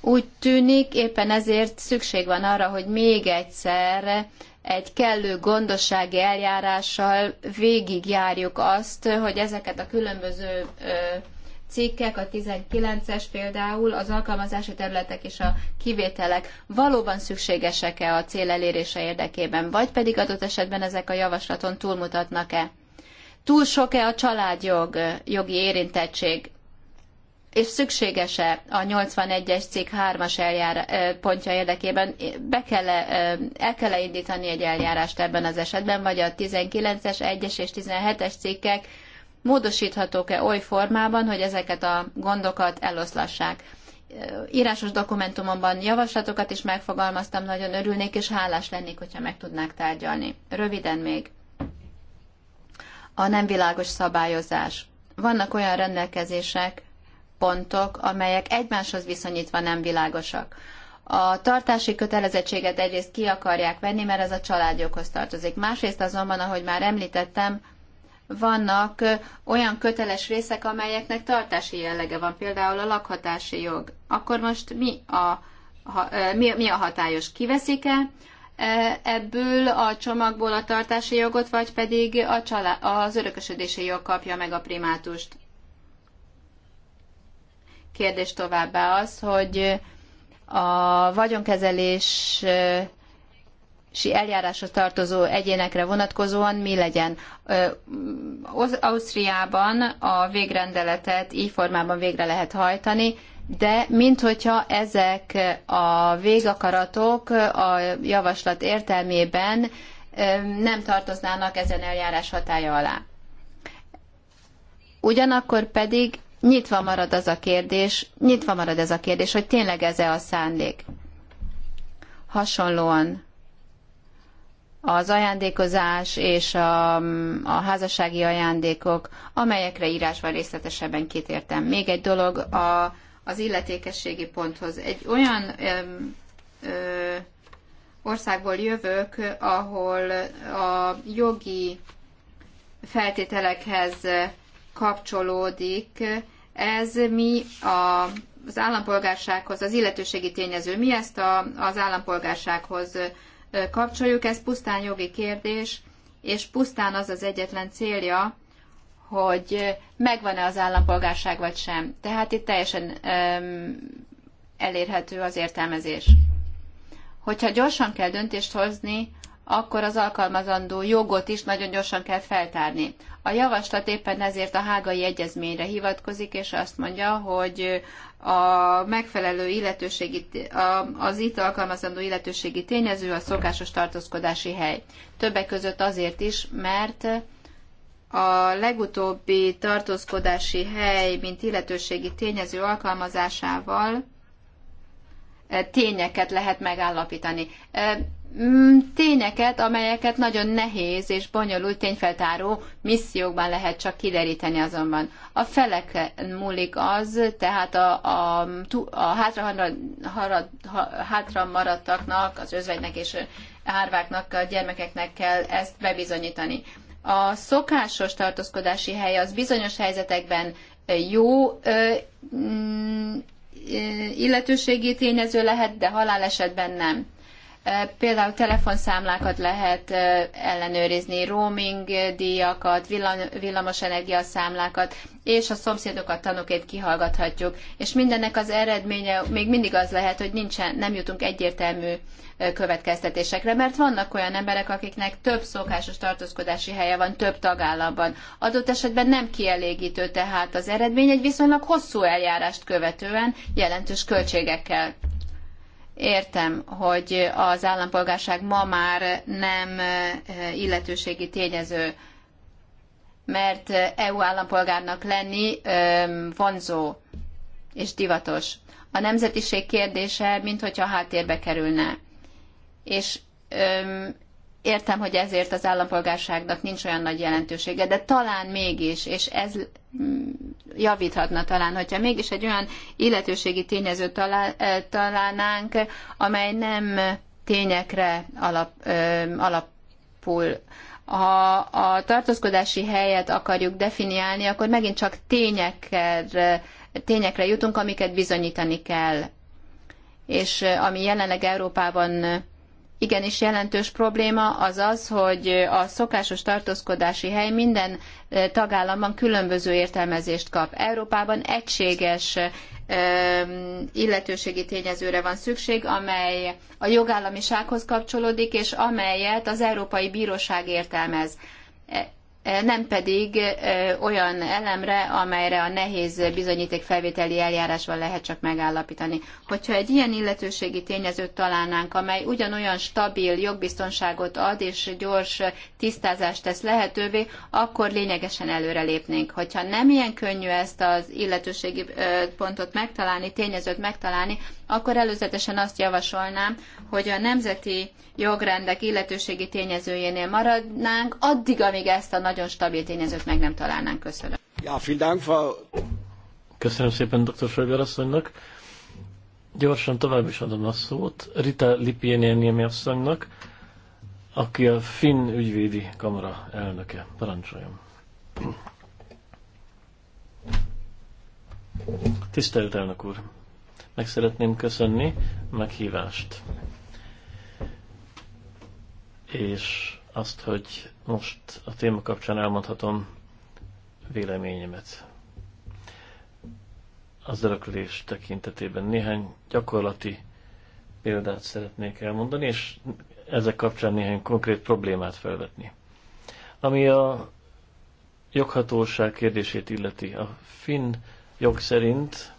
Úgy tűnik, éppen ezért szükség van arra, hogy még egyszer egy kellő gondossági eljárással végigjárjuk azt, hogy ezeket a különböző cikkek, a 19-es például, az alkalmazási területek és a kivételek valóban szükségesek-e a cél elérése érdekében, vagy pedig adott esetben ezek a javaslaton túlmutatnak-e? Túl sok-e a családjog, jogi érintettség? és szükséges-e a 81-es cikk 3-as pontja érdekében, be kell -e, el kell -e indítani egy eljárást ebben az esetben, vagy a 19-es, 1-es és 17-es cikkek módosíthatók-e oly formában, hogy ezeket a gondokat eloszlassák. Írásos dokumentumomban javaslatokat is megfogalmaztam, nagyon örülnék, és hálás lennék, hogyha meg tudnák tárgyalni. Röviden még. A nem világos szabályozás. Vannak olyan rendelkezések, pontok, amelyek egymáshoz viszonyítva nem világosak. A tartási kötelezettséget egyrészt ki akarják venni, mert ez a családjoghoz tartozik. Másrészt azonban, ahogy már említettem, vannak olyan köteles részek, amelyeknek tartási jellege van, például a lakhatási jog. Akkor most mi a, ha, mi, mi a hatályos? Kiveszik-e ebből a csomagból a tartási jogot, vagy pedig a család, az örökösödési jog kapja meg a primátust? kérdés továbbá az, hogy a vagyonkezelési eljárásra tartozó egyénekre vonatkozóan mi legyen. Ausztriában a végrendeletet így formában végre lehet hajtani, de minthogyha ezek a végakaratok a javaslat értelmében nem tartoznának ezen eljárás hatája alá. Ugyanakkor pedig nyitva marad az a kérdés, nyitva marad ez a kérdés, hogy tényleg ez-e a szándék. Hasonlóan az ajándékozás és a, a házassági ajándékok, amelyekre írásban részletesebben kitértem. Még egy dolog a, az illetékességi ponthoz. Egy olyan ö, ö, országból jövök, ahol a jogi feltételekhez kapcsolódik ez mi a, az állampolgársághoz, az illetőségi tényező, mi ezt a, az állampolgársághoz kapcsoljuk, ez pusztán jogi kérdés, és pusztán az az egyetlen célja, hogy megvan-e az állampolgárság vagy sem. Tehát itt teljesen um, elérhető az értelmezés. Hogyha gyorsan kell döntést hozni, akkor az alkalmazandó jogot is nagyon gyorsan kell feltárni. A javaslat éppen ezért a hágai egyezményre hivatkozik, és azt mondja, hogy a megfelelő illetőségi, az itt alkalmazandó illetőségi tényező a szokásos tartózkodási hely. Többek között azért is, mert a legutóbbi tartózkodási hely, mint illetőségi tényező alkalmazásával e, tényeket lehet megállapítani. E, Mm, tényeket, amelyeket nagyon nehéz és bonyolult tényfeltáró missziókban lehet csak kideríteni azonban. A felek múlik az, tehát a, a, a hátra, harad, hátra maradtaknak, az özvegynek és árváknak, a gyermekeknek kell ezt bebizonyítani. A szokásos tartózkodási hely az bizonyos helyzetekben jó mm, illetőségi tényező lehet, de halálesetben nem Például telefonszámlákat lehet ellenőrizni, roaming díjakat, villamosenergia számlákat, és a szomszédokat, tanokét kihallgathatjuk. És mindennek az eredménye még mindig az lehet, hogy nincsen, nem jutunk egyértelmű következtetésekre, mert vannak olyan emberek, akiknek több szokásos tartózkodási helye van több tagállamban. Adott esetben nem kielégítő tehát az eredmény egy viszonylag hosszú eljárást követően jelentős költségekkel. Értem, hogy az állampolgárság ma már nem illetőségi tényező, mert EU állampolgárnak lenni vonzó és divatos. A nemzetiség kérdése, mint hogyha háttérbe kerülne. És Értem, hogy ezért az állampolgárságnak nincs olyan nagy jelentősége, de talán mégis, és ez mm, javíthatna talán, hogyha mégis egy olyan illetőségi tényezőt e, találnánk, amely nem tényekre alap, alapul. Ha a tartózkodási helyet akarjuk definiálni, akkor megint csak tényekre, tényekre jutunk, amiket bizonyítani kell. És ami jelenleg Európában igenis jelentős probléma az az, hogy a szokásos tartózkodási hely minden e, tagállamban különböző értelmezést kap. Európában egységes e, illetőségi tényezőre van szükség, amely a jogállamisághoz kapcsolódik, és amelyet az Európai Bíróság értelmez. E, nem pedig olyan elemre, amelyre a nehéz felvételi eljárásban lehet csak megállapítani. Hogyha egy ilyen illetőségi tényezőt találnánk, amely ugyanolyan stabil jogbiztonságot ad és gyors tisztázást tesz lehetővé, akkor lényegesen előrelépnénk. Hogyha nem ilyen könnyű ezt az illetőségi pontot megtalálni, tényezőt megtalálni, akkor előzetesen azt javasolnám, hogy a nemzeti jogrendek illetőségi tényezőjénél maradnánk, addig, amíg ezt a nagy nagyon stabil tényezőt meg nem találnánk. Köszönöm. Ja, Dank, Frau... Köszönöm szépen dr. Söger asszonynak. Gyorsan tovább is adom a szót Rita Lipieniemi asszonynak, aki a Finn ügyvédi kamara elnöke. Parancsoljon. Tisztelt elnök úr! Meg szeretném köszönni a meghívást. És azt, hogy most a téma kapcsán elmondhatom véleményemet. Az öröklés tekintetében néhány gyakorlati példát szeretnék elmondani, és ezek kapcsán néhány konkrét problémát felvetni. Ami a joghatóság kérdését illeti, a finn jog szerint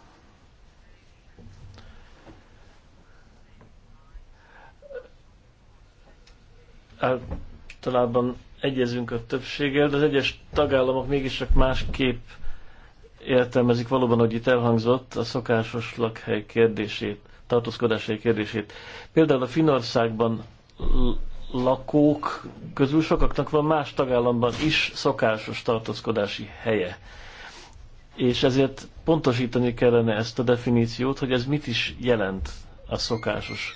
általában egyezünk a többséggel, de az egyes tagállamok mégiscsak másképp értelmezik valóban, hogy itt elhangzott a szokásos lakhely kérdését, tartózkodáshely kérdését. Például a Finországban lakók közül sokaknak van más tagállamban is szokásos tartózkodási helye. És ezért pontosítani kellene ezt a definíciót, hogy ez mit is jelent a szokásos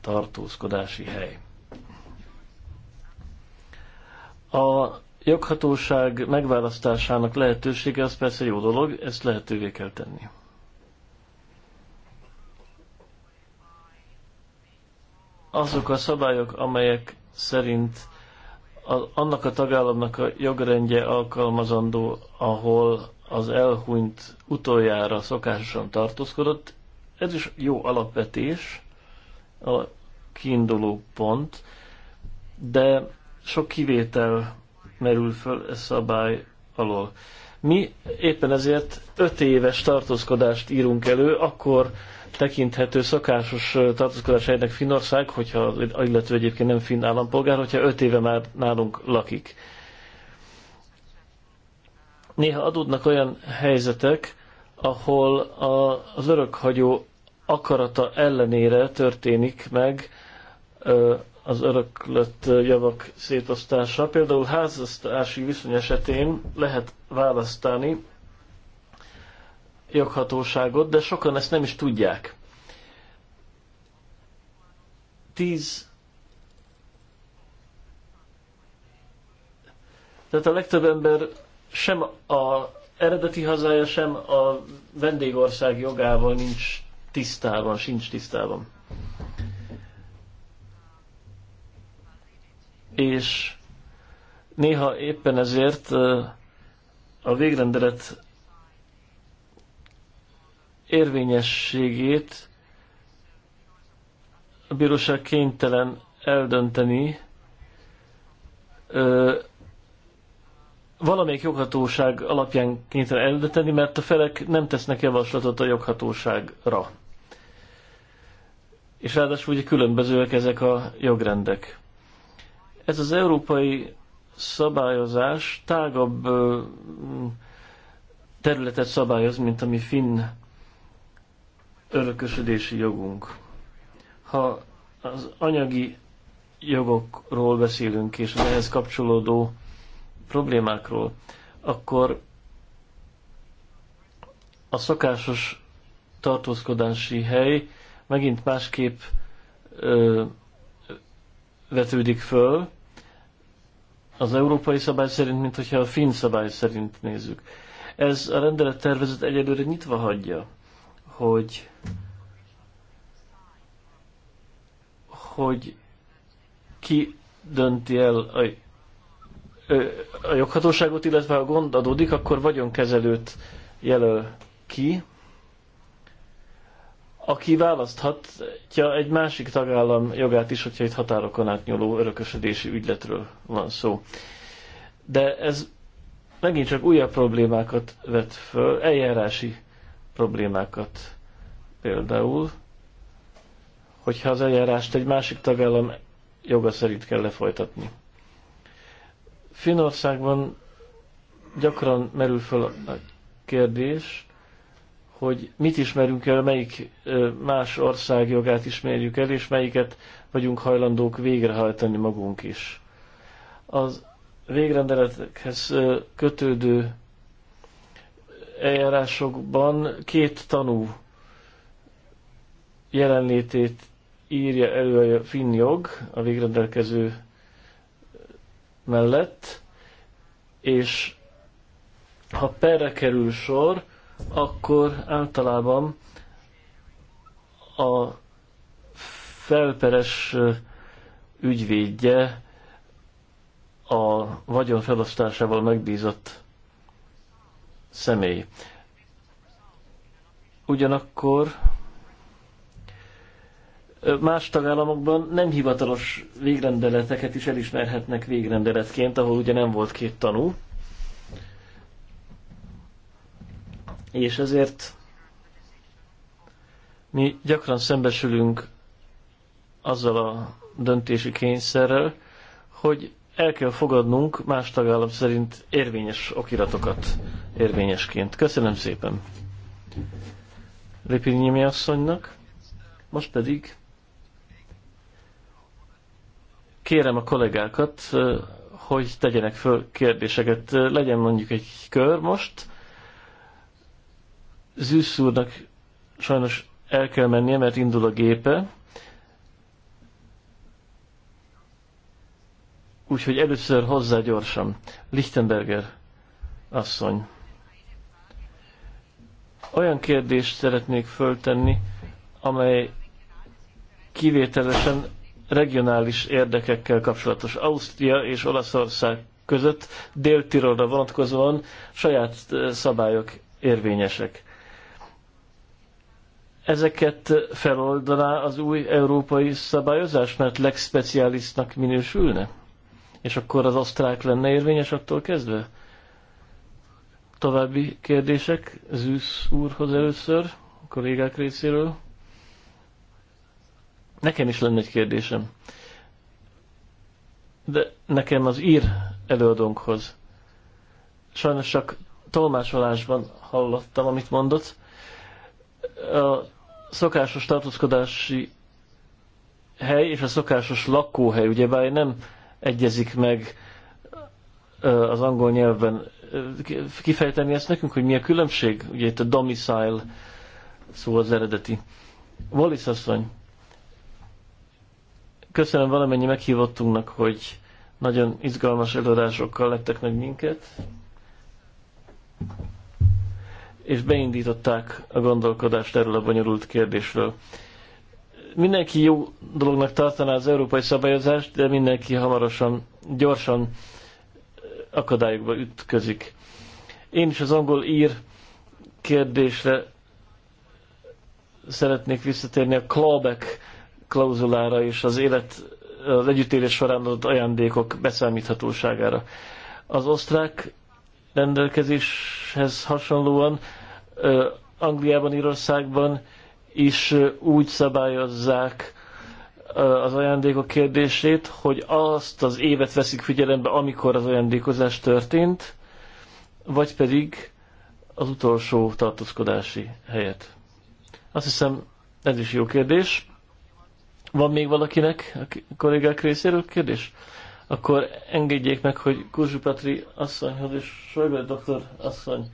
tartózkodási hely. A joghatóság megválasztásának lehetősége az persze jó dolog, ezt lehetővé kell tenni. Azok a szabályok, amelyek szerint a, annak a tagállamnak a jogrendje alkalmazandó, ahol az elhunyt utoljára szokásosan tartózkodott, ez is jó alapvetés, a kiinduló pont, de sok kivétel merül föl e szabály alól. Mi éppen ezért öt éves tartózkodást írunk elő, akkor tekinthető szokásos tartózkodás helynek Finnország, hogyha illető egyébként nem finn állampolgár, hogyha öt éve már nálunk lakik. Néha adódnak olyan helyzetek, ahol a, az örökhagyó akarata ellenére történik meg az öröklött javak szétosztása. Például házasztási viszony esetén lehet választani joghatóságot, de sokan ezt nem is tudják. Tíz Tehát a legtöbb ember sem a eredeti hazája, sem a vendégország jogával nincs tisztában, sincs tisztában. és néha éppen ezért a végrendelet érvényességét a bíróság kénytelen eldönteni. Valamelyik joghatóság alapján kénytelen eldönteni, mert a felek nem tesznek javaslatot a joghatóságra. És ráadásul ugye különbözőek ezek a jogrendek. Ez az európai szabályozás tágabb területet szabályoz, mint ami finn örökösödési jogunk. Ha az anyagi jogokról beszélünk, és az ehhez kapcsolódó problémákról, akkor a szokásos tartózkodási hely megint másképp ö, vetődik föl, az európai szabály szerint, mint hogyha a finn szabály szerint nézzük. Ez a rendelettervezet egyelőre nyitva hagyja, hogy hogy ki dönti el a, a joghatóságot, illetve ha gond adódik, akkor vagyonkezelőt jelöl ki, aki választhatja egy másik tagállam jogát is, hogyha itt határokon átnyúló örökösödési ügyletről van szó. De ez megint csak újabb problémákat vet föl, eljárási problémákat például, hogyha az eljárást egy másik tagállam joga szerint kell lefolytatni. Finországban gyakran merül föl a kérdés, hogy mit ismerünk el, melyik más ország jogát ismerjük el, és melyiket vagyunk hajlandók végrehajtani magunk is. Az végrendeletekhez kötődő eljárásokban két tanú jelenlétét írja elő a finn jog a végrendelkező mellett, és ha perre kerül sor, akkor általában a felperes ügyvédje a vagyon felosztásával megbízott személy. Ugyanakkor más tagállamokban nem hivatalos végrendeleteket is elismerhetnek végrendeletként, ahol ugye nem volt két tanú. és ezért mi gyakran szembesülünk azzal a döntési kényszerrel, hogy el kell fogadnunk más tagállam szerint érvényes okiratokat érvényesként. Köszönöm szépen Lépényi asszonynak. Most pedig kérem a kollégákat, hogy tegyenek föl kérdéseket. Legyen mondjuk egy kör most, Zűsz úrnak sajnos el kell mennie, mert indul a gépe. Úgyhogy először hozzá gyorsan. Lichtenberger asszony. Olyan kérdést szeretnék föltenni, amely kivételesen regionális érdekekkel kapcsolatos. Ausztria és Olaszország között Dél-Tirolra vonatkozóan saját eh, szabályok érvényesek ezeket feloldaná az új európai szabályozás, mert legspecialistnak minősülne? És akkor az osztrák lenne érvényes attól kezdve? További kérdések Zűsz úrhoz először, a kollégák részéről. Nekem is lenne egy kérdésem. De nekem az ír előadónkhoz. Sajnos csak tolmásolásban hallottam, amit mondott. A szokásos tartózkodási hely és a szokásos lakóhely ugyebár nem egyezik meg az angol nyelven. Kifejteni ezt nekünk, hogy mi a különbség? Ugye itt a domicile szó az eredeti. Wallis asszony, köszönöm valamennyi meghívottunknak, hogy nagyon izgalmas előadásokkal lettek meg minket és beindították a gondolkodást erről a bonyolult kérdésről. Mindenki jó dolognak tartaná az európai szabályozást, de mindenki hamarosan, gyorsan akadályokba ütközik. Én is az angol ír kérdésre szeretnék visszatérni a clawback klauzulára és az élet az együttélés során adott ajándékok beszámíthatóságára. Az osztrák rendelkezéshez hasonlóan Angliában, Írországban is úgy szabályozzák az ajándékok kérdését, hogy azt az évet veszik figyelembe, amikor az ajándékozás történt, vagy pedig az utolsó tartózkodási helyet. Azt hiszem, ez is jó kérdés. Van még valakinek a kollégák részéről kérdés? Akkor engedjék meg, hogy Kurzsupatri asszonyhoz és Schäuble doktor asszony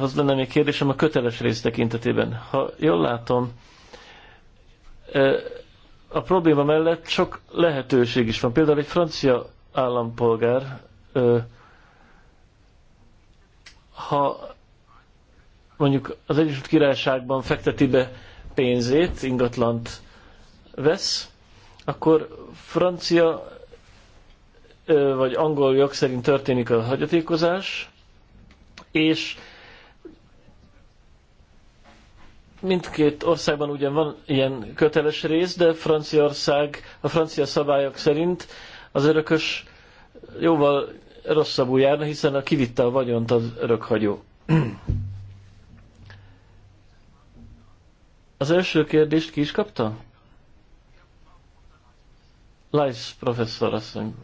az lenne még kérdésem a köteles rész tekintetében. Ha jól látom, a probléma mellett sok lehetőség is van. Például egy francia állampolgár, ha mondjuk az Egyesült Királyságban fekteti be pénzét, ingatlant vesz, akkor francia vagy angol jog szerint történik a hagyatékozás, és mindkét országban ugyan van ilyen köteles rész, de Franciaország a francia szabályok szerint az örökös jóval rosszabbul járna, hiszen a kivitte a vagyont az örökhagyó. Az első kérdést ki is kapta? Lajsz professzor asszony.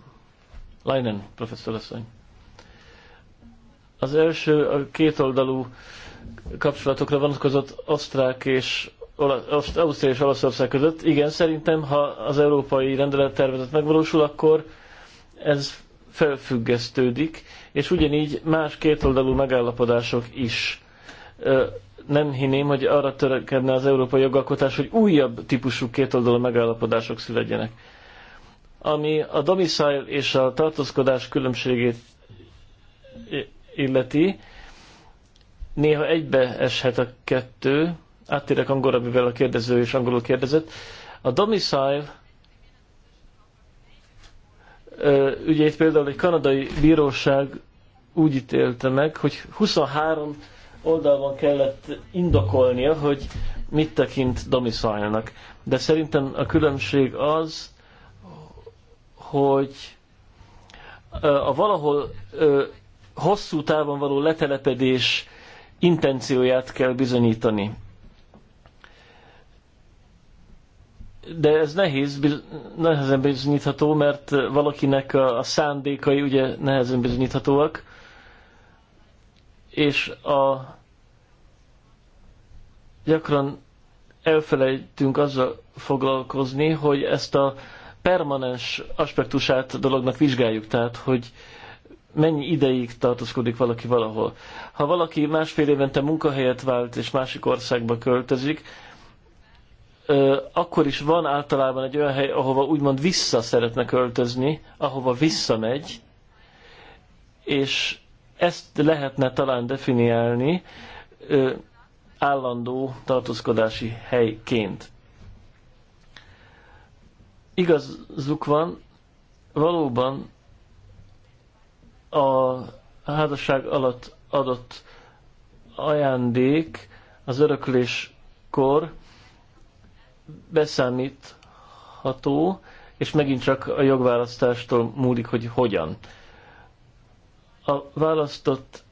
Leinen professzor asszony. Az első a kétoldalú kapcsolatokra vonatkozott osztrák és Ausztria és Olaszország között. Igen, szerintem, ha az európai rendelettervezet megvalósul, akkor ez felfüggesztődik, és ugyanígy más kétoldalú megállapodások is. Nem hinném, hogy arra törekedne az európai jogalkotás, hogy újabb típusú kétoldalú megállapodások születjenek. Ami a domicile és a tartózkodás különbségét illeti, néha egybe eshet a kettő, áttérek angolra, mivel a kérdező és angolul kérdezett. A domicile ügyét például egy kanadai bíróság úgy ítélte meg, hogy 23 oldalban kellett indokolnia, hogy mit tekint domicile-nak. De szerintem a különbség az, hogy a valahol hosszú távon való letelepedés intencióját kell bizonyítani. De ez nehéz, nehezen bizonyítható, mert valakinek a szándékai ugye nehezen bizonyíthatóak, és a gyakran elfelejtünk azzal foglalkozni, hogy ezt a permanens aspektusát a dolognak vizsgáljuk, tehát hogy mennyi ideig tartózkodik valaki valahol. Ha valaki másfél évente munkahelyet vált és másik országba költözik, akkor is van általában egy olyan hely, ahova úgymond vissza szeretne költözni, ahova visszamegy, és ezt lehetne talán definiálni állandó tartózkodási helyként. Igazuk van, valóban a házasság alatt adott ajándék az örökléskor beszámítható, és megint csak a jogválasztástól múlik, hogy hogyan. A választott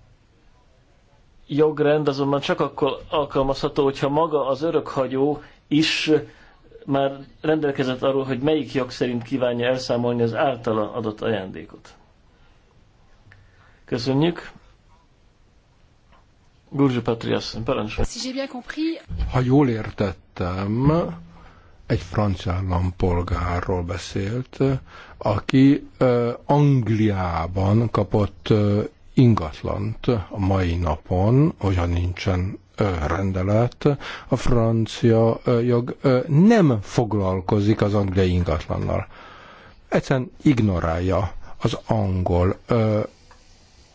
jogrend azonban csak akkor alkalmazható, hogyha maga az örökhagyó is már rendelkezett arról, hogy melyik jog szerint kívánja elszámolni az általa adott ajándékot. Köszönjük. Gurzsi Patriasszony, parancsolj. Ha jól értettem, egy francia állampolgárról beszélt, aki Angliában kapott ingatlant a mai napon, hogyha nincsen rendelet, a francia jog nem foglalkozik az angliai ingatlannal. Egyszerűen ignorálja az angol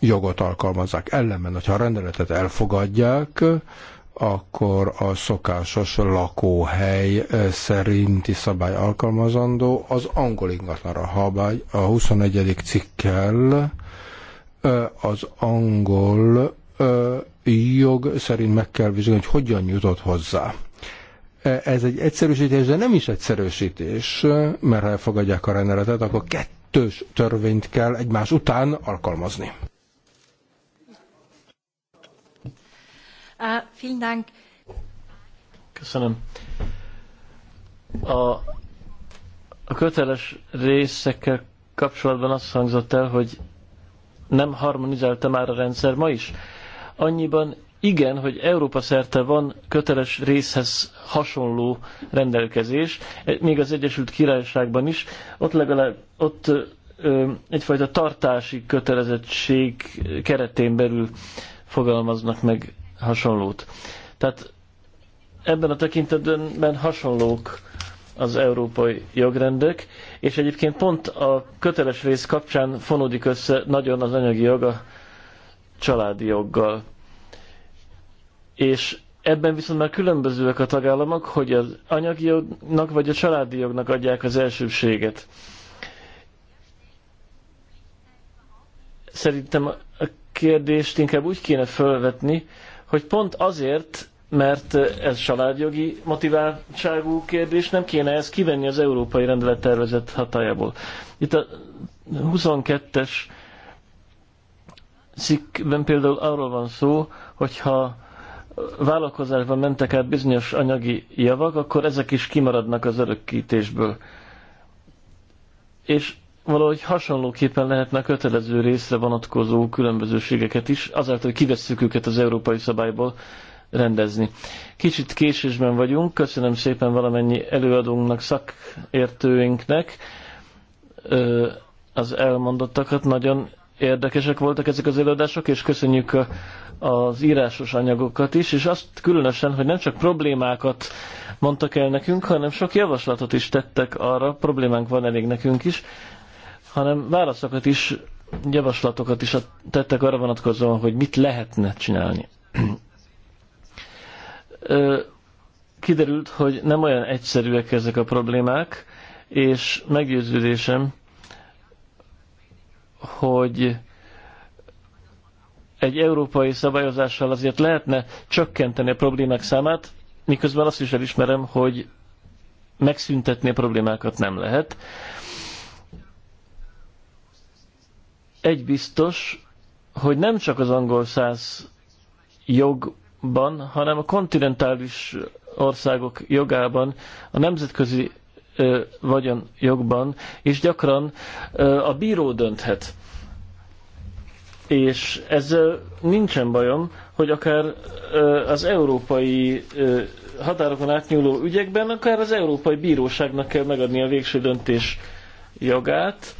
jogot alkalmazzák. Ellenben, hogyha a rendeletet elfogadják, akkor a szokásos lakóhely eh, szerinti szabály alkalmazandó az angol ingatlanra. Ha a 21. cikkel eh, az angol eh, jog szerint meg kell vizsgálni, hogy hogyan jutott hozzá. Ez egy egyszerűsítés, de nem is egyszerűsítés, mert ha elfogadják a rendeletet, akkor kettős törvényt kell egymás után alkalmazni. vielen Dank. Köszönöm. A, a köteles részekkel kapcsolatban azt hangzott el, hogy nem harmonizálta már a rendszer ma is. Annyiban igen, hogy Európa szerte van köteles részhez hasonló rendelkezés, még az Egyesült Királyságban is, ott legalább ott ö, egyfajta tartási kötelezettség keretén belül fogalmaznak meg hasonlót. Tehát ebben a tekintetben hasonlók az európai jogrendek, és egyébként pont a köteles rész kapcsán fonódik össze nagyon az anyagi jog a családi joggal. És ebben viszont már különbözőek a tagállamok, hogy az anyagi jognak vagy a családi jognak adják az elsőséget. Szerintem a kérdést inkább úgy kéne felvetni, hogy pont azért, mert ez családjogi motiváltságú kérdés, nem kéne ezt kivenni az európai rendelettervezet hatájából. Itt a 22-es szikben például arról van szó, hogyha vállalkozásban mentek át bizonyos anyagi javak, akkor ezek is kimaradnak az örökítésből. És valahogy hasonlóképpen lehetne a kötelező részre vonatkozó különbözőségeket is, azáltal, hogy kivesszük őket az európai szabályból rendezni. Kicsit késésben vagyunk, köszönöm szépen valamennyi előadónknak, szakértőinknek az elmondottakat, nagyon érdekesek voltak ezek az előadások, és köszönjük a, az írásos anyagokat is, és azt különösen, hogy nem csak problémákat mondtak el nekünk, hanem sok javaslatot is tettek arra, problémánk van elég nekünk is, hanem válaszokat is, javaslatokat is tettek arra vonatkozóan, hogy mit lehetne csinálni. Kiderült, hogy nem olyan egyszerűek ezek a problémák, és meggyőződésem, hogy egy európai szabályozással azért lehetne csökkenteni a problémák számát, miközben azt is elismerem, hogy megszüntetni a problémákat nem lehet. egy biztos, hogy nem csak az angol száz jogban, hanem a kontinentális országok jogában, a nemzetközi ö, vagyon jogban, és gyakran ö, a bíró dönthet. És ezzel nincsen bajom, hogy akár ö, az európai ö, határokon átnyúló ügyekben, akár az Európai Bíróságnak kell megadni a végső döntés jogát,